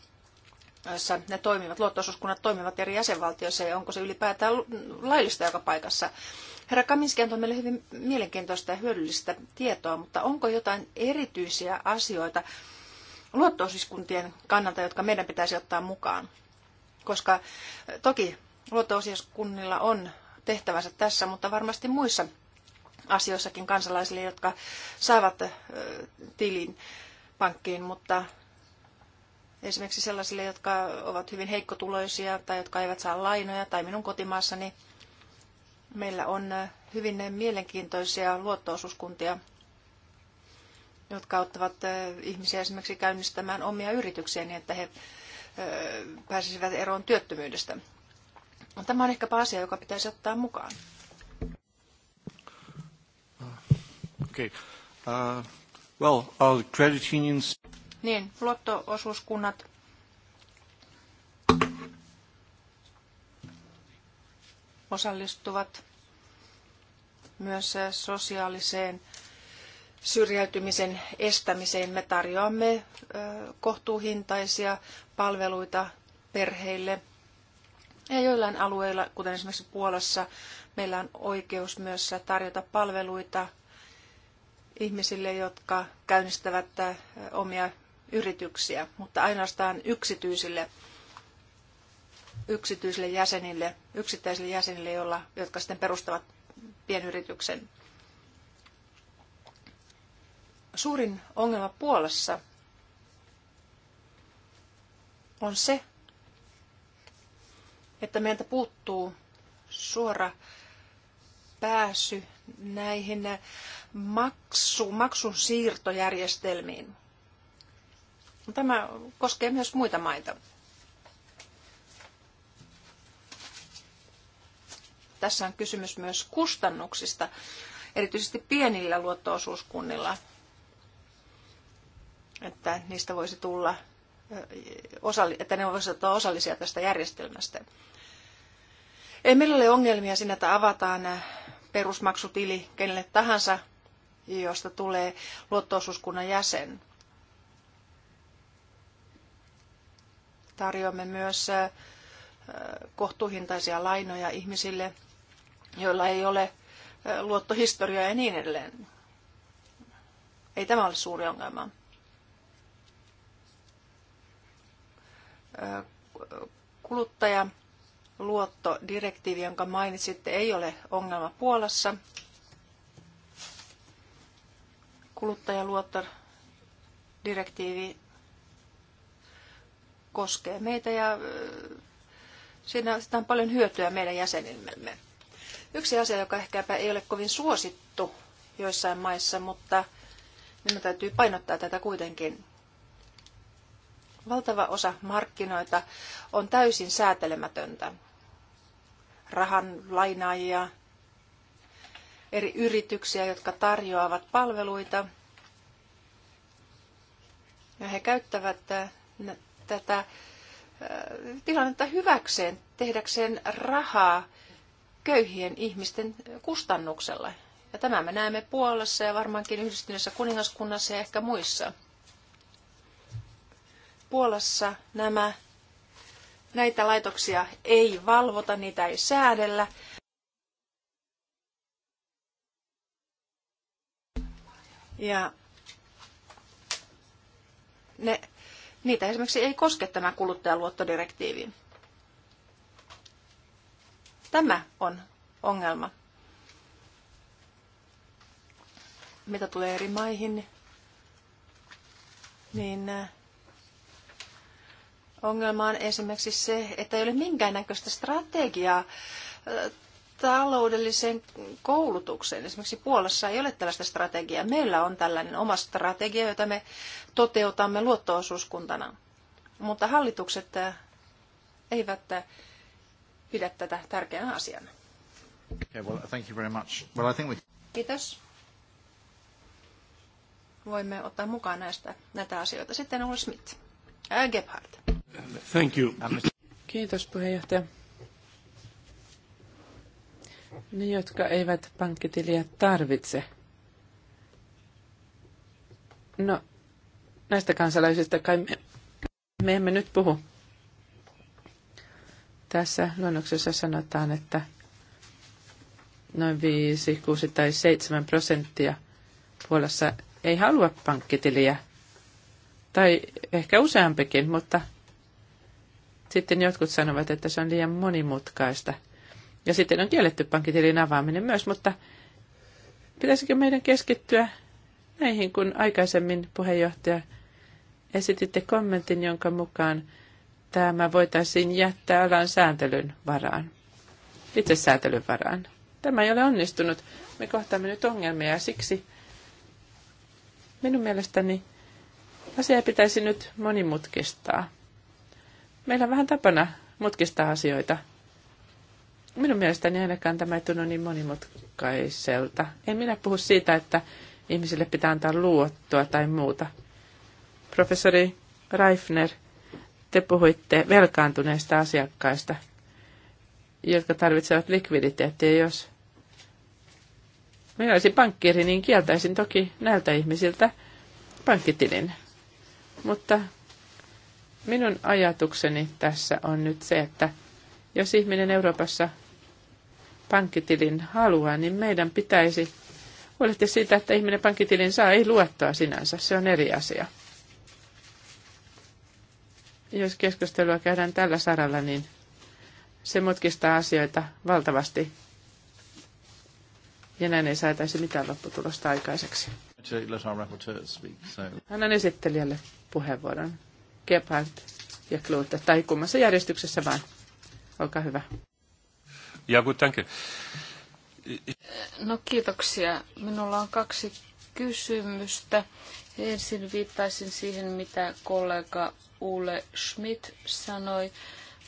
joissa ne toimivat, luottoosuuskunnat toimivat eri jäsenvaltioissa ja onko se ylipäätään laillista joka paikassa. Herra Kaminski antoi meille hyvin mielenkiintoista ja hyödyllistä tietoa, mutta onko jotain erityisiä asioita, luotto-osuuskuntien kannalta, jotka meidän pitäisi ottaa mukaan. Koska eh, toki luotto on tehtävänsä tässä, mutta varmasti muissa asioissakin kansalaisille, jotka saavat eh, tilin pankkiin, mutta esimerkiksi sellaisille, jotka ovat hyvin heikkotuloisia tai jotka eivät saa lainoja tai minun kotimaassani, meillä on eh, hyvin mielenkiintoisia luottoosuuskuntia jotka auttavat ihmisiä esimerkiksi käynnistämään omia yrityksiä niin, että he pääsisivät eroon työttömyydestä. Tämä on ehkäpä asia, joka pitäisi ottaa mukaan. Okay. Uh, well, all the credit unions... Niin, luotto-osuuskunnat. osallistuvat myös sosiaaliseen syrjäytymisen estämiseen. Me tarjoamme kohtuuhintaisia palveluita perheille. Ja joillain alueilla, kuten esimerkiksi Puolassa, meillä on oikeus myös tarjota palveluita ihmisille, jotka käynnistävät omia yrityksiä, mutta ainoastaan yksityisille, yksityisille jäsenille, yksittäisille jäsenille, jolla jotka sitten perustavat pienyrityksen. Suurin ongelma Puolassa on se, että meiltä puuttuu suora pääsy näihin maksu, maksun siirtojärjestelmiin. Tämä koskee myös muita maita. Tässä on kysymys myös kustannuksista, erityisesti pienillä luottoosuuskunnilla – että niistä voisi tulla, että ne voisivat olla osallisia tästä järjestelmästä. Ei meillä ole ongelmia siinä, että avataan perusmaksutili kenelle tahansa, josta tulee luottoosuuskunnan jäsen. Tarjoamme myös kohtuuhintaisia lainoja ihmisille, joilla ei ole luottohistoriaa ja niin edelleen. Ei tämä ole suuri ongelma. kuluttajaluottodirektiivi, jonka mainitsitte, ei ole ongelma Puolassa. Kuluttajaluottodirektiivi koskee meitä ja siinä on paljon hyötyä meidän jäsenillemme. Yksi asia, joka ehkäpä ei ole kovin suosittu joissain maissa, mutta minun täytyy painottaa tätä kuitenkin. Valtava osa markkinoita on täysin säätelemätöntä. Rahan lainaajia, eri yrityksiä, jotka tarjoavat palveluita. Ja he käyttävät äh, tätä äh, tilannetta hyväkseen, tehdäkseen rahaa köyhien ihmisten kustannuksella. Ja tämä me näemme Puolassa ja varmaankin yhdistyneessä kuningaskunnassa ja ehkä muissa. Puolassa nämä, näitä laitoksia ei valvota, niitä ei säädellä. Ja ne, niitä esimerkiksi ei koske tämä kuluttajaluottodirektiivi. Tämä on ongelma. Mitä tulee eri maihin, niin äh, Ongelma on esimerkiksi se, että ei ole minkäännäköistä strategiaa taloudellisen koulutukseen. Esimerkiksi Puolassa ei ole tällaista strategiaa. Meillä on tällainen oma strategia, jota me toteutamme luottoosuuskuntana. Mutta hallitukset eivät pidä tätä tärkeänä asiana. Okay, well, thank you very much. Well, I think we... Kiitos. Voimme ottaa mukaan näistä, näitä asioita. Sitten Ulla Smith. Äh, Gebhardt. Thank you. Kiitos puheenjohtaja. Ne, jotka eivät pankkitiliä tarvitse. No, näistä kansalaisista kai me, me emme nyt puhu. Tässä luonnoksessa sanotaan, että noin 5, 6 tai 7 prosenttia Puolassa ei halua pankkitiliä. Tai ehkä useampikin, mutta sitten jotkut sanovat, että se on liian monimutkaista. Ja sitten on kielletty pankkitilin avaaminen myös, mutta pitäisikö meidän keskittyä näihin, kun aikaisemmin puheenjohtaja esititte kommentin, jonka mukaan tämä voitaisiin jättää alan sääntelyn varaan, itse sääntelyn varaan. Tämä ei ole onnistunut. Me kohtaamme nyt ongelmia ja siksi minun mielestäni asia pitäisi nyt monimutkistaa. Meillä on vähän tapana mutkistaa asioita. Minun mielestäni ainakaan tämä ei tunnu niin monimutkaiselta. En minä puhu siitä, että ihmisille pitää antaa luottoa tai muuta. Professori Reifner, te puhuitte velkaantuneista asiakkaista, jotka tarvitsevat likviditeettiä. Jos minä olisin pankkiiri, niin kieltäisin toki näiltä ihmisiltä pankkitilin. Mutta Minun ajatukseni tässä on nyt se, että jos ihminen Euroopassa pankkitilin haluaa, niin meidän pitäisi huolehtia siitä, että ihminen pankkitilin saa, ei luottoa sinänsä, se on eri asia. Jos keskustelua käydään tällä saralla, niin se mutkistaa asioita valtavasti. Ja näin ei saataisi mitään lopputulosta aikaiseksi. Annan esittelijälle puheenvuoron. Gebhardt ja Klute, tai kummassa järjestyksessä vaan. Olkaa hyvä. Ja thank you. No kiitoksia. Minulla on kaksi kysymystä. Ensin viittaisin siihen, mitä kollega Ule Schmidt sanoi.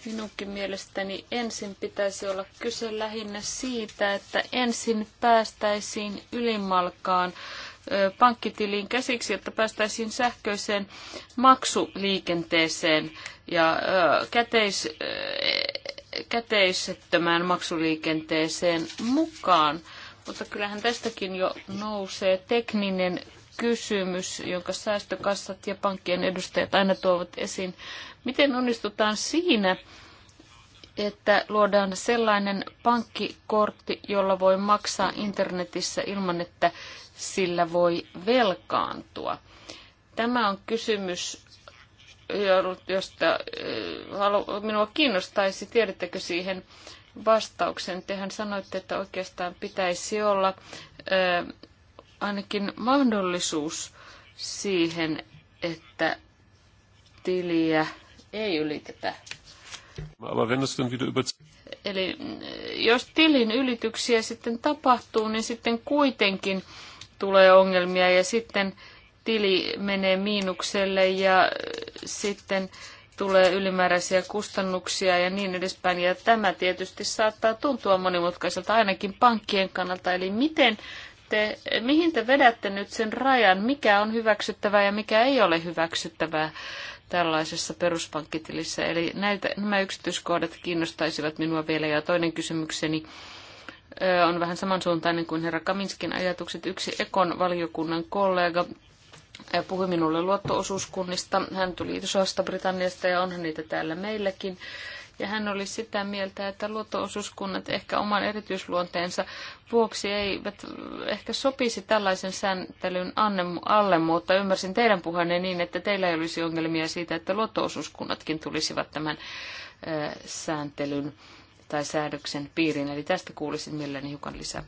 Minunkin mielestäni ensin pitäisi olla kyse lähinnä siitä, että ensin päästäisiin ylimalkaan pankkitiliin käsiksi, jotta päästäisiin sähköiseen maksuliikenteeseen ja käteis, käteisettömään maksuliikenteeseen mukaan. Mutta kyllähän tästäkin jo nousee tekninen kysymys, jonka säästökassat ja pankkien edustajat aina tuovat esiin. Miten onnistutaan siinä, että luodaan sellainen pankkikortti, jolla voi maksaa internetissä ilman, että sillä voi velkaantua. Tämä on kysymys, josta eh, minua kiinnostaisi, tiedättekö siihen vastauksen. Tehän sanoitte, että oikeastaan pitäisi olla eh, ainakin mahdollisuus siihen, että tiliä ei ylitetä. Eli eh, jos tilin ylityksiä sitten tapahtuu, niin sitten kuitenkin tulee ongelmia ja sitten tili menee miinukselle ja sitten tulee ylimääräisiä kustannuksia ja niin edespäin. Ja tämä tietysti saattaa tuntua monimutkaiselta ainakin pankkien kannalta. Eli miten te, mihin te vedätte nyt sen rajan, mikä on hyväksyttävää ja mikä ei ole hyväksyttävää tällaisessa peruspankkitilissä? Eli näitä, nämä yksityiskohdat kiinnostaisivat minua vielä. Ja toinen kysymykseni on vähän samansuuntainen kuin herra Kaminskin ajatukset. Yksi Ekon valiokunnan kollega puhui minulle luottoosuuskunnista. Hän tuli isosta Britanniasta ja onhan niitä täällä meilläkin. Ja hän oli sitä mieltä, että luottoosuuskunnat ehkä oman erityisluonteensa vuoksi eivät ehkä sopisi tällaisen sääntelyn alle, mutta ymmärsin teidän puheenne niin, että teillä ei olisi ongelmia siitä, että luottoosuuskunnatkin tulisivat tämän sääntelyn tai säädöksen piiriin. Eli tästä kuulisin mielelläni hiukan lisää.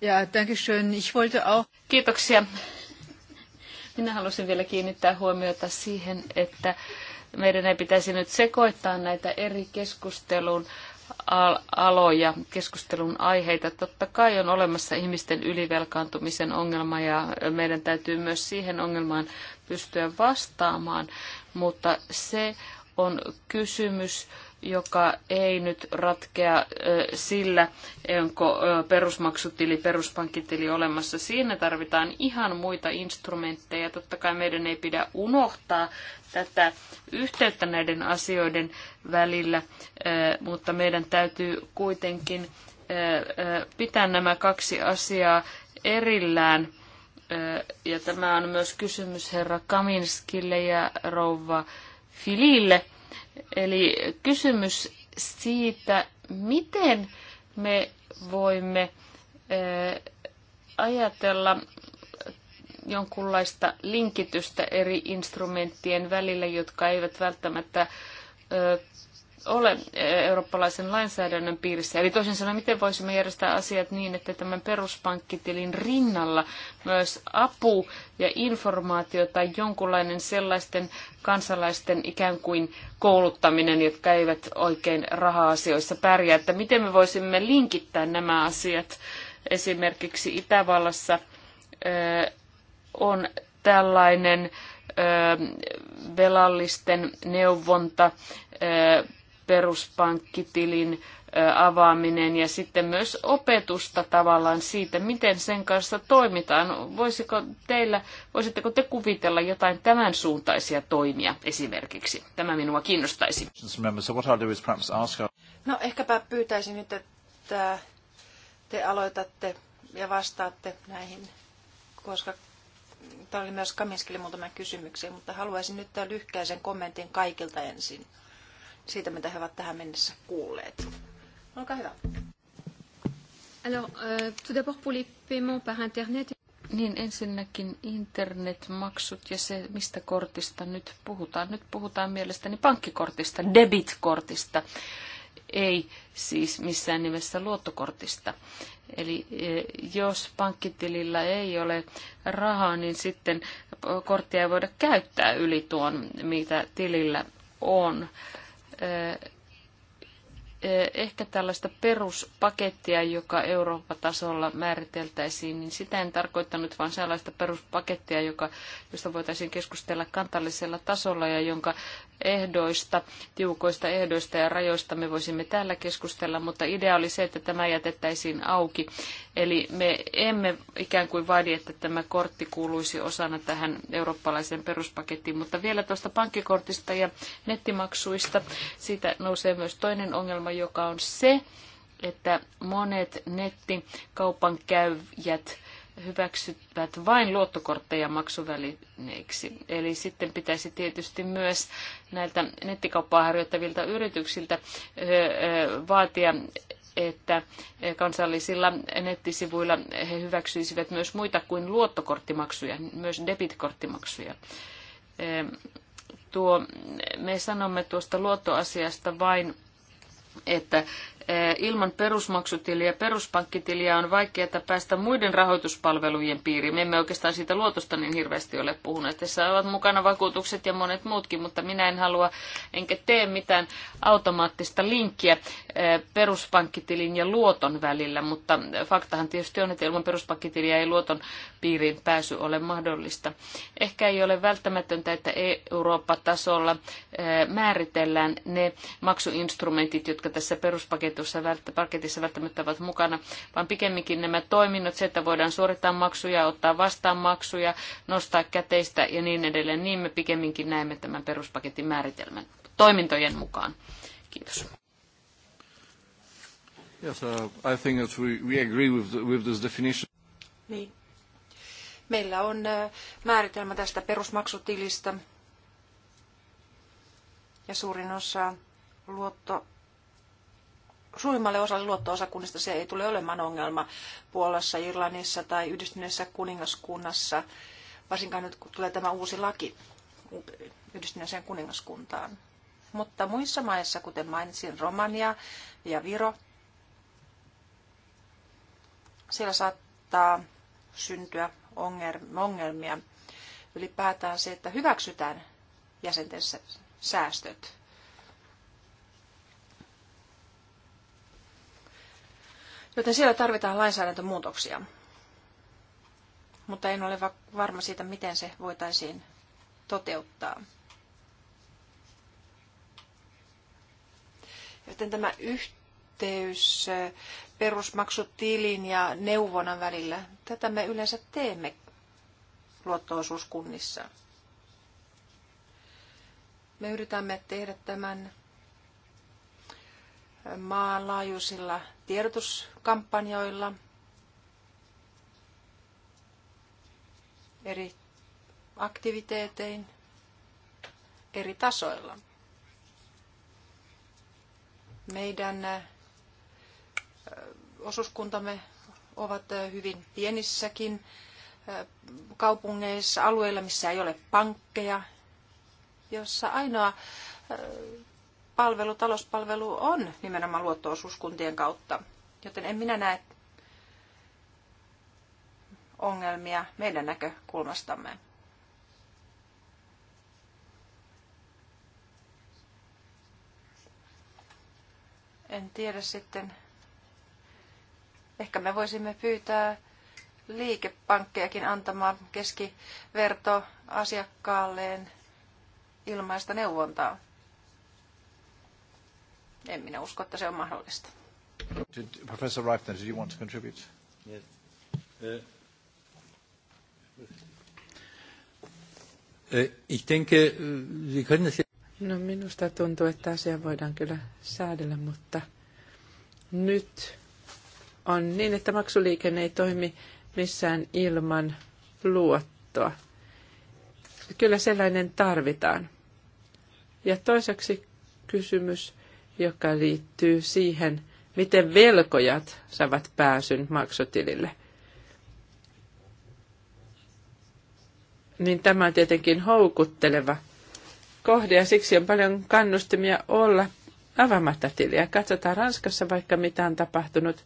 Ja, danke schön. Ich wollte auch... Kiitoksia. Minä halusin vielä kiinnittää huomiota siihen, että meidän ei pitäisi nyt sekoittaa näitä eri keskustelun al- aloja, keskustelun aiheita. Totta kai on olemassa ihmisten ylivelkaantumisen ongelma ja meidän täytyy myös siihen ongelmaan pystyä vastaamaan, mutta se on kysymys, joka ei nyt ratkea sillä, onko perusmaksutili, peruspankkitili olemassa. Siinä tarvitaan ihan muita instrumentteja. Totta kai meidän ei pidä unohtaa tätä yhteyttä näiden asioiden välillä, mutta meidän täytyy kuitenkin pitää nämä kaksi asiaa erillään. Ja tämä on myös kysymys herra Kaminskille ja rouva Filille Eli kysymys siitä, miten me voimme ajatella jonkunlaista linkitystä eri instrumenttien välillä, jotka eivät välttämättä ole e, eurooppalaisen lainsäädännön piirissä. Eli toisin sanoen, miten voisimme järjestää asiat niin, että tämän peruspankkitilin rinnalla myös apu ja informaatio tai jonkunlainen sellaisten kansalaisten ikään kuin kouluttaminen, jotka eivät oikein raha-asioissa pärjää, että miten me voisimme linkittää nämä asiat esimerkiksi Itävallassa e, on tällainen velallisten neuvonta peruspankkitilin avaaminen ja sitten myös opetusta tavallaan siitä, miten sen kanssa toimitaan. Voisiko teillä, voisitteko te kuvitella jotain tämän suuntaisia toimia esimerkiksi? Tämä minua kiinnostaisi. No ehkäpä pyytäisin nyt, että te aloitatte ja vastaatte näihin, koska tämä oli myös Kaminskille muutama kysymyksiä, mutta haluaisin nyt lyhkäisen kommentin kaikilta ensin siitä, mitä he ovat tähän mennessä kuulleet. Olkaa hyvä. Alors, euh, tout d'abord pour les paiements par internet. Niin ensinnäkin internetmaksut ja se, mistä kortista nyt puhutaan. Nyt puhutaan mielestäni pankkikortista, debitkortista, ei siis missään nimessä luottokortista. Eli eh, jos pankkitilillä ei ole rahaa, niin sitten korttia ei voida käyttää yli tuon, mitä tilillä on eh, Eh, ehkä tällaista peruspakettia, joka Euroopan tasolla määriteltäisiin, niin sitä en tarkoittanut, vaan sellaista peruspakettia, joka, josta voitaisiin keskustella kantallisella tasolla ja jonka ehdoista, tiukoista ehdoista ja rajoista me voisimme täällä keskustella, mutta idea oli se, että tämä jätettäisiin auki. Eli me emme ikään kuin vaadi, että tämä kortti kuuluisi osana tähän eurooppalaiseen peruspakettiin, mutta vielä tuosta pankkikortista ja nettimaksuista, siitä nousee myös toinen ongelma, joka on se, että monet nettikaupan käyjät hyväksyvät vain luottokortteja maksuvälineiksi. Eli sitten pitäisi tietysti myös näiltä nettikauppaa harjoittavilta yrityksiltä vaatia että kansallisilla nettisivuilla he hyväksyisivät myös muita kuin luottokorttimaksuja, myös debitkorttimaksuja. Tuo, me sanomme tuosta luottoasiasta vain että Eh, ilman perusmaksutiliä, peruspankkitiliä on vaikeaa päästä muiden rahoituspalvelujen piiriin. Me emme oikeastaan siitä luotosta niin hirveästi ole puhuneet. Tässä ovat mukana vakuutukset ja monet muutkin, mutta minä en halua enkä tee mitään automaattista linkkiä eh, peruspankkitilin ja luoton välillä, mutta faktahan tietysti on, että ilman peruspankkitiliä ei luoton piiriin pääsy ole mahdollista. Ehkä ei ole välttämätöntä, että Eurooppa-tasolla eh, määritellään ne maksuinstrumentit, jotka tässä peruspaketti paketussa, paketissa välttämättä ovat mukana, vaan pikemminkin nämä toiminnot, se, että voidaan suorittaa maksuja, ottaa vastaan maksuja, nostaa käteistä ja niin edelleen, niin me pikemminkin näemme tämän peruspaketin määritelmän toimintojen mukaan. Kiitos. Yes, uh, I think that we, we agree with, the, with this definition. Niin. Meillä on uh, määritelmä tästä perusmaksutilistä ja suurin osa luotto suurimmalle osalle luotto-osakunnista se ei tule olemaan ongelma Puolassa, Irlannissa tai yhdistyneessä kuningaskunnassa, varsinkaan nyt kun tulee tämä uusi laki yhdistyneeseen kuningaskuntaan. Mutta muissa maissa, kuten mainitsin, Romania ja Viro, siellä saattaa syntyä ongelmia. Ylipäätään se, että hyväksytään jäsentensä säästöt. Joten siellä tarvitaan lainsäädäntömuutoksia. Mutta en ole varma siitä, miten se voitaisiin toteuttaa. Joten tämä yhteys perusmaksutilin ja neuvonnan välillä, tätä me yleensä teemme luottoosuuskunnissa. Me yritämme tehdä tämän maanlaajuisilla tiedotuskampanjoilla eri aktiviteetein eri tasoilla. Meidän osuuskuntamme ovat hyvin pienissäkin kaupungeissa, alueilla, missä ei ole pankkeja, jossa ainoa palvelu, talouspalvelu on nimenomaan luottoosuuskuntien kautta, joten en minä näe ongelmia meidän näkökulmastamme. En tiedä sitten. Ehkä me voisimme pyytää liikepankkejakin antamaan keskiverto asiakkaalleen ilmaista neuvontaa. En minä usko, että se on mahdollista. Did, Professor Reifner, did you want to contribute? Yes. Uh, uh, uh No minusta tuntuu, että asia voidaan kyllä säädellä, mutta nyt on niin, että maksuliikenne ei toimi missään ilman luottoa. Kyllä sellainen tarvitaan. Ja toiseksi kysymys joka liittyy siihen, miten velkojat saavat pääsyn maksutilille. Niin tämä on tietenkin houkutteleva kohde ja siksi on paljon kannustimia olla avaamatta tiliä. Katsotaan Ranskassa vaikka mitä on tapahtunut.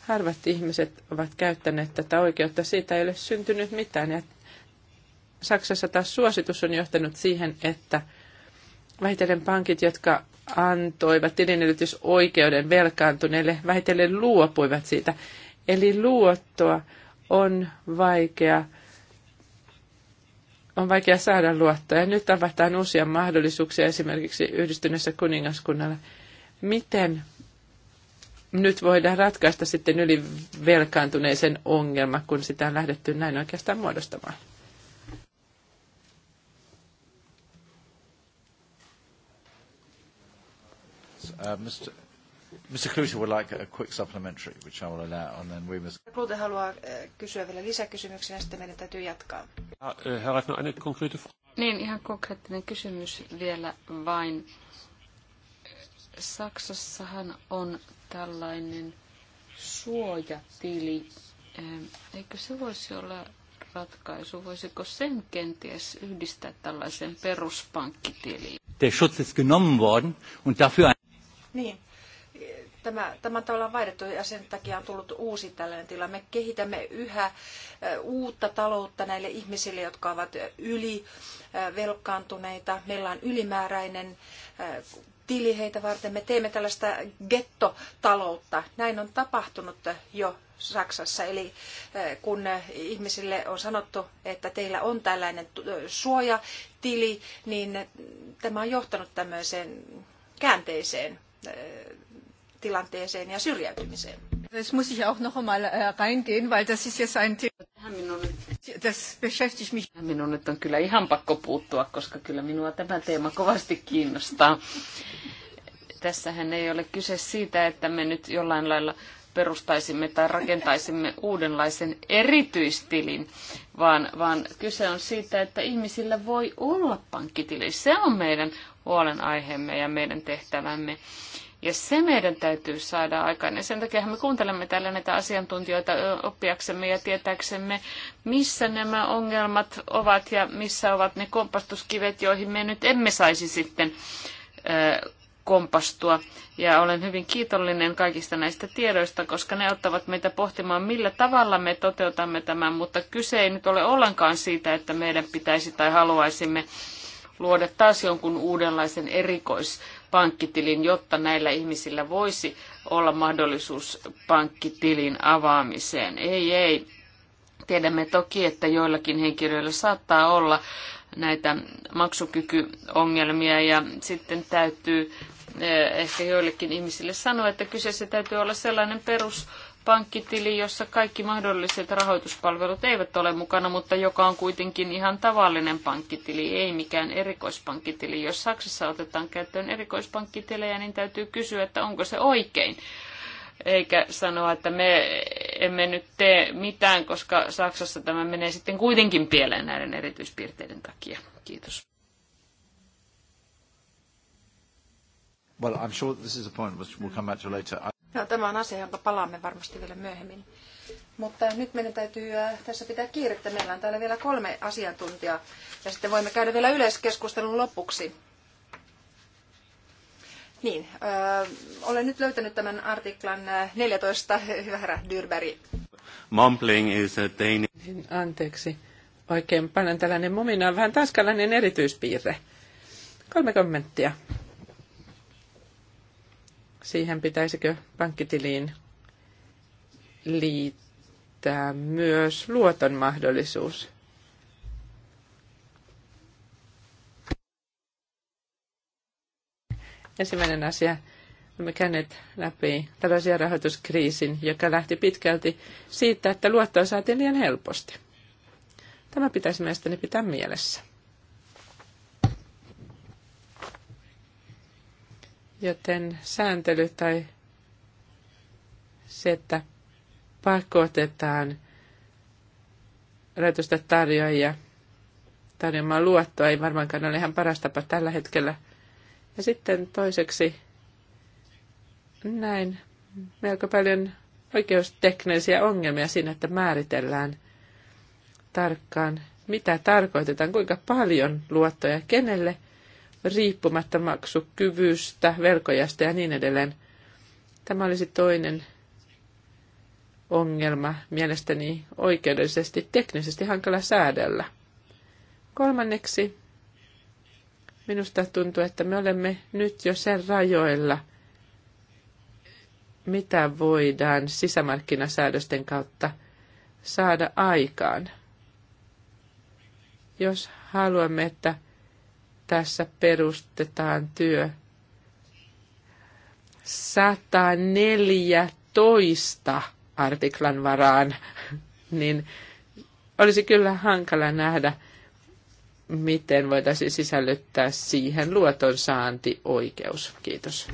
Harvat ihmiset ovat käyttäneet tätä oikeutta. Siitä ei ole syntynyt mitään. Ja Saksassa taas suositus on johtanut siihen, että – vähitellen pankit, jotka antoivat tilinedellytysoikeuden velkaantuneille, vähitellen luopuivat siitä. Eli luottoa on vaikea, on vaikea saada luottoa. Ja nyt avataan uusia mahdollisuuksia esimerkiksi yhdistyneessä kuningaskunnalla. Miten nyt voidaan ratkaista sitten yli velkaantuneisen ongelma, kun sitä on lähdetty näin oikeastaan muodostamaan? Uh, Mr. Mr. would like a quick supplementary, which I will allow, and then we must... Klute haluaa uh, kysyä vielä lisäkysymyksiä, ja sitten meidän täytyy jatkaa. Uh, Herra, eine konkrete Niin, ihan konkreettinen kysymys vielä vain. Saksassahan on tällainen suojatili. Eikö se voisi olla ratkaisu? Voisiko sen kenties yhdistää tällaiseen peruspankkitiliin? Der Schutz ist genommen worden und dafür niin, tämä, tämä on tavallaan vaihdettu ja sen takia on tullut uusi tällainen tila. Me kehitämme yhä uutta taloutta näille ihmisille, jotka ovat yli Meillä on ylimääräinen tili heitä varten. Me teemme tällaista gettotaloutta. Näin on tapahtunut jo Saksassa. Eli kun ihmisille on sanottu, että teillä on tällainen suojatili, niin tämä on johtanut tämmöiseen käänteiseen Äh, tilanteeseen ja syrjäytymiseen. Das muss ich auch noch einmal äh, reingehen, weil das ist jetzt ein Thema. Das beschäftigt mich. Minun nyt on kyllä ihan pakko puuttua, koska kyllä minua tämä teema kovasti kiinnostaa. Tässähän ei ole kyse siitä, että me nyt jollain lailla perustaisimme tai rakentaisimme uudenlaisen erityistilin, vaan, vaan kyse on siitä, että ihmisillä voi olla pankkitili. Se on meidän huolenaiheemme ja meidän tehtävämme. Ja se meidän täytyy saada aikaan. Ja sen takia me kuuntelemme täällä näitä asiantuntijoita oppiaksemme ja tietääksemme, missä nämä ongelmat ovat ja missä ovat ne kompastuskivet, joihin me nyt emme saisi sitten kompastua. Ja olen hyvin kiitollinen kaikista näistä tiedoista, koska ne auttavat meitä pohtimaan, millä tavalla me toteutamme tämän, mutta kyse ei nyt ole ollenkaan siitä, että meidän pitäisi tai haluaisimme luoda taas jonkun uudenlaisen erikois pankkitilin, jotta näillä ihmisillä voisi olla mahdollisuus pankkitilin avaamiseen. Ei, ei. Tiedämme toki, että joillakin henkilöillä saattaa olla näitä maksukykyongelmia ja sitten täytyy eh, ehkä joillekin ihmisille sanoa, että kyseessä täytyy olla sellainen perus pankkitili, jossa kaikki mahdolliset rahoituspalvelut eivät ole mukana, mutta joka on kuitenkin ihan tavallinen pankkitili, ei mikään erikoispankkitili. Jos Saksassa otetaan käyttöön erikoispankkitilejä, niin täytyy kysyä, että onko se oikein. Eikä sanoa, että me emme nyt tee mitään, koska Saksassa tämä menee sitten kuitenkin pieleen näiden erityispiirteiden takia. Kiitos. Well, I'm sure this is a point which we'll come back to later. No, tämä on asia, jonka palaamme varmasti vielä myöhemmin. Mutta nyt meidän täytyy äh, tässä pitää kiirettä. Meillä on täällä vielä kolme asiantuntijaa ja sitten voimme käydä vielä yleiskeskustelun lopuksi. Niin, öö, olen nyt löytänyt tämän artiklan 14, äh, hyvä herra Dyrberg. Mumbling is a Danish... Anteeksi, oikein Panen tällainen muminaan vähän tanskalainen erityispiirre. Kolme kommenttia siihen pitäisikö pankkitiliin liittää myös luoton mahdollisuus. Ensimmäinen asia, olemme käyneet läpi tällaisia rahoituskriisin, joka lähti pitkälti siitä, että luottoa saatiin liian helposti. Tämä pitäisi mielestäni pitää mielessä. Joten sääntely tai se, että pakotetaan rajoitusta tarjoajia tarjoamaan luottoa, ei varmaankaan ole ihan paras tapa tällä hetkellä. Ja sitten toiseksi näin melko paljon oikeusteknisiä ongelmia siinä, että määritellään tarkkaan, mitä tarkoitetaan, kuinka paljon luottoja kenelle – riippumatta maksukyvystä, velkojasta ja niin edelleen. Tämä olisi toinen ongelma, mielestäni oikeudellisesti, teknisesti hankala säädellä. Kolmanneksi, minusta tuntuu, että me olemme nyt jo sen rajoilla, mitä voidaan sisämarkkinasäädösten kautta saada aikaan. Jos haluamme, että tässä perustetaan työ. 114 artiklan varaan, niin olisi kyllä hankala nähdä, miten voitaisiin sisällyttää siihen luotonsaantioikeus. Kiitos.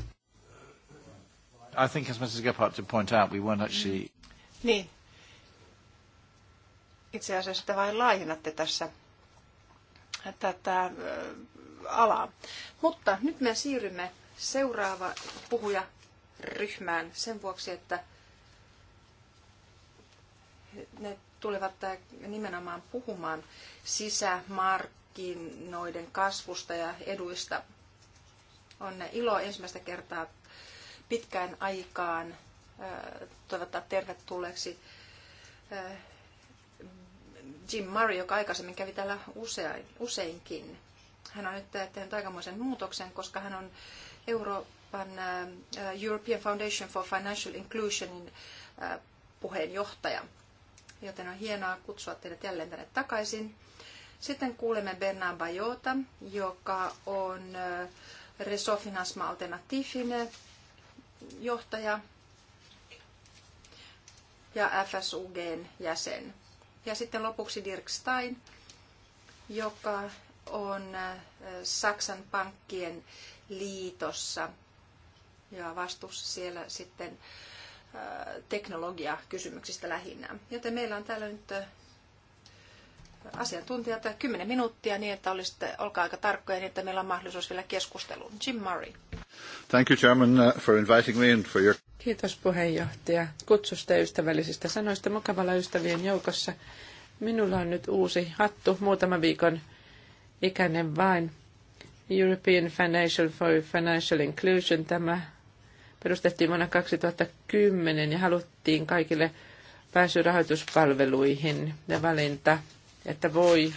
I think as Mrs. Gephardt did point out, we weren't actually... Niin. Itse asiassa te vain laajennatte tässä tätä alaa. Mutta nyt me siirrymme seuraava puhuja ryhmään sen vuoksi, että ne tulevat äh, nimenomaan puhumaan sisämarkkinoiden kasvusta ja eduista. On ilo ensimmäistä kertaa pitkään aikaan äh, toivottaa tervetulleeksi äh, Jim Murray, joka aikaisemmin kävi täällä useinkin. Hän on nyt äh, tehnyt aikamoisen muutoksen, koska hän on Euroopan äh, äh, European Foundation for Financial Inclusionin puheenjohtaja. Joten on hienoa kutsua teidät jälleen tänne takaisin. Sitten kuulemme Bernard Bajota, joka on Resofinasma Alternatifin johtaja ja FSUGn jäsen. Ja sitten lopuksi Dirk Stein, joka on äh, Saksan pankkien liitossa ja vastuussa siellä sitten äh, teknologiakysymyksistä lähinnä. Joten meillä on täällä nyt äh, asiantuntijat 10 minuuttia niin, että olisitte, olkaa aika tarkkoja niin, että meillä on mahdollisuus vielä keskusteluun. Jim Murray. Thank you, Chairman, uh, for inviting me and for your... Kiitos puheenjohtaja kutsusta ja ystävällisistä sanoista mukavalla ystävien joukossa. Minulla on nyt uusi hattu muutaman viikon ikäinen vain. European Financial for Financial Inclusion, tämä perustettiin vuonna 2010 ja haluttiin kaikille pääsy rahoituspalveluihin ja valinta, että voi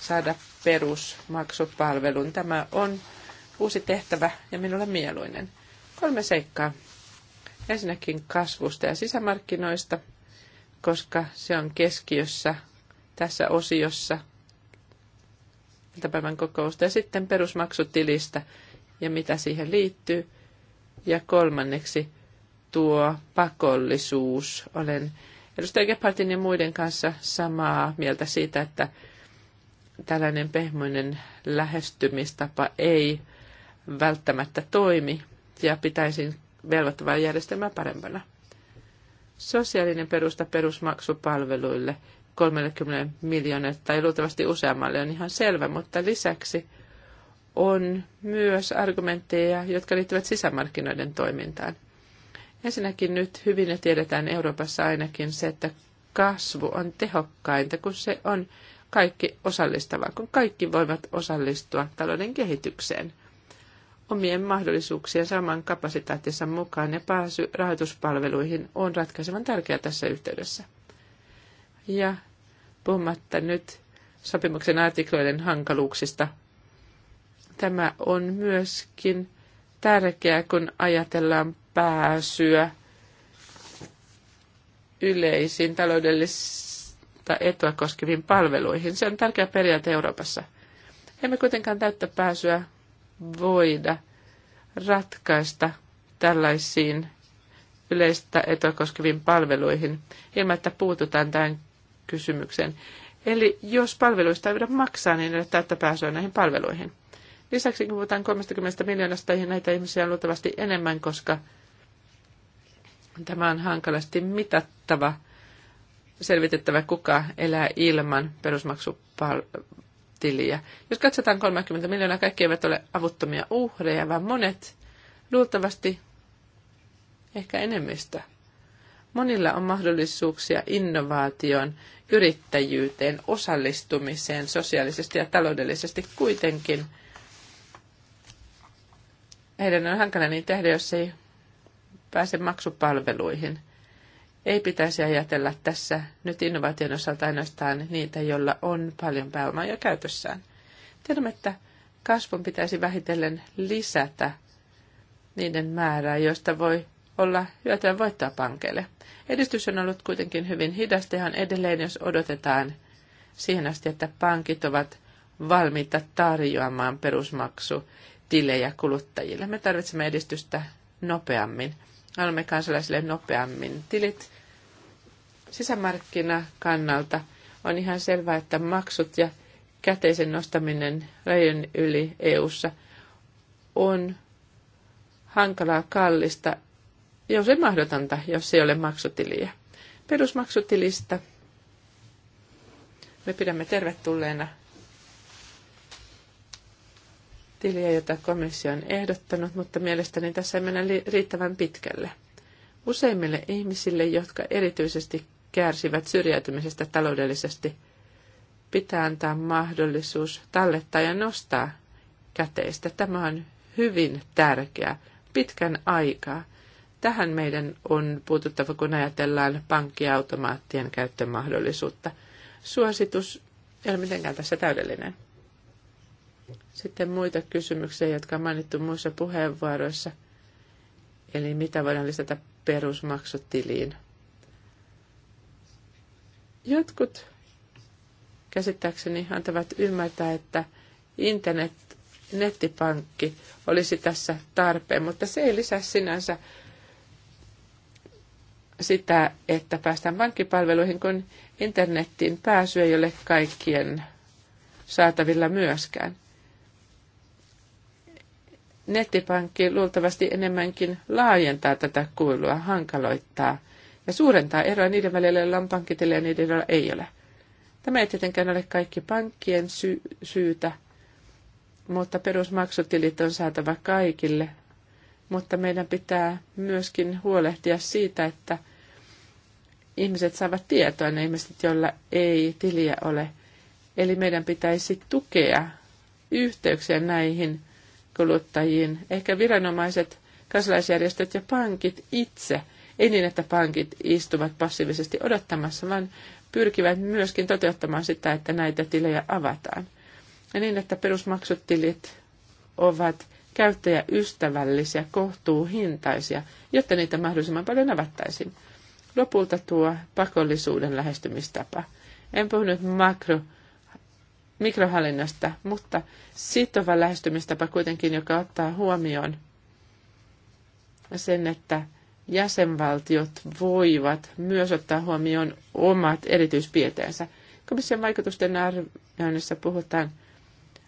saada perusmaksupalvelun. Tämä on uusi tehtävä ja minulle mieluinen. Kolme seikkaa. Ensinnäkin kasvusta ja sisämarkkinoista, koska se on keskiössä tässä osiossa iltapäivän kokousta ja sitten perusmaksutilistä ja mitä siihen liittyy. Ja kolmanneksi tuo pakollisuus. Olen edustaja Gebhardin ja muiden kanssa samaa mieltä siitä, että tällainen pehmoinen lähestymistapa ei välttämättä toimi ja pitäisin velvoittavaa järjestelmää parempana. Sosiaalinen perusta perusmaksupalveluille – 30 miljoonalle tai luultavasti useammalle on ihan selvä, mutta lisäksi on myös argumentteja, jotka liittyvät sisämarkkinoiden toimintaan. Ensinnäkin nyt hyvin ja tiedetään Euroopassa ainakin se, että kasvu on tehokkainta, kun se on kaikki osallistavaa, kun kaikki voivat osallistua talouden kehitykseen omien mahdollisuuksien saman kapasiteettinsa mukaan ja pääsy rahoituspalveluihin on ratkaisevan tärkeää tässä yhteydessä. Ja puhumatta nyt sopimuksen artikloiden hankaluuksista. Tämä on myöskin tärkeää, kun ajatellaan pääsyä yleisiin taloudellista etua koskeviin palveluihin. Se on tärkeä periaate Euroopassa. Emme kuitenkaan täyttä pääsyä voida ratkaista tällaisiin yleistä etua koskeviin palveluihin ilman, että puututaan tähän kysymyksen. Eli jos palveluista ei voida maksaa, niin ei ole täyttä pääsyä näihin palveluihin. Lisäksi kun puhutaan 30 miljoonasta, niin näitä ihmisiä on luultavasti enemmän, koska tämä on hankalasti mitattava, selvitettävä, kuka elää ilman perusmaksutiliä. Jos katsotaan 30 miljoonaa, kaikki eivät ole avuttomia uhreja, vaan monet luultavasti ehkä enemmistö Monilla on mahdollisuuksia innovaatioon, yrittäjyyteen, osallistumiseen sosiaalisesti ja taloudellisesti kuitenkin. Heidän on hankala niin tehdä, jos ei pääse maksupalveluihin. Ei pitäisi ajatella tässä nyt innovaation osalta ainoastaan niitä, joilla on paljon pääomaa jo käytössään. Tiedämme, että kasvun pitäisi vähitellen lisätä niiden määrää, joista voi olla hyötyä voittaa pankeille. Edistys on ollut kuitenkin hyvin hidasta ihan edelleen, jos odotetaan siihen asti, että pankit ovat valmiita tarjoamaan perusmaksutilejä kuluttajille. Me tarvitsemme edistystä nopeammin. Haluamme kansalaisille nopeammin tilit. Sisämarkkina kannalta on ihan selvää, että maksut ja käteisen nostaminen rajojen yli EU:ssa on hankalaa, kallista jos se mahdotonta, jos ei ole maksutiliä. Perusmaksutilista me pidämme tervetulleena tiliä, jota komissio on ehdottanut, mutta mielestäni tässä ei mennä riittävän pitkälle. Useimmille ihmisille, jotka erityisesti kärsivät syrjäytymisestä taloudellisesti, pitää antaa mahdollisuus tallettaa ja nostaa käteistä. Tämä on hyvin tärkeää pitkän aikaa. Tähän meidän on puututtava, kun ajatellaan pankkiautomaattien käyttömahdollisuutta. Suositus ei ole mitenkään tässä täydellinen. Sitten muita kysymyksiä, jotka on mainittu muissa puheenvuoroissa. Eli mitä voidaan lisätä perusmaksutiliin. Jotkut käsittääkseni antavat ymmärtää, että internet, nettipankki olisi tässä tarpeen, mutta se ei lisää sinänsä sitä, että päästään pankkipalveluihin, kun internettiin pääsy ei ole kaikkien saatavilla myöskään. Nettipankki luultavasti enemmänkin laajentaa tätä kuilua, hankaloittaa ja suurentaa eroa niiden välillä, joilla on pankkitili ja niiden, joilla ei ole. Tämä ei tietenkään ole kaikki pankkien sy- syytä, mutta perusmaksutilit on saatava kaikille. Mutta meidän pitää myöskin huolehtia siitä, että ihmiset saavat tietoa, ne ihmiset, joilla ei tiliä ole. Eli meidän pitäisi tukea yhteyksiä näihin kuluttajiin. Ehkä viranomaiset, kansalaisjärjestöt ja pankit itse. Ei niin, että pankit istuvat passiivisesti odottamassa, vaan pyrkivät myöskin toteuttamaan sitä, että näitä tilejä avataan. Ja niin, että perusmaksutilit ovat käyttäjäystävällisiä, kohtuuhintaisia, jotta niitä mahdollisimman paljon avattaisiin lopulta tuo pakollisuuden lähestymistapa. En puhunut makro, mikrohallinnasta, mutta sitova lähestymistapa kuitenkin, joka ottaa huomioon sen, että jäsenvaltiot voivat myös ottaa huomioon omat erityispiirteensä. Komission vaikutusten arvioinnissa puhutaan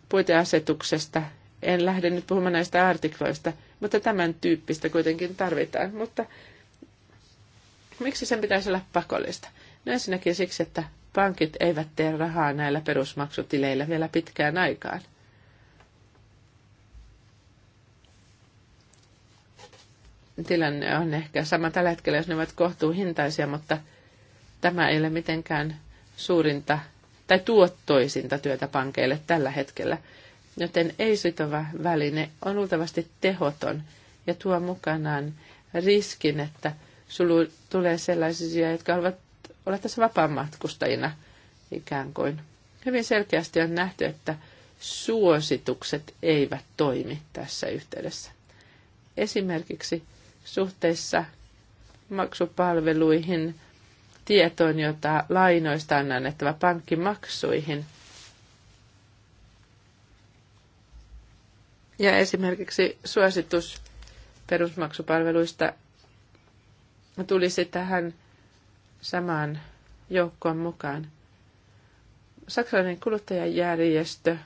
puiteasetuksesta. En lähde nyt puhumaan näistä artikloista, mutta tämän tyyppistä kuitenkin tarvitaan. Mutta Miksi sen pitäisi olla pakollista? No ensinnäkin siksi, että pankit eivät tee rahaa näillä perusmaksutileillä vielä pitkään aikaan. Tilanne on ehkä sama tällä hetkellä, jos ne ovat kohtuuhintaisia, mutta tämä ei ole mitenkään suurinta tai tuottoisinta työtä pankeille tällä hetkellä. Joten ei-sitova väline on luultavasti tehoton ja tuo mukanaan riskin, että – sulu tulee sellaisia, jotka ovat ole tässä vapaamatkustajina ikään kuin. Hyvin selkeästi on nähty, että suositukset eivät toimi tässä yhteydessä. Esimerkiksi suhteessa maksupalveluihin, tietoon, jota lainoista on annettava pankkimaksuihin. Ja esimerkiksi suositus perusmaksupalveluista tulisin tähän samaan joukkoon mukaan. Saksalainen kuluttajajärjestö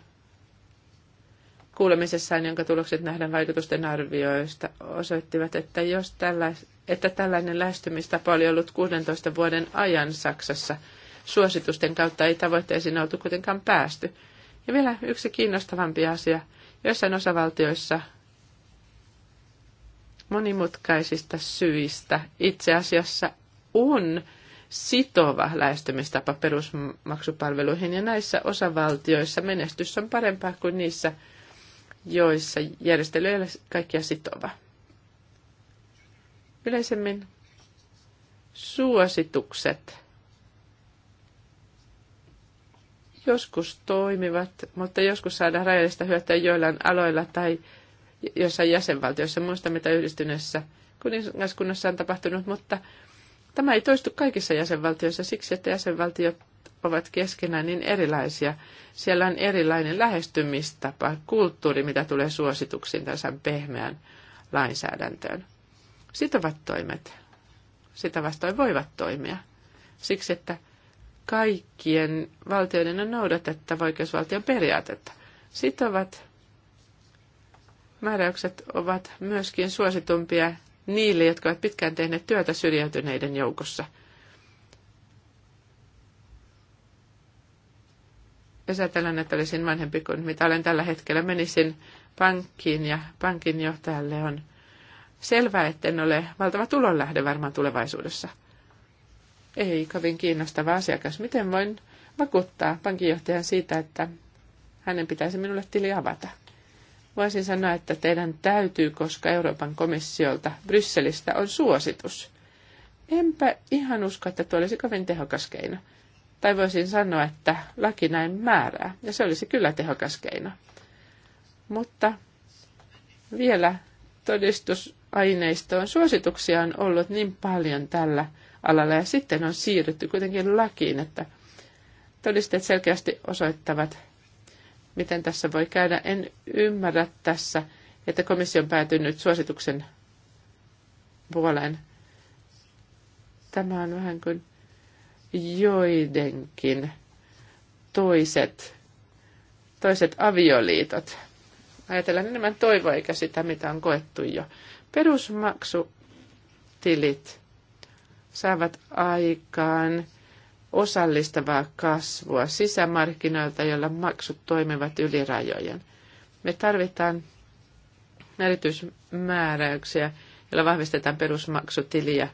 kuulemisessaan, jonka tulokset nähdään vaikutusten arvioista, osoittivat, että, jos tällä, että tällainen lähestymistapa oli ollut 16 vuoden ajan Saksassa, suositusten kautta ei tavoitteisiin oltu kuitenkaan päästy. Ja vielä yksi kiinnostavampi asia. Joissain osavaltioissa monimutkaisista syistä itse asiassa on sitova lähestymistapa perusmaksupalveluihin ja näissä osavaltioissa menestys on parempaa kuin niissä, joissa järjestely ei ole kaikkia sitova. Yleisemmin suositukset joskus toimivat, mutta joskus saadaan rajallista hyötyä joillain aloilla tai jossain jäsenvaltiossa. Muista, mitä yhdistyneessä kuningaskunnassa on tapahtunut, mutta tämä ei toistu kaikissa jäsenvaltioissa siksi, että jäsenvaltiot ovat keskenään niin erilaisia. Siellä on erilainen lähestymistapa, kulttuuri, mitä tulee suosituksiin tässä pehmeään lainsäädäntöön. Sitovat toimet, sitä vastoin voivat toimia. Siksi, että kaikkien valtioiden on noudatettava oikeusvaltion periaatetta. Sitovat Määräykset ovat myöskin suositumpia niille, jotka ovat pitkään tehneet työtä syrjäytyneiden joukossa. Jos ajatellaan, että olisin vanhempi kuin mitä olen tällä hetkellä, menisin pankkiin ja pankin johtajalle on selvää, että en ole valtava tulonlähde varmaan tulevaisuudessa. Ei kovin kiinnostava asiakas. Miten voin vakuuttaa pankinjohtajan siitä, että hänen pitäisi minulle tili avata? Voisin sanoa, että teidän täytyy, koska Euroopan komissiolta Brysselistä on suositus. Enpä ihan usko, että tuo olisi kovin tehokas keino. Tai voisin sanoa, että laki näin määrää, ja se olisi kyllä tehokas keino. Mutta vielä todistusaineistoon suosituksia on ollut niin paljon tällä alalla, ja sitten on siirrytty kuitenkin lakiin, että todisteet selkeästi osoittavat miten tässä voi käydä. En ymmärrä tässä, että komissio on päätynyt suosituksen puoleen. Tämä on vähän kuin joidenkin toiset, toiset avioliitot. Ajatellaan enemmän toivoa eikä sitä, mitä on koettu jo. Perusmaksutilit saavat aikaan osallistavaa kasvua sisämarkkinoilta, jolla maksut toimivat yli rajojen. Me tarvitaan erityismääräyksiä, joilla vahvistetaan perusmaksutiliä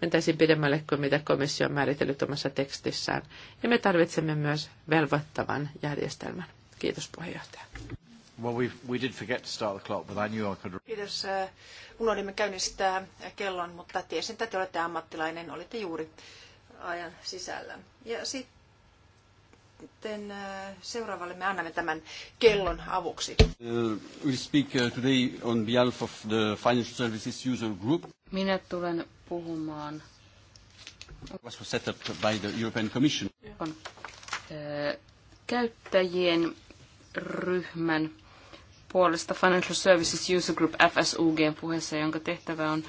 mentäisiin pidemmälle kuin mitä komissio on määritellyt omassa tekstissään. Ja me tarvitsemme myös velvoittavan järjestelmän. Kiitos puheenjohtaja. Well, we, we did forget to start the clock, but I knew I could... Kiitos. Äh, unohdimme käynnistää kellon, mutta tiesin, että te olette ammattilainen, olitte juuri ajan sisällä. Ja sitten äh, seuraavalle me annamme tämän kellon avuksi. Uh, we speak uh, today on behalf of the Financial Services User Group. Minä tulen puhumaan was set up by the European Commission. On, äh, käyttäjien ryhmän puolesta Financial Services User Group (FSUG) puheessa, jonka tehtävä on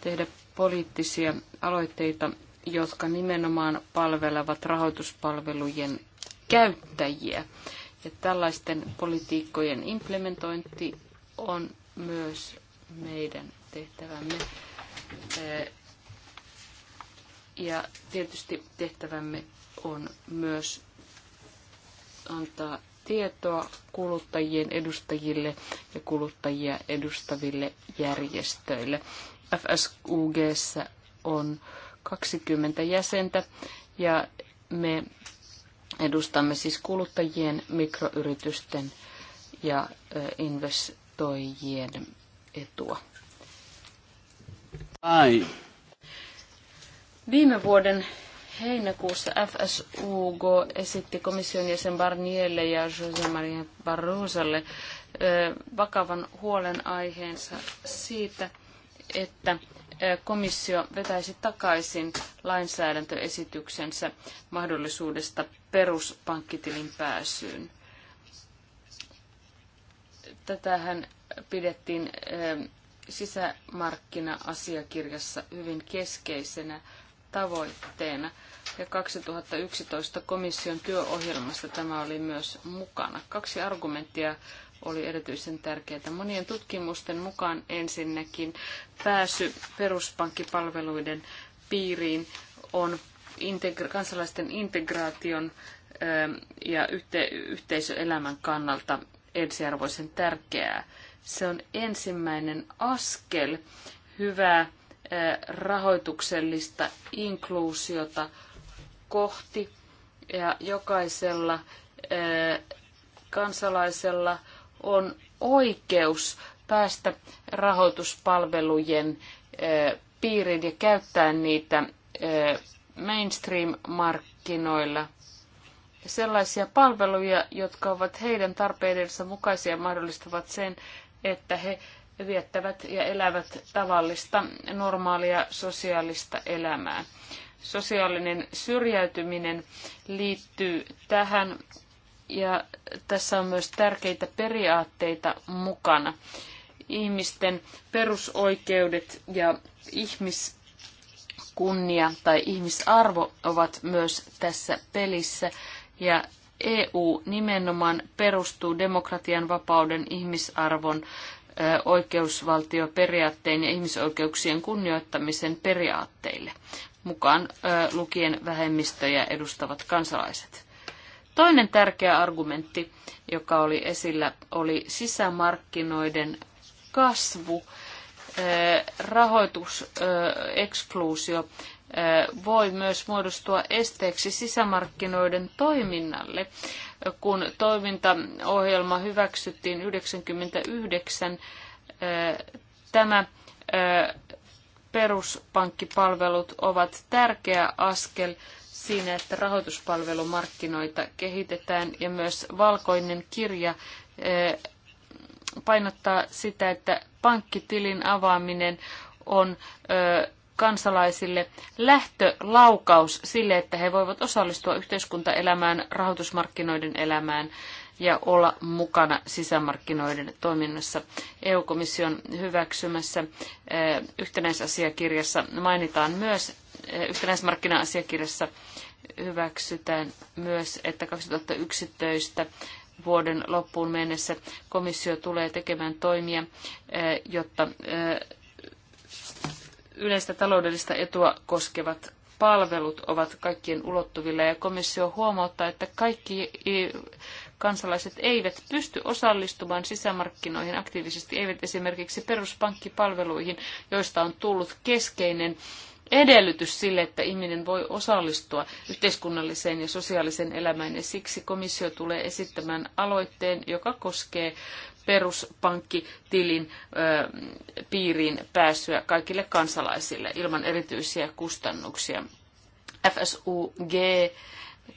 tehdä poliittisia aloitteita jotka nimenomaan palvelevat rahoituspalvelujen käyttäjiä. Ja tällaisten politiikkojen implementointi on myös meidän tehtävämme. Eh, ja tietysti tehtävämme on myös antaa tietoa kuluttajien edustajille ja kuluttajia edustaville järjestöille. FSUGssä on 20 jäsentä ja me edustamme siis kuluttajien, mikroyritysten ja investoijien etua. Ai. Viime vuoden heinäkuussa FSUG esitti komission jäsen Barnielle ja José Maria Barrosalle vakavan aiheensa siitä, että komissio vetäisi takaisin lainsäädäntöesityksensä mahdollisuudesta peruspankkitilin pääsyyn. Tätähän pidettiin sisämarkkina-asiakirjassa hyvin keskeisenä tavoitteena. Ja 2011 komission työohjelmassa tämä oli myös mukana. Kaksi argumenttia oli erityisen tärkeää. Monien tutkimusten mukaan ensinnäkin pääsy peruspankkipalveluiden piiriin on integra- kansalaisten integraation ähm, ja yhte- yhteisöelämän kannalta ensiarvoisen tärkeää. Se on ensimmäinen askel hyvää äh, rahoituksellista inkluusiota kohti ja jokaisella äh, kansalaisella – on oikeus päästä rahoituspalvelujen piiriin ja käyttää niitä mainstream-markkinoilla sellaisia palveluja, jotka ovat heidän tarpeidensa mukaisia ja mahdollistavat sen, että he viettävät ja elävät tavallista, normaalia sosiaalista elämää. Sosiaalinen syrjäytyminen liittyy tähän ja tässä on myös tärkeitä periaatteita mukana. Ihmisten perusoikeudet ja ihmiskunnia tai ihmisarvo ovat myös tässä pelissä. Ja EU nimenomaan perustuu demokratian, vapauden, ihmisarvon, oikeusvaltioperiaatteen ja ihmisoikeuksien kunnioittamisen periaatteille, mukaan lukien vähemmistöjä edustavat kansalaiset. Toinen tärkeä argumentti, joka oli esillä, oli sisämarkkinoiden kasvu, rahoitusekskluusio voi myös muodostua esteeksi sisämarkkinoiden toiminnalle. Kun toimintaohjelma hyväksyttiin 1999, tämä peruspankkipalvelut ovat tärkeä askel siinä, että rahoituspalvelumarkkinoita kehitetään ja myös valkoinen kirja e, painottaa sitä, että pankkitilin avaaminen on e, kansalaisille lähtölaukaus sille, että he voivat osallistua yhteiskuntaelämään, rahoitusmarkkinoiden elämään ja olla mukana sisämarkkinoiden toiminnassa. EU-komission hyväksymässä e, yhtenäisasiakirjassa mainitaan myös yhtenäismarkkina-asiakirjassa hyväksytään myös, että 2011 vuoden loppuun mennessä komissio tulee tekemään toimia, eh, jotta eh, yleistä taloudellista etua koskevat palvelut ovat kaikkien ulottuvilla ja komissio huomauttaa, että kaikki kansalaiset eivät pysty osallistumaan sisämarkkinoihin aktiivisesti, eivät esimerkiksi peruspankkipalveluihin, joista on tullut keskeinen edellytys sille, että ihminen voi osallistua yhteiskunnalliseen ja sosiaaliseen elämään. Ja siksi komissio tulee esittämään aloitteen, joka koskee peruspankkitilin ö, piiriin pääsyä kaikille kansalaisille ilman erityisiä kustannuksia. FSUG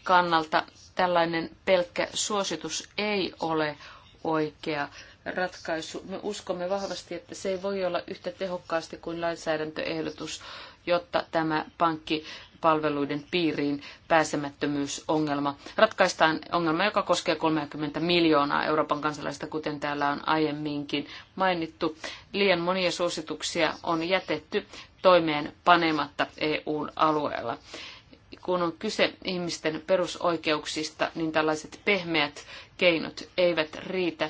kannalta tällainen pelkkä suositus ei ole oikea ratkaisu. Me uskomme vahvasti, että se ei voi olla yhtä tehokkaasti kuin lainsäädäntöehdotus jotta tämä pankki palveluiden piiriin pääsemättömyysongelma. Ratkaistaan ongelma, joka koskee 30 miljoonaa Euroopan kansalaista, kuten täällä on aiemminkin mainittu. Liian monia suosituksia on jätetty toimeen panematta EUn alueella. Kun on kyse ihmisten perusoikeuksista, niin tällaiset pehmeät keinot eivät riitä.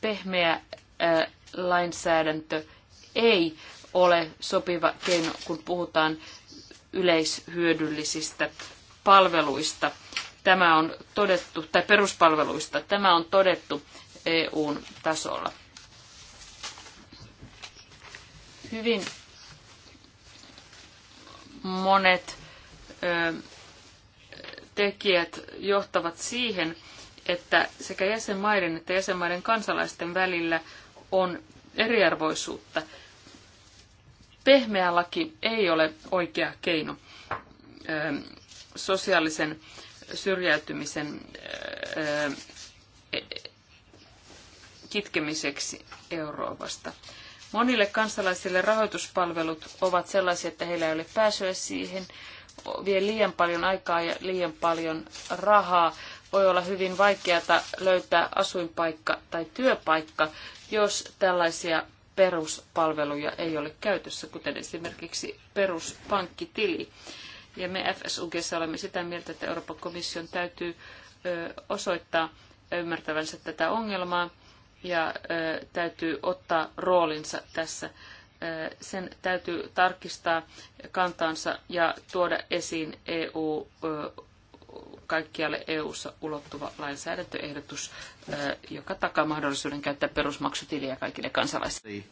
Pehmeä lainsäädäntö ei ole sopiva keino, kun puhutaan yleishyödyllisistä palveluista. Tämä on todettu, tai peruspalveluista, tämä on todettu EUn tasolla. Hyvin monet ö, tekijät johtavat siihen, että sekä jäsenmaiden että jäsenmaiden kansalaisten välillä on eriarvoisuutta pehmeä laki ei ole oikea keino öö, sosiaalisen syrjäytymisen öö, e, kitkemiseksi Euroopasta. Monille kansalaisille rahoituspalvelut ovat sellaisia, että heillä ei ole pääsyä siihen, vie liian paljon aikaa ja liian paljon rahaa. Voi olla hyvin vaikeata löytää asuinpaikka tai työpaikka, jos tällaisia peruspalveluja ei ole käytössä, kuten esimerkiksi peruspankkitili. Ja me FSUGssa olemme sitä mieltä, että Euroopan komission täytyy osoittaa ymmärtävänsä tätä ongelmaa ja täytyy ottaa roolinsa tässä. Sen täytyy tarkistaa kantaansa ja tuoda esiin EU kaikkialle EU-ssa ulottuva lainsäädäntöehdotus, joka takaa mahdollisuuden käyttää perusmaksutiliä kaikille kansalaisille.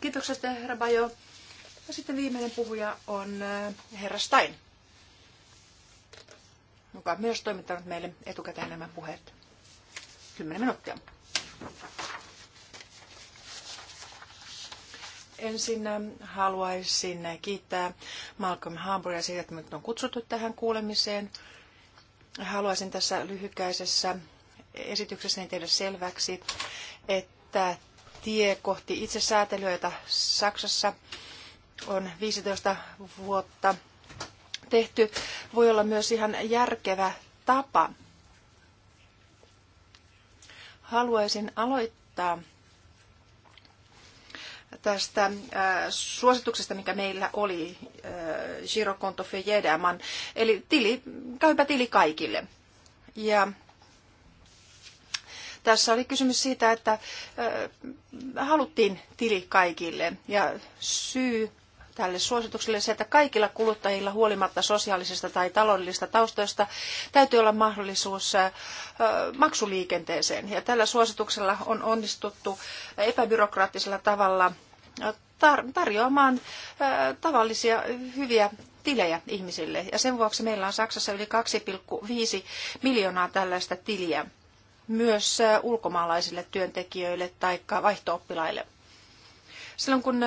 Kiitokset, herra Bajo. Ja sitten viimeinen puhuja on herra Stein, joka on myös toimittanut meille etukäteen nämä puheet. Kymmenen minuuttia. Ensin ähm, haluaisin kiittää Malcolm Harbouria siitä, että minut on kutsuttu tähän kuulemiseen. Haluaisin tässä lyhykäisessä esityksessäni tehdä selväksi, että tie kohti itsesäätelyä, Saksassa on 15 vuotta tehty, voi olla myös ihan järkevä tapa. Haluaisin aloittaa tästä äh, suosituksesta, mikä meillä oli, äh, Girokonto Fejedaman, eli tili, käypä tili kaikille. Ja tässä oli kysymys siitä, että äh, haluttiin tili kaikille ja syy tälle suositukselle se, että kaikilla kuluttajilla huolimatta sosiaalisista tai taloudellisista taustoista täytyy olla mahdollisuus maksuliikenteeseen. Ja tällä suosituksella on onnistuttu epäbyrokraattisella tavalla tarjoamaan tavallisia hyviä tilejä ihmisille. Ja sen vuoksi meillä on Saksassa yli 2,5 miljoonaa tällaista tiliä myös ulkomaalaisille työntekijöille tai vaihtooppilaille. Silloin kun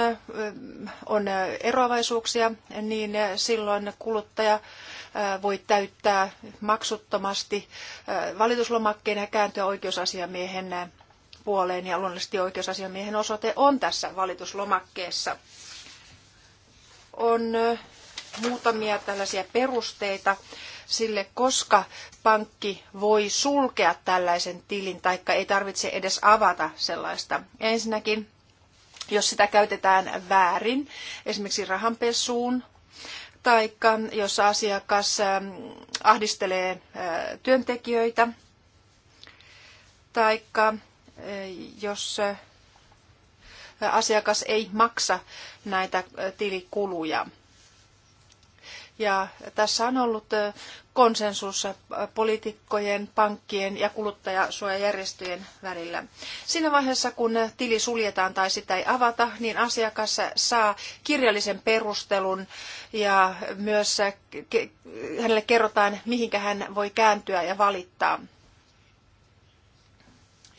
on eroavaisuuksia, niin silloin kuluttaja voi täyttää maksuttomasti valituslomakkeen ja kääntyä oikeusasiamiehen puoleen. Ja luonnollisesti oikeusasiamiehen osoite on tässä valituslomakkeessa. On muutamia tällaisia perusteita sille, koska pankki voi sulkea tällaisen tilin, taikka ei tarvitse edes avata sellaista. Ensinnäkin jos sitä käytetään väärin, esimerkiksi rahanpesuun, tai jos asiakas ähm, ahdistelee äh, työntekijöitä, tai äh, jos äh, asiakas ei maksa näitä tilikuluja. Ja tässä on ollut konsensus poliitikkojen, pankkien ja kuluttajasuojajärjestöjen välillä. Siinä vaiheessa, kun tili suljetaan tai sitä ei avata, niin asiakas saa kirjallisen perustelun ja myös hänelle kerrotaan, mihinkä hän voi kääntyä ja valittaa.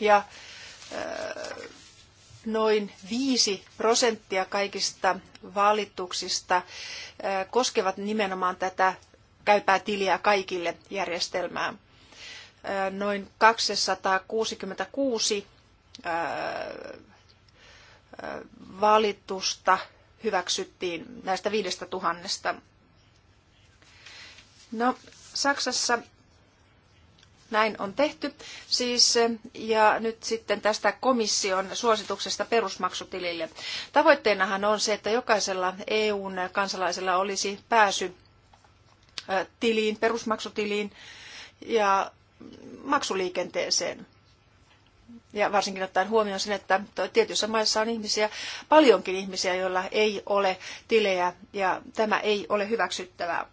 Ja noin 5 prosenttia kaikista valituksista koskevat nimenomaan tätä käypää tiliä kaikille järjestelmää. Noin 266 valitusta hyväksyttiin näistä viidestä tuhannesta. No, Saksassa näin on tehty siis, ja nyt sitten tästä komission suosituksesta perusmaksutilille. Tavoitteenahan on se, että jokaisella EUn kansalaisella olisi pääsy tiliin, perusmaksutiliin ja maksuliikenteeseen. Ja varsinkin ottaen huomioon sen, että tietyissä maissa on ihmisiä, paljonkin ihmisiä, joilla ei ole tilejä ja tämä ei ole hyväksyttävää.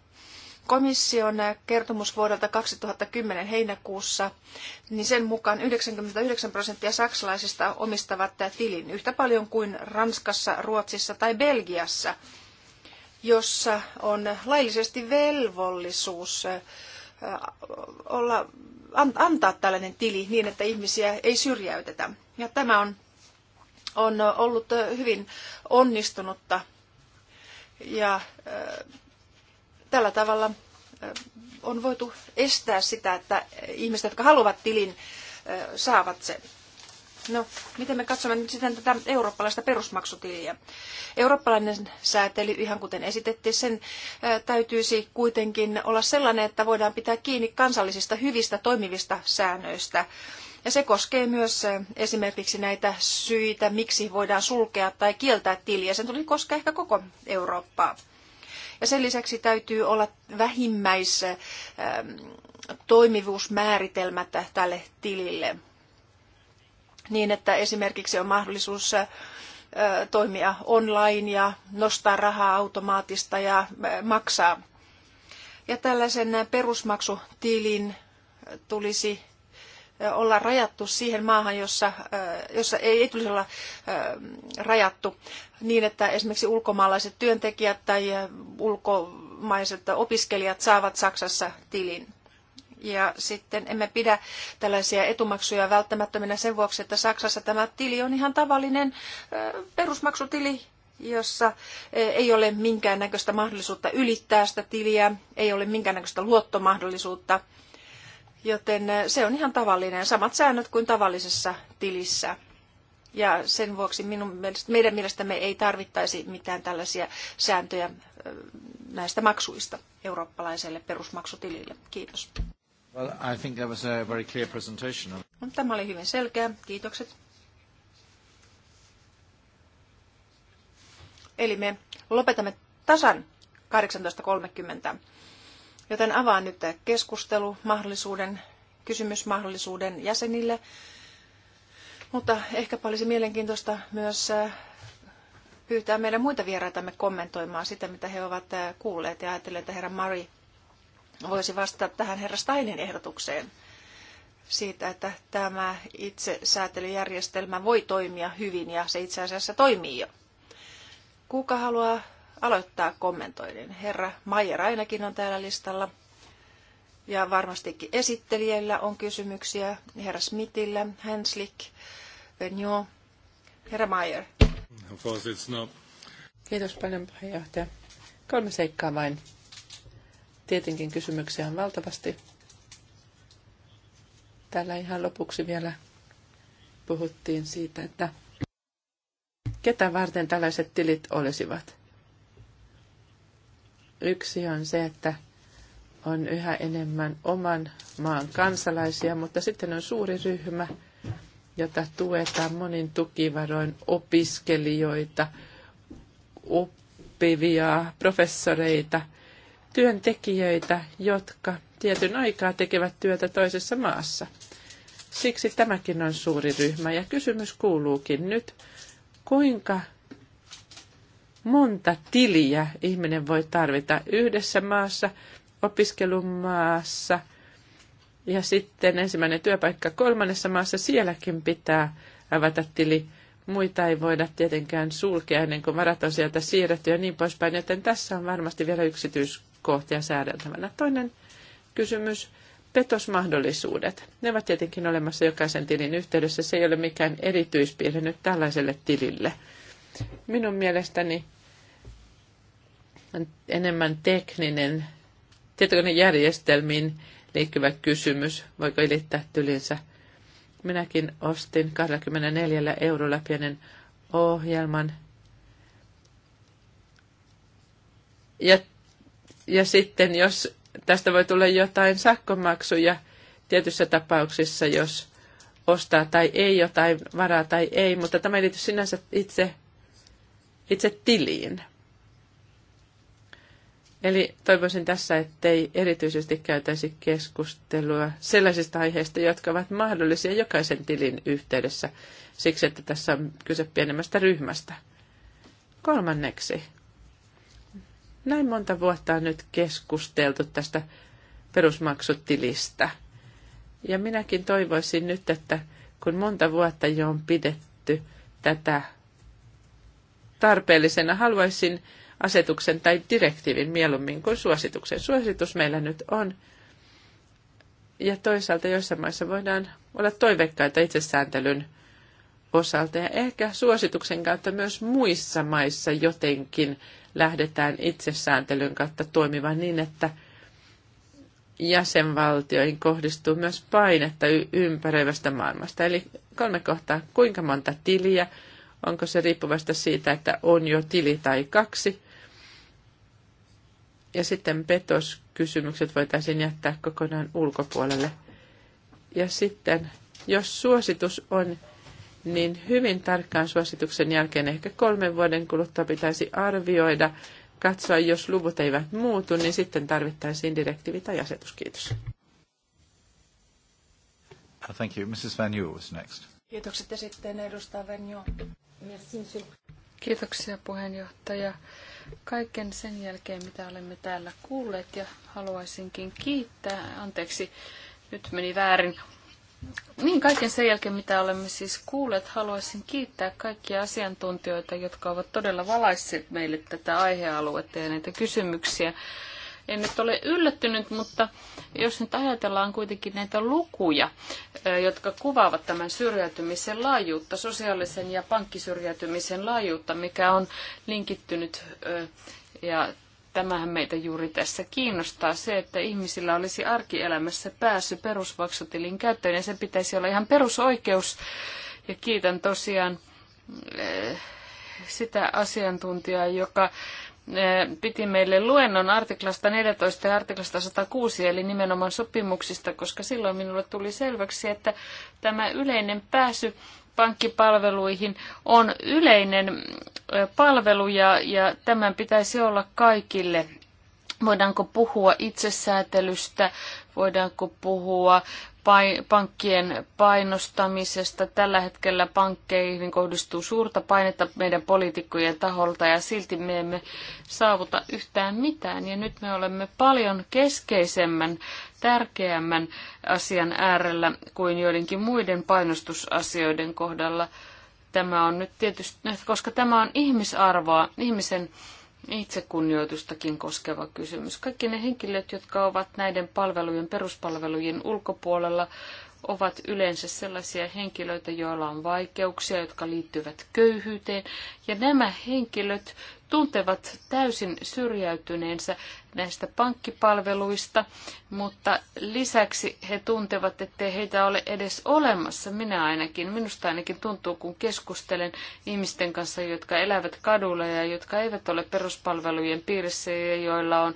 Komission kertomus vuodelta 2010 heinäkuussa, niin sen mukaan 99 prosenttia saksalaisista omistavat tilin yhtä paljon kuin Ranskassa, Ruotsissa tai Belgiassa, jossa on laillisesti velvollisuus olla, antaa tällainen tili niin, että ihmisiä ei syrjäytetä. Ja tämä on, on ollut hyvin onnistunutta ja Tällä tavalla on voitu estää sitä, että ihmiset, jotka haluavat tilin, saavat sen. No, miten me katsomme nyt sitten tätä eurooppalaista perusmaksutiliä? Eurooppalainen säätely, ihan kuten esitettiin, sen täytyisi kuitenkin olla sellainen, että voidaan pitää kiinni kansallisista hyvistä toimivista säännöistä. Ja se koskee myös esimerkiksi näitä syitä, miksi voidaan sulkea tai kieltää tiliä. Sen tuli koskea ehkä koko Eurooppaa. Ja sen lisäksi täytyy olla vähimmäis ähm, toimivuusmääritelmät tälle tilille. Niin, että esimerkiksi on mahdollisuus äh, toimia online ja nostaa rahaa automaattista ja äh, maksaa. Ja tällaisen perusmaksutilin tulisi olla rajattu siihen maahan, jossa, jossa ei, ei tulisi olla rajattu niin, että esimerkiksi ulkomaalaiset työntekijät tai ulkomaiset opiskelijat saavat Saksassa tilin. Ja sitten emme pidä tällaisia etumaksuja välttämättöminä sen vuoksi, että Saksassa tämä tili on ihan tavallinen perusmaksutili, jossa ei ole minkäännäköistä mahdollisuutta ylittää sitä tiliä, ei ole minkäännäköistä luottomahdollisuutta. Joten eh, se on ihan tavallinen, samat säännöt kuin tavallisessa tilissä. Ja sen vuoksi minun mielestä, meidän mielestämme ei tarvittaisi mitään tällaisia sääntöjä eh, näistä maksuista eurooppalaiselle perusmaksutilille. Kiitos. Well, I think that was a very clear presentation. No, tämä oli hyvin selkeä. Kiitokset. Eli me lopetamme tasan 18.30. Joten avaan nyt keskustelumahdollisuuden, kysymysmahdollisuuden jäsenille. Mutta ehkä olisi mielenkiintoista myös äh, pyytää meidän muita vieraitamme kommentoimaan sitä, mitä he ovat äh, kuulleet. Ja ajatelleet, että herra Mari voisi vastata tähän herra Steinin ehdotukseen siitä, että tämä itse säätelyjärjestelmä voi toimia hyvin ja se itse asiassa toimii jo. Kuka haluaa aloittaa kommentoiden. Herra Maija Rainakin on täällä listalla. Ja varmastikin esittelijällä on kysymyksiä. Herra Smithillä, Henslik, Venjo, herra Maier. Kiitos paljon puheenjohtaja. Kolme seikkaa vain. Tietenkin kysymyksiä on valtavasti. Täällä ihan lopuksi vielä puhuttiin siitä, että ketä varten tällaiset tilit olisivat. Yksi on se, että on yhä enemmän oman maan kansalaisia, mutta sitten on suuri ryhmä, jota tuetaan monin tukivaroin opiskelijoita, oppivia, professoreita, työntekijöitä, jotka tietyn aikaa tekevät työtä toisessa maassa. Siksi tämäkin on suuri ryhmä ja kysymys kuuluukin nyt, kuinka monta tiliä ihminen voi tarvita yhdessä maassa, opiskelumaassa ja sitten ensimmäinen työpaikka kolmannessa maassa. Sielläkin pitää avata tili. Muita ei voida tietenkään sulkea ennen kuin varat on sieltä siirretty ja niin poispäin, joten tässä on varmasti vielä yksityiskohtia säädeltävänä. Toinen kysymys petosmahdollisuudet. Ne ovat tietenkin olemassa jokaisen tilin yhteydessä. Se ei ole mikään erityispiirre nyt tällaiselle tilille. Minun mielestäni enemmän tekninen tietokonejärjestelmiin liittyvä kysymys, voiko ylittää tylinsä. Minäkin ostin 24 eurolla pienen ohjelman. Ja, ja sitten jos tästä voi tulla jotain sakkomaksuja tietyissä tapauksissa, jos ostaa tai ei jotain varaa tai ei, mutta tämä ei liity sinänsä itse itse tiliin. Eli toivoisin tässä, ettei erityisesti käytäisi keskustelua sellaisista aiheista, jotka ovat mahdollisia jokaisen tilin yhteydessä, siksi että tässä on kyse pienemmästä ryhmästä. Kolmanneksi. Näin monta vuotta on nyt keskusteltu tästä perusmaksutilistä. Ja minäkin toivoisin nyt, että kun monta vuotta jo on pidetty tätä tarpeellisena. Haluaisin asetuksen tai direktiivin mieluummin kuin suosituksen. Suositus meillä nyt on. Ja toisaalta joissain maissa voidaan olla toiveikkaita itsesääntelyn osalta ja ehkä suosituksen kautta myös muissa maissa jotenkin lähdetään itsesääntelyn kautta toimimaan niin, että jäsenvaltioihin kohdistuu myös painetta ympäröivästä maailmasta. Eli kolme kohtaa, kuinka monta tiliä, onko se riippuvasta siitä, että on jo tili tai kaksi. Ja sitten petoskysymykset voitaisiin jättää kokonaan ulkopuolelle. Ja sitten, jos suositus on, niin hyvin tarkkaan suosituksen jälkeen ehkä kolmen vuoden kuluttua pitäisi arvioida, katsoa, jos luvut eivät muutu, niin sitten tarvittaisiin direktiivi tai asetus. Kiitos. Thank you. Mrs. Van Yu is next. Kiitokset ja sitten edustaa Venjo. Kiitoksia puheenjohtaja. Kaiken sen jälkeen, mitä olemme täällä kuulleet ja haluaisinkin kiittää, anteeksi, nyt meni väärin, niin, kaiken sen jälkeen, mitä olemme siis kuulleet, haluaisin kiittää kaikkia asiantuntijoita, jotka ovat todella valaisseet meille tätä aihealuetta ja näitä kysymyksiä en nyt ole yllättynyt, mutta jos nyt ajatellaan kuitenkin näitä lukuja, jotka kuvaavat tämän syrjäytymisen laajuutta, sosiaalisen ja pankkisyrjäytymisen laajuutta, mikä on linkittynyt ja tämähän meitä juuri tässä kiinnostaa, se, että ihmisillä olisi arkielämässä pääsy perusvaksutilin käyttöön, ja sen pitäisi olla ihan perusoikeus. Ja kiitän tosiaan sitä asiantuntijaa, joka piti meille luennon artiklasta 14 ja artiklasta 106, eli nimenomaan sopimuksista, koska silloin minulle tuli selväksi, että tämä yleinen pääsy pankkipalveluihin on yleinen palvelu ja, ja tämän pitäisi olla kaikille Voidaanko puhua itsesäätelystä, voidaanko puhua pankkien painostamisesta. Tällä hetkellä pankkeihin kohdistuu suurta painetta meidän poliitikkojen taholta ja silti me emme saavuta yhtään mitään. Ja nyt me olemme paljon keskeisemmän, tärkeämmän asian äärellä kuin joidenkin muiden painostusasioiden kohdalla. Tämä on nyt tietysti, koska tämä on ihmisarvoa, ihmisen itsekunnioitustakin koskeva kysymys. Kaikki ne henkilöt, jotka ovat näiden palvelujen, peruspalvelujen ulkopuolella, ovat yleensä sellaisia henkilöitä, joilla on vaikeuksia, jotka liittyvät köyhyyteen. Ja nämä henkilöt tuntevat täysin syrjäytyneensä näistä pankkipalveluista, mutta lisäksi he tuntevat, ettei heitä ole edes olemassa. Minä ainakin, minusta ainakin tuntuu, kun keskustelen ihmisten kanssa, jotka elävät kadulla ja jotka eivät ole peruspalvelujen piirissä ja joilla on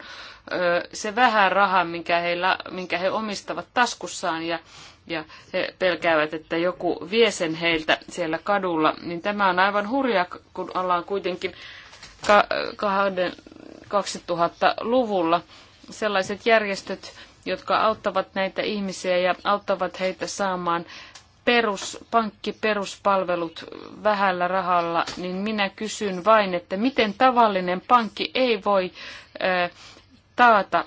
ö, se vähän raha, minkä, heillä, minkä he omistavat taskussaan ja ja he pelkäävät, että joku vie sen heiltä siellä kadulla, niin tämä on aivan hurjaa, kun ollaan kuitenkin 2000-luvulla. Sellaiset järjestöt, jotka auttavat näitä ihmisiä ja auttavat heitä saamaan perus, pankkiperuspalvelut vähällä rahalla, niin minä kysyn vain, että miten tavallinen pankki ei voi taata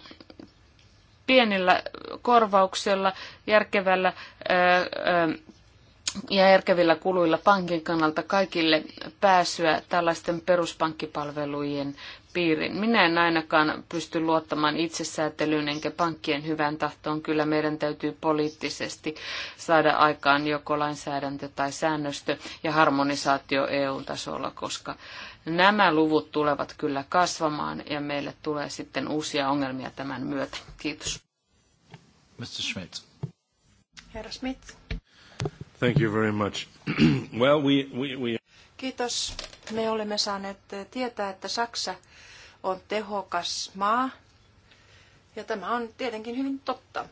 pienillä korvauksella, järkevällä ja järkevillä kuluilla pankin kannalta kaikille pääsyä tällaisten peruspankkipalvelujen piiriin. Minä en ainakaan pysty luottamaan itsesäätelyyn enkä pankkien hyvän tahtoon. Kyllä meidän täytyy poliittisesti saada aikaan joko lainsäädäntö tai säännöstö ja harmonisaatio EU-tasolla, koska nämä luvut tulevat kyllä kasvamaan ja meille tulee sitten uusia ongelmia tämän myötä. Kiitos. Mr. Schmidt. Herra Schmidt. Thank you very much. well, we, we, we... Kiitos. Me olemme saaneet tietää, että Saksa on tehokas maa. Ja tämä on tietenkin hyvin totta.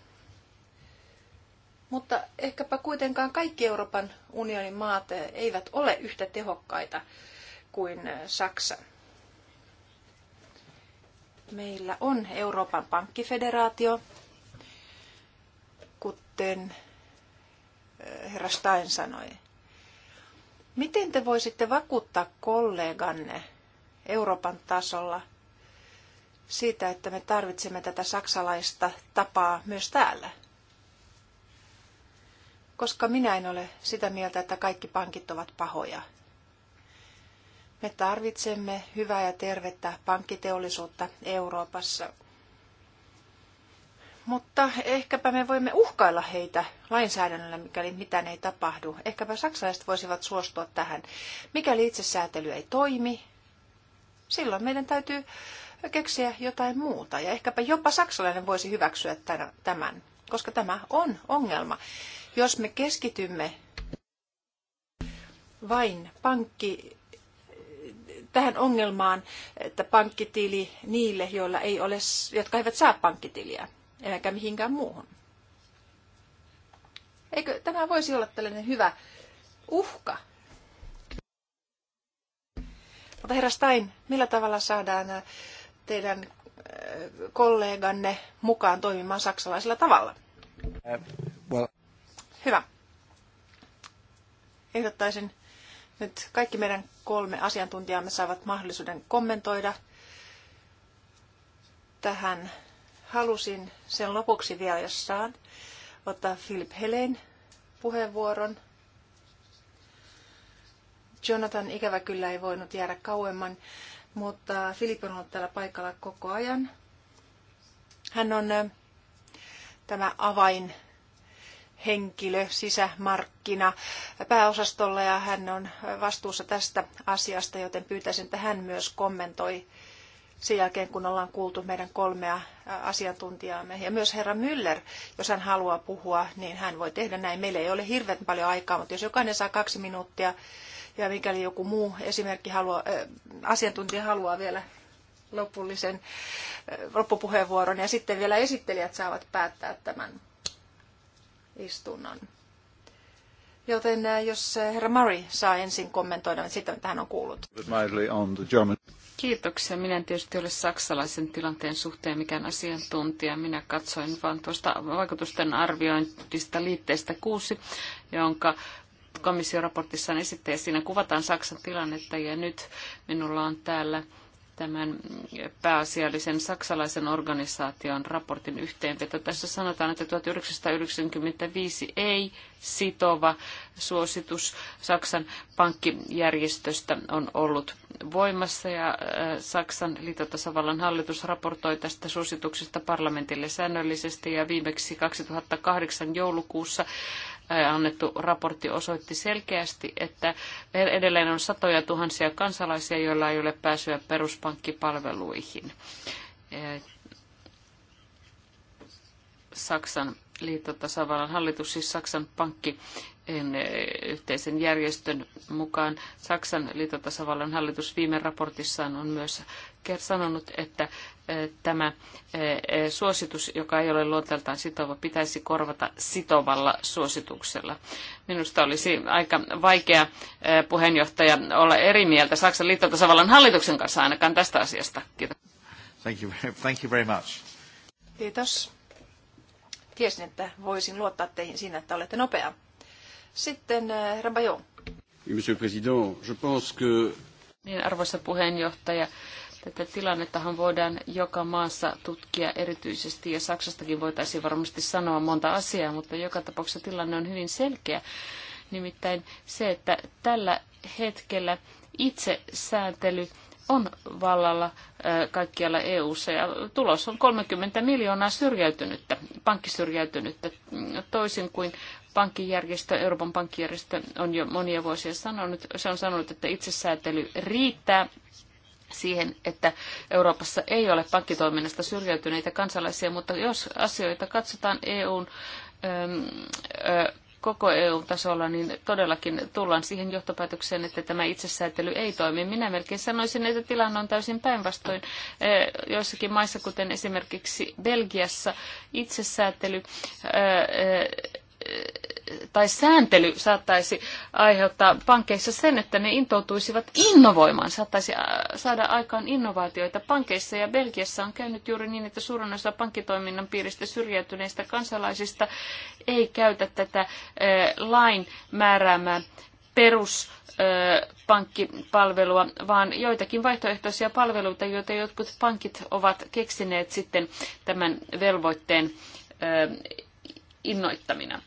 Mutta ehkäpä kuitenkaan kaikki Euroopan unionin maat eivät ole yhtä tehokkaita kuin Saksa. Meillä on Euroopan pankkifederaatio, kuten herra Stein sanoi. Miten te voisitte vakuuttaa kolleganne Euroopan tasolla siitä, että me tarvitsemme tätä saksalaista tapaa myös täällä? Koska minä en ole sitä mieltä, että kaikki pankit ovat pahoja. Me tarvitsemme hyvää ja tervettä pankkiteollisuutta Euroopassa – mutta ehkäpä me voimme uhkailla heitä lainsäädännöllä, mikäli mitään ei tapahdu. Ehkäpä saksalaiset voisivat suostua tähän. Mikäli itsesäätely ei toimi, silloin meidän täytyy keksiä jotain muuta. Ja ehkäpä jopa saksalainen voisi hyväksyä tämän, koska tämä on ongelma. Jos me keskitymme vain pankki tähän ongelmaan, että pankkitili niille, joilla ei ole, jotka eivät saa pankkitiliä eikä mihinkään muuhun. Eikö tämä voisi olla tällainen hyvä uhka? Mutta herra Stein, millä tavalla saadaan äh, teidän äh, kolleganne mukaan toimimaan saksalaisella tavalla? Äh, hyvä. Ehdottaisin nyt kaikki meidän kolme asiantuntijamme saavat mahdollisuuden kommentoida tähän halusin sen lopuksi vielä, jos saan, ottaa Philip Helen puheenvuoron. Jonathan ikävä kyllä ei voinut jäädä kauemman, mutta Philip on ollut täällä paikalla koko ajan. Hän on tämä avain henkilö sisämarkkina pääosastolla ja hän on vastuussa tästä asiasta, joten pyytäisin, että hän myös kommentoi sen jälkeen, kun ollaan kuultu meidän kolmea asiantuntijaamme. Ja myös herra Müller, jos hän haluaa puhua, niin hän voi tehdä näin. Meillä ei ole hirveän paljon aikaa, mutta jos jokainen saa kaksi minuuttia, ja mikäli joku muu esimerkki haluaa, äh, asiantuntija haluaa vielä lopullisen äh, loppupuheenvuoron, ja sitten vielä esittelijät saavat päättää tämän istunnon. Joten jos herra Murray saa ensin kommentoida, niin sitten tähän on kuullut. Kiitoksia. Minä en tietysti ole saksalaisen tilanteen suhteen mikään asiantuntija. Minä katsoin vain tuosta vaikutusten arviointista liitteestä kuusi, jonka komission raportissaan siinä kuvataan Saksan tilannetta ja nyt minulla on täällä tämän pääasiallisen saksalaisen organisaation raportin yhteenveto. Tässä sanotaan, että 1995 ei sitova suositus Saksan pankkijärjestöstä on ollut voimassa ja äh, Saksan liitotasavallan hallitus raportoi tästä suosituksesta parlamentille säännöllisesti ja viimeksi 2008 joulukuussa annettu raportti osoitti selkeästi, että edelleen on satoja tuhansia kansalaisia, joilla ei ole pääsyä peruspankkipalveluihin. Saksan liittotasavallan hallitus, siis Saksan pankki, Eh, yhteisen järjestön mukaan. Saksan liitotasavallan hallitus viime raportissaan on myös sanonut, että eh, tämä eh, suositus, joka ei ole luonteeltaan sitova, pitäisi korvata sitovalla suosituksella. Minusta olisi aika vaikea puheenjohtaja olla eri mieltä Saksan liittotasavallan hallituksen kanssa ainakaan tästä asiasta. Kiitos. Thank you, thank you very much. Kiitos. Tiesin, että voisin luottaa teihin siinä, että olette nopea. Sitten eh, herra Monsieur President, je pense que... Niin, arvoisa puheenjohtaja, tätä tilannettahan voidaan joka maassa tutkia erityisesti, ja Saksastakin voitaisiin varmasti sanoa monta asiaa, mutta joka tapauksessa tilanne on hyvin selkeä. Nimittäin se, että tällä hetkellä itse sääntely on vallalla kaikkialla EU:ssa ja tulos on 30 miljoonaa syrjäytynyttä, pankkisyrjäytynyttä, mm, toisin kuin pankkijärjestö, Euroopan pankkijärjestö on jo monia vuosia sanonut, se on sanonut, että itsesäätely riittää siihen, että Euroopassa ei ole pankkitoiminnasta syrjäytyneitä kansalaisia, mutta jos asioita katsotaan EUn koko EU-tasolla, niin todellakin tullaan siihen johtopäätökseen, että tämä itsesäätely ei toimi. Minä melkein sanoisin, että tilanne on täysin päinvastoin. E, joissakin maissa, kuten esimerkiksi Belgiassa, itsesäätely e, e, tai sääntely saattaisi aiheuttaa pankeissa sen, että ne intoutuisivat innovoimaan, saattaisi äh, saada aikaan innovaatioita. Pankeissa ja Belgiassa on käynyt juuri niin, että suurin osa pankkitoiminnan piiristä syrjäytyneistä kansalaisista ei käytä tätä äh, lain määräämää peruspankkipalvelua, äh, vaan joitakin vaihtoehtoisia palveluita, joita jotkut pankit ovat keksineet sitten tämän velvoitteen innoittamina.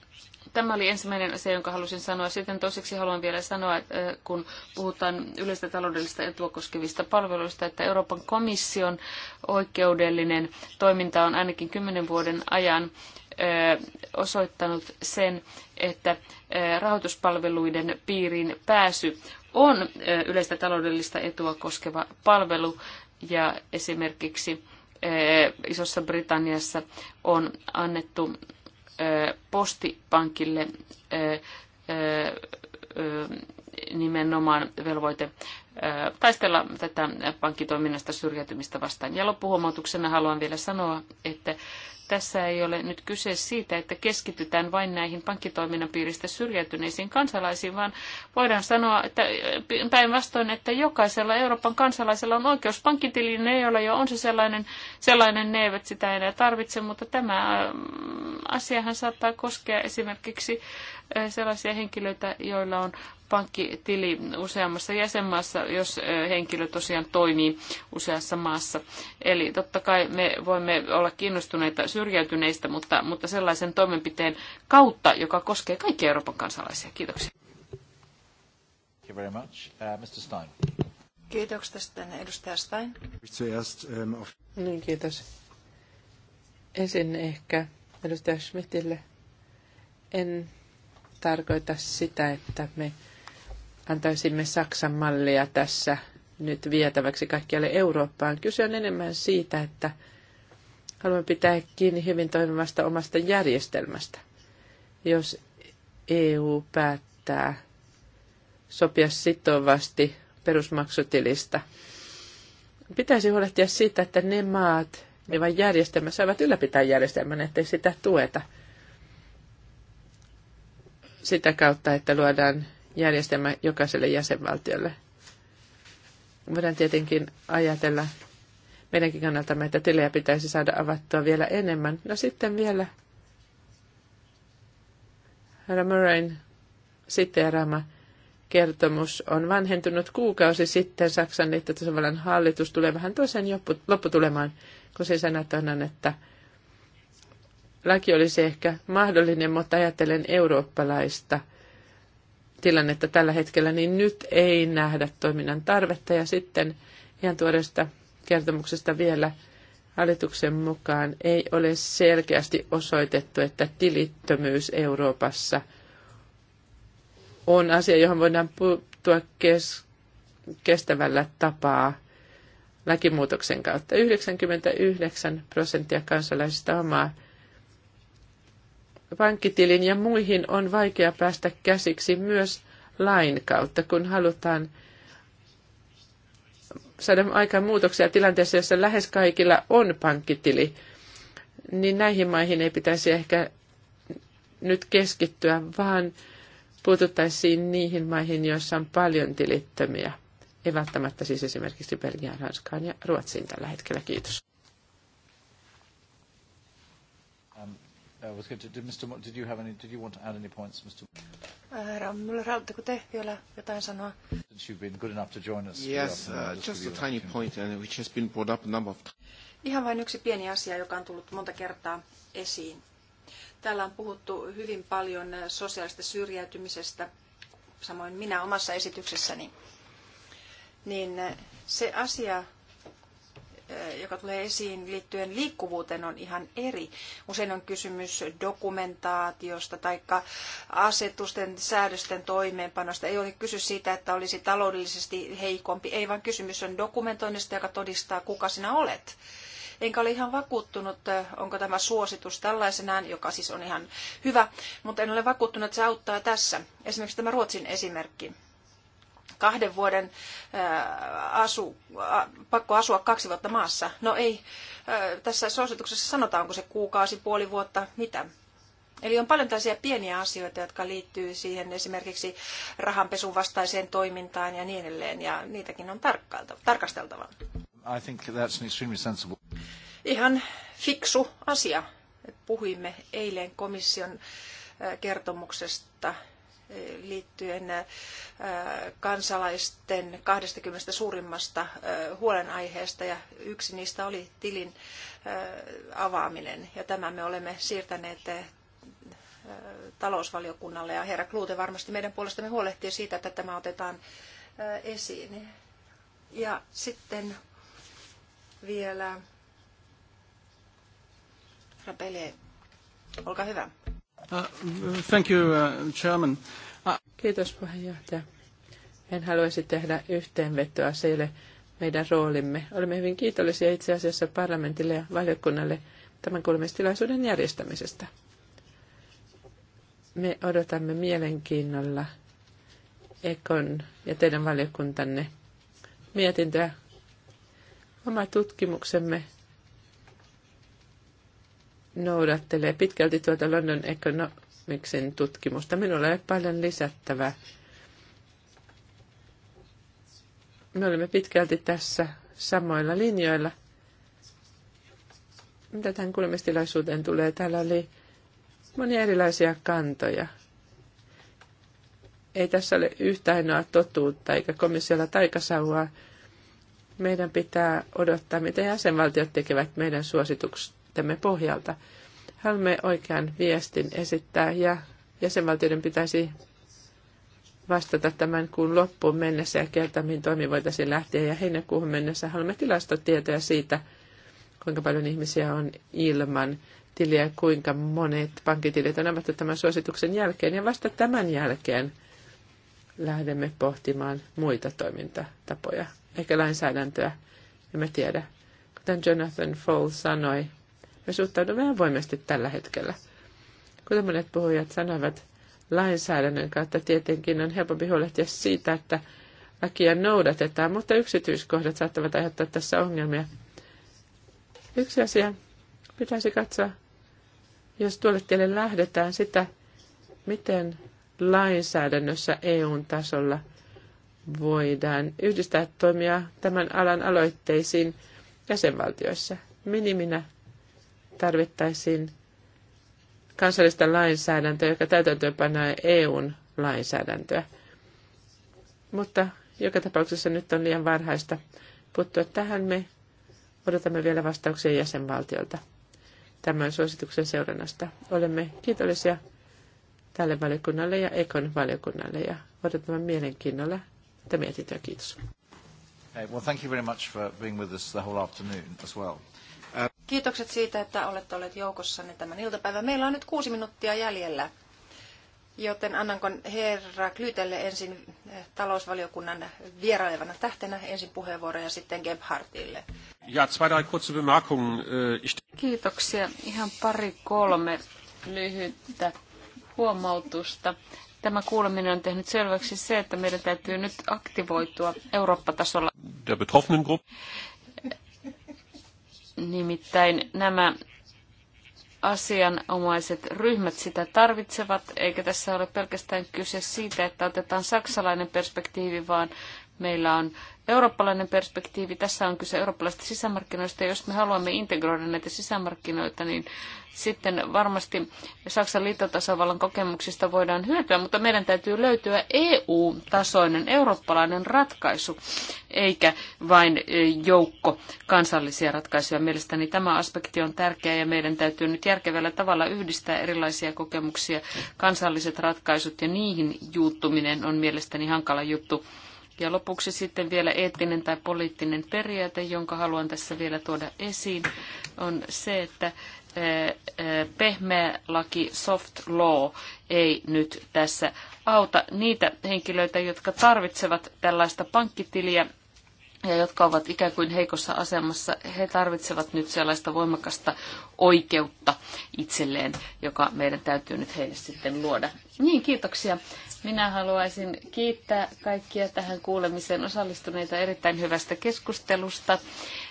Tämä oli ensimmäinen asia, jonka halusin sanoa. Sitten toiseksi haluan vielä sanoa, että äh, kun puhutaan yleistä taloudellista etua koskevista palveluista, että Euroopan komission oikeudellinen toiminta on ainakin kymmenen vuoden ajan äh, osoittanut sen, että äh, rahoituspalveluiden piiriin pääsy on yleistä taloudellista etua koskeva palvelu ja esimerkiksi Isossa Britanniassa on annettu postipankille nimenomaan velvoite taistella tätä pankkitoiminnasta syrjäytymistä vastaan. Ja loppuhuomautuksena haluan vielä sanoa, että tässä ei ole nyt kyse siitä, että keskitytään vain näihin pankkitoiminnan piiristä syrjäytyneisiin kansalaisiin, vaan voidaan sanoa, että päinvastoin, että jokaisella Euroopan kansalaisella on oikeus pankkitiliin. Ne, joilla jo on se sellainen, sellainen ne eivät sitä enää tarvitse, mutta tämä mm, asiahan saattaa koskea esimerkiksi Eh, sellaisia henkilöitä, joilla on pankkitili useammassa jäsenmaassa, jos eh, henkilö tosiaan toimii useassa maassa. Eli totta kai me voimme olla kiinnostuneita syrjäytyneistä, mutta, mutta sellaisen toimenpiteen kautta, joka koskee kaikkia Euroopan kansalaisia. Kiitoksia. Thank you very much. Uh, Mr. Stein. Kiitoksia sitten edustaja Stein. Um, niin, kiitos. Ensin ehkä edustaja Schmidtille. En tarkoita sitä, että me antaisimme Saksan mallia tässä nyt vietäväksi kaikkialle Eurooppaan. Kyse on enemmän siitä, että haluamme pitää kiinni hyvin toimivasta omasta järjestelmästä. Jos EU päättää sopia sitovasti perusmaksutilista, pitäisi huolehtia siitä, että ne maat, ne vain järjestelmä, saavat ylläpitää järjestelmän, ettei sitä tueta – sitä kautta, että luodaan järjestelmä jokaiselle jäsenvaltiolle. Voidaan tietenkin ajatella meidänkin kannaltamme, että tilejä pitäisi saada avattua vielä enemmän. No sitten vielä herra Murrayn siteeraama kertomus on vanhentunut kuukausi sitten. Saksan liittotasavallan hallitus tulee vähän toiseen lopputulemaan, kun se sanotaan, että laki olisi ehkä mahdollinen, mutta ajattelen eurooppalaista tilannetta tällä hetkellä, niin nyt ei nähdä toiminnan tarvetta. Ja sitten ihan tuoreesta kertomuksesta vielä hallituksen mukaan ei ole selkeästi osoitettu, että tilittömyys Euroopassa on asia, johon voidaan puuttua kes- kestävällä tapaa lakimuutoksen kautta. 99 prosenttia kansalaisista omaa pankkitilin ja muihin on vaikea päästä käsiksi myös lain kautta, kun halutaan saada aikaan muutoksia tilanteessa, jossa lähes kaikilla on pankkitili, niin näihin maihin ei pitäisi ehkä nyt keskittyä, vaan puututtaisiin niihin maihin, joissa on paljon tilittömiä. Ei välttämättä siis esimerkiksi Belgiaan, Ranskaan ja Ruotsiin tällä hetkellä. Kiitos. I uh, was good. Did, Mr. Did you have any, did you want to add any points, Mr. Uh, Since you've been good enough to join us. Yes, uh, just a tiny point and which has been brought up a number of times. Ihan vain yksi pieni asia, joka on tullut monta kertaa esiin. Täällä on puhuttu hyvin paljon uh, sosiaalista syrjäytymisestä, samoin minä omassa esityksessäni. Niin se asia, Eh, joka tulee esiin liittyen liikkuvuuteen, on ihan eri. Usein on kysymys dokumentaatiosta tai asetusten säädösten toimeenpanosta. Ei ole kysy siitä, että olisi taloudellisesti heikompi, ei vaan kysymys on dokumentoinnista, joka todistaa, kuka sinä olet. Enkä ole ihan vakuuttunut, eh, onko tämä suositus tällaisenaan, joka siis on ihan hyvä, mutta en ole vakuuttunut, että se auttaa tässä. Esimerkiksi tämä Ruotsin esimerkki kahden vuoden asu, pakko asua kaksi vuotta maassa. No ei, tässä suosituksessa sanotaan, onko se kuukausi, puoli vuotta, mitä. Eli on paljon tällaisia pieniä asioita, jotka liittyy siihen esimerkiksi rahanpesun vastaiseen toimintaan ja niin edelleen, ja niitäkin on tarkasteltava. I think that's an extremely sensible... Ihan fiksu asia. Puhuimme eilen komission kertomuksesta liittyen äh, kansalaisten 20 suurimmasta äh, huolenaiheesta ja yksi niistä oli tilin äh, avaaminen. Ja tämä me olemme siirtäneet talousvaliokunnalle ja herra Kluute varmasti meidän puolestamme huolehtii siitä, että tämä otetaan esiin. Ja sitten vielä Rapele, olkaa hyvä. Uh, thank you, uh, Chairman. Uh, Kiitos puheenjohtaja. En haluaisi tehdä yhteenvetoa sille meidän roolimme. Olemme hyvin kiitollisia itse asiassa parlamentille ja valiokunnalle tämän kuulemistilaisuuden järjestämisestä. Me odotamme mielenkiinnolla Ekon ja teidän valiokuntanne mietintöä. Oma tutkimuksemme noudattelee pitkälti tuota London Economicsin tutkimusta. Minulla ei ole paljon lisättävää. Me olemme pitkälti tässä samoilla linjoilla. Mitä tähän kuulemistilaisuuteen tulee? Täällä oli monia erilaisia kantoja. Ei tässä ole yhtä ainoa totuutta eikä komissiolla taikasauvaa. Meidän pitää odottaa, mitä jäsenvaltiot tekevät meidän suositukset esittämme pohjalta. Haluamme oikean viestin esittää ja jäsenvaltioiden pitäisi vastata tämän kuun loppuun mennessä ja kertoa, mihin toimi voitaisiin lähteä. Ja heinäkuuhun mennessä haluamme tilastotietoja siitä, kuinka paljon ihmisiä on ilman tiliä, kuinka monet pankkitilit on avattu tämän suosituksen jälkeen. Ja vasta tämän jälkeen lähdemme pohtimaan muita toimintatapoja, ehkä lainsäädäntöä. Emme tiedä. Kuten Jonathan Fall sanoi, me suhtaudumme avoimesti tällä hetkellä. Kuten monet puhujat sanovat, lainsäädännön kautta tietenkin on helpompi huolehtia siitä, että lakia noudatetaan, mutta yksityiskohdat saattavat aiheuttaa tässä ongelmia. Yksi asia pitäisi katsoa, jos tuolle tielle lähdetään, sitä, miten lainsäädännössä eu tasolla voidaan yhdistää toimia tämän alan aloitteisiin jäsenvaltioissa. Miniminä tarvittaisiin kansallista lainsäädäntöä, joka täytäntöönpanee EUn lainsäädäntöä. Mutta joka tapauksessa nyt on liian varhaista puuttua tähän. Me odotamme vielä vastauksia jäsenvaltiolta tämän suosituksen seurannasta. Olemme kiitollisia tälle valiokunnalle ja Ekon valiokunnalle ja odotamme mielenkiinnolla tätä mietintöä. Kiitos. Well, thank you very much for being with us the whole afternoon as well. Kiitokset siitä, että olette olleet joukossanne tämän iltapäivän. Meillä on nyt kuusi minuuttia jäljellä, joten annanko herra Klytelle ensin eh, talousvaliokunnan vierailevana tähtenä ensin puheenvuoro ja sitten Gebhardille. Ja, zwei, drei kurze Bemerkung. Äh, Kiitoksia. Ihan pari kolme lyhyttä huomautusta. Tämä kuuleminen on tehnyt selväksi se, että meidän täytyy nyt aktivoitua Eurooppa-tasolla Nimittäin nämä asianomaiset ryhmät sitä tarvitsevat, eikä tässä ole pelkästään kyse siitä, että otetaan saksalainen perspektiivi, vaan Meillä on eurooppalainen perspektiivi, tässä on kyse eurooppalaisista sisämarkkinoista, ja jos me haluamme integroida näitä sisämarkkinoita, niin sitten varmasti Saksan liittotasavallan kokemuksista voidaan hyötyä, mutta meidän täytyy löytyä EU-tasoinen eurooppalainen ratkaisu, eikä vain e, joukko kansallisia ratkaisuja. Mielestäni tämä aspekti on tärkeä ja meidän täytyy nyt järkevällä tavalla yhdistää erilaisia kokemuksia. Kansalliset ratkaisut ja niihin juuttuminen on mielestäni hankala juttu ja lopuksi sitten vielä eettinen tai poliittinen periaate, jonka haluan tässä vielä tuoda esiin, on se, että pehmeä laki, soft law, ei nyt tässä auta niitä henkilöitä, jotka tarvitsevat tällaista pankkitiliä ja jotka ovat ikään kuin heikossa asemassa, he tarvitsevat nyt sellaista voimakasta oikeutta itselleen, joka meidän täytyy nyt heille sitten luoda. Niin, kiitoksia. Minä haluaisin kiittää kaikkia tähän kuulemiseen osallistuneita erittäin hyvästä keskustelusta.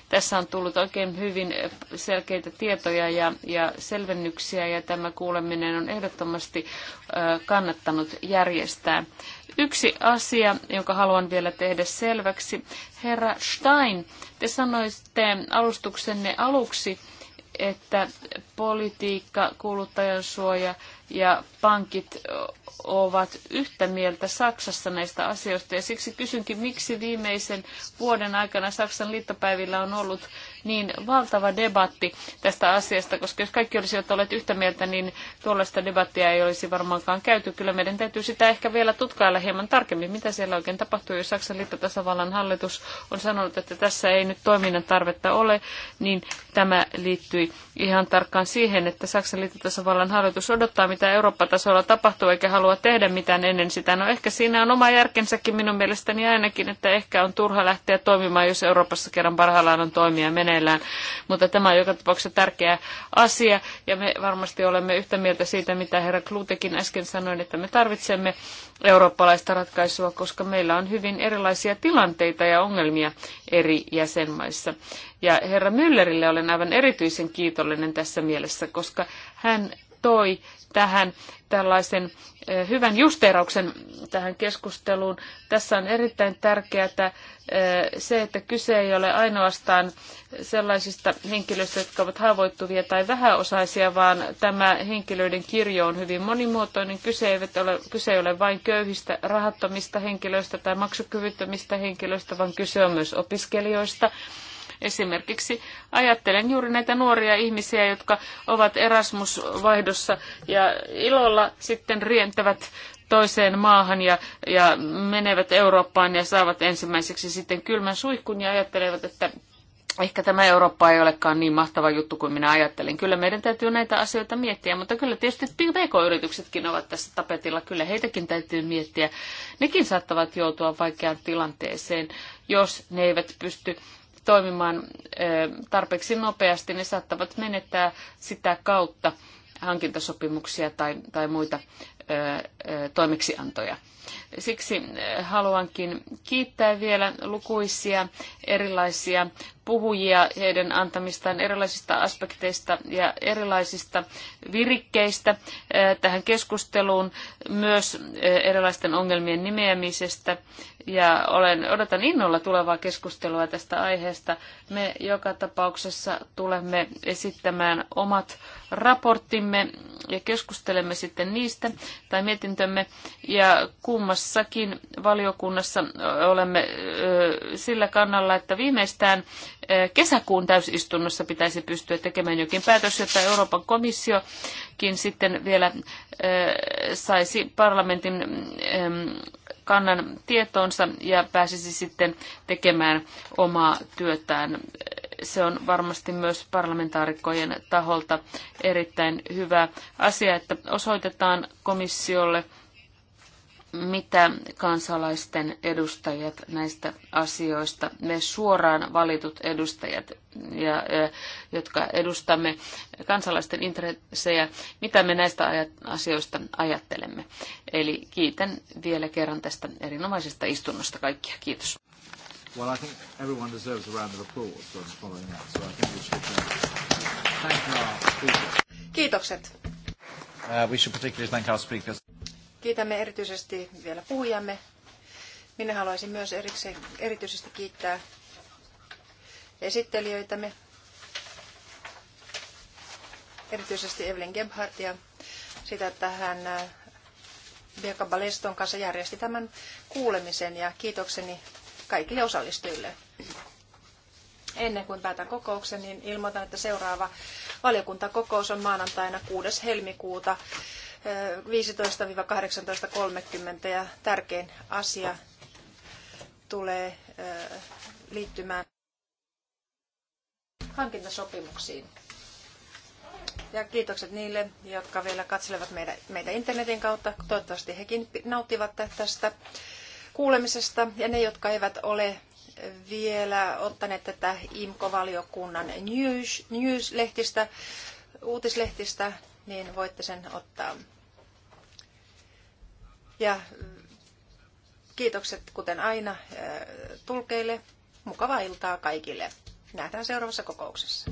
Tässä on tullut oikein hyvin selkeitä tietoja ja, ja selvennyksiä ja tämä kuuleminen on ehdottomasti kannattanut järjestää. Yksi asia, jonka haluan vielä tehdä selväksi. Herra Stein, te sanoitte alustuksenne aluksi, että politiikka, kuluttajansuoja ja pankit ovat yhtä mieltä Saksassa näistä asioista. Ja siksi kysynkin, miksi viimeisen vuoden aikana Saksan liittopäivillä on ollut niin valtava debatti tästä asiasta, koska jos kaikki olisivat olleet yhtä mieltä, niin tuollaista debattia ei olisi varmaankaan käyty. Kyllä meidän täytyy sitä ehkä vielä tutkailla hieman tarkemmin, mitä siellä oikein tapahtuu. Jos Saksan liittotasavallan hallitus on sanonut, että tässä ei nyt toiminnan tarvetta ole, niin tämä liittyi ihan tarkkaan siihen, että Saksan liittotasavallan hallitus odottaa, mitä Eurooppa-tasolla tapahtuu, eikä halua tehdä mitään ennen sitä. No ehkä siinä on oma järkensäkin minun mielestäni ainakin, että ehkä on turha lähteä toimimaan, jos Euroopassa kerran parhaillaan on toimia meneillään. Mutta tämä on joka tapauksessa tärkeä asia ja me varmasti olemme yhtä mieltä siitä, mitä herra Klutekin äsken sanoi, että me tarvitsemme eurooppalaista ratkaisua, koska meillä on hyvin erilaisia tilanteita ja ongelmia eri jäsenmaissa. Ja herra Müllerille olen aivan erityisen kiitollinen tässä mielessä, koska hän toi tähän tällaisen eh, hyvän justeerauksen tähän keskusteluun. Tässä on erittäin tärkeää eh, se, että kyse ei ole ainoastaan sellaisista henkilöistä, jotka ovat haavoittuvia tai vähäosaisia, vaan tämä henkilöiden kirjo on hyvin monimuotoinen. Kyse ei ole, kyse ei ole vain köyhistä, rahattomista henkilöistä tai maksukyvyttömistä henkilöistä, vaan kyse on myös opiskelijoista, Esimerkiksi ajattelen juuri näitä nuoria ihmisiä, jotka ovat Erasmus-vaihdossa ja ilolla sitten rientävät toiseen maahan ja, ja menevät Eurooppaan ja saavat ensimmäiseksi sitten kylmän suihkun ja ajattelevat, että ehkä tämä Eurooppa ei olekaan niin mahtava juttu kuin minä ajattelin. Kyllä meidän täytyy näitä asioita miettiä, mutta kyllä tietysti PK-yrityksetkin ovat tässä tapetilla. Kyllä heitäkin täytyy miettiä. Nekin saattavat joutua vaikeaan tilanteeseen, jos ne eivät pysty toimimaan tarpeeksi nopeasti, ne saattavat menettää sitä kautta hankintasopimuksia tai, tai muita toimeksiantoja. Siksi eh, haluankin kiittää vielä lukuisia erilaisia puhujia heidän antamistaan erilaisista aspekteista ja erilaisista virikkeistä eh, tähän keskusteluun, myös eh, erilaisten ongelmien nimeämisestä. Ja olen, odotan innolla tulevaa keskustelua tästä aiheesta. Me joka tapauksessa tulemme esittämään omat raporttimme ja keskustelemme sitten niistä tai mietintömme. Ja kun kummassakin valiokunnassa olemme sillä kannalla, että viimeistään kesäkuun täysistunnossa pitäisi pystyä tekemään jokin päätös, jotta Euroopan komissiokin sitten vielä saisi parlamentin kannan tietoonsa ja pääsisi sitten tekemään omaa työtään. Se on varmasti myös parlamentaarikkojen taholta erittäin hyvä asia, että osoitetaan komissiolle – mitä kansalaisten edustajat näistä asioista, me suoraan valitut edustajat, ja, jotka edustamme kansalaisten intressejä, mitä me näistä asioista ajattelemme. Eli kiitän vielä kerran tästä erinomaisesta istunnosta kaikkia. Kiitos. Well, I think everyone deserves a round of applause for following that, so I think we should uh, thank our speakers. Kiitokset. Uh, we should particularly thank our speakers. Kiitämme erityisesti vielä puhujamme. Minä haluaisin myös erikseen, erityisesti kiittää esittelijöitämme, erityisesti Evelyn Gebhardtia, sitä, että hän äh, Bianca Baleston kanssa järjesti tämän kuulemisen ja kiitokseni kaikille osallistujille. Ennen kuin päätän kokouksen, niin ilmoitan, että seuraava valiokuntakokous on maanantaina 6. helmikuuta 15-18.30 ja tärkein asia tulee liittymään hankintasopimuksiin. Ja kiitokset niille, jotka vielä katselevat meidän, internetin kautta. Toivottavasti hekin nauttivat tästä kuulemisesta. Ja ne, jotka eivät ole vielä ottaneet tätä IMKO-valiokunnan news, news-lehtistä, uutislehtistä, niin voitte sen ottaa. Ja kiitokset kuten aina tulkeille. Mukavaa iltaa kaikille. Nähdään seuraavassa kokouksessa.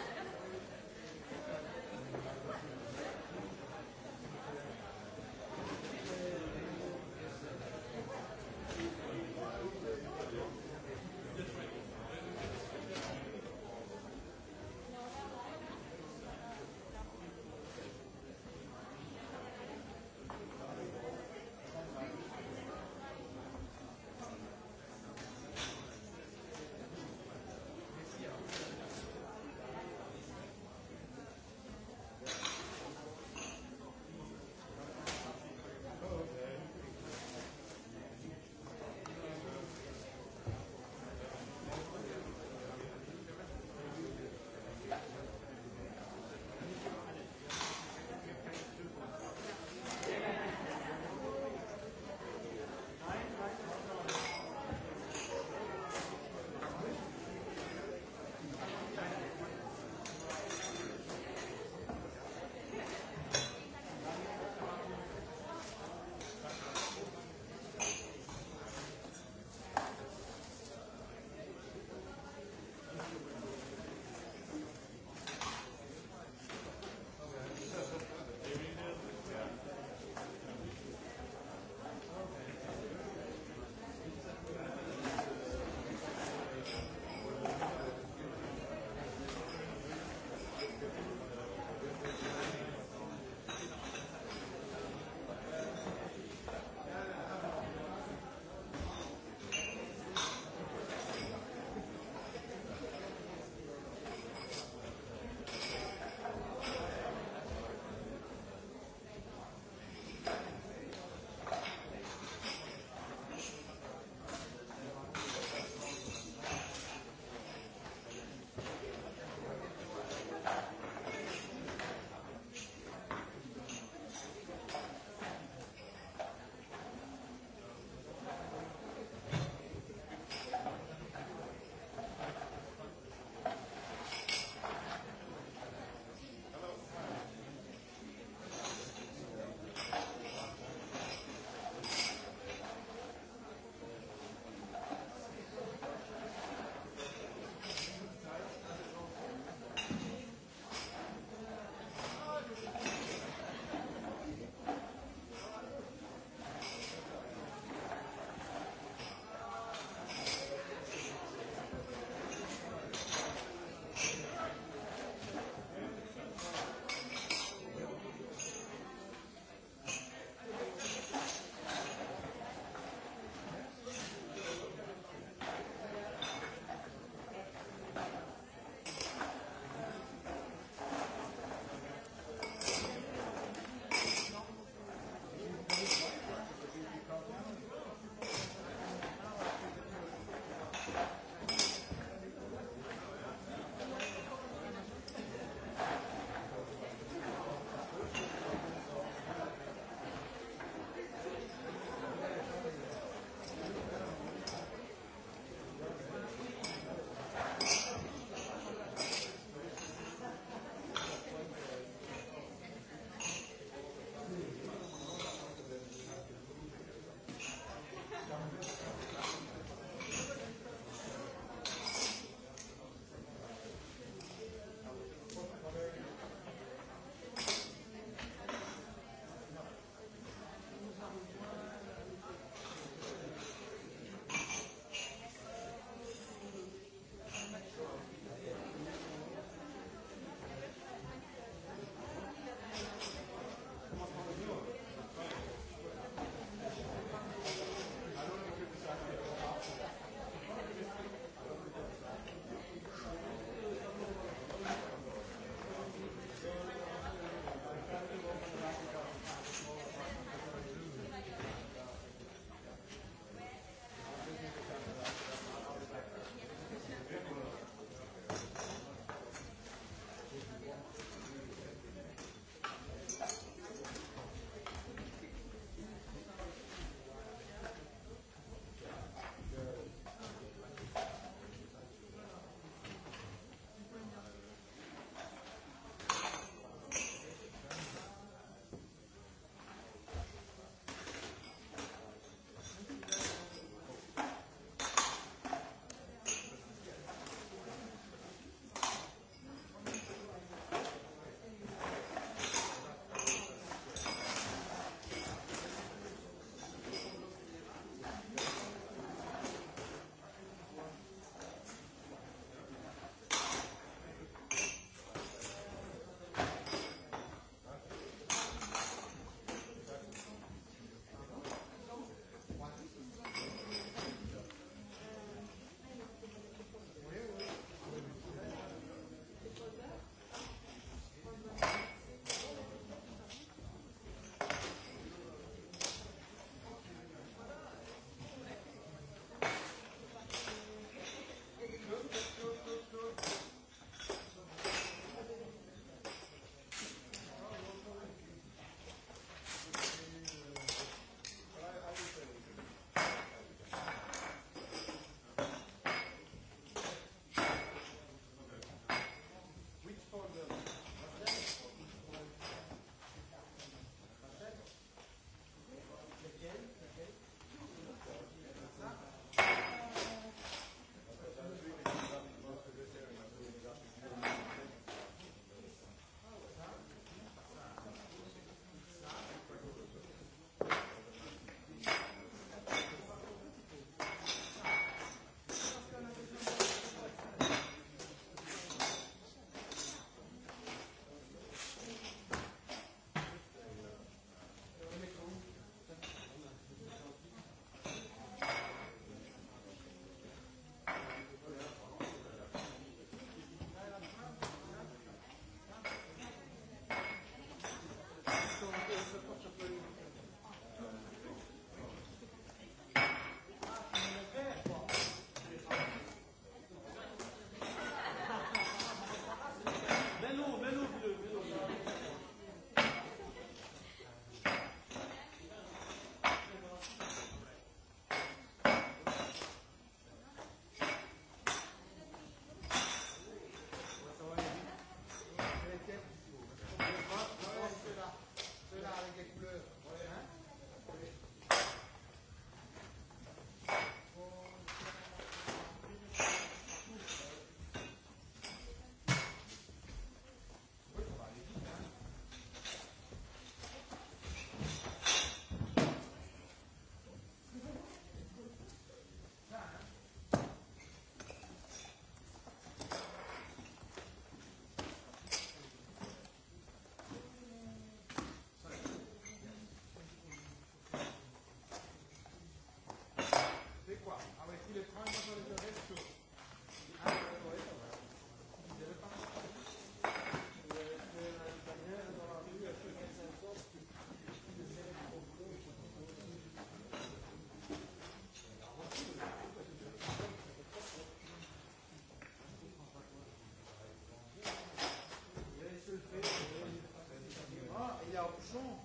raison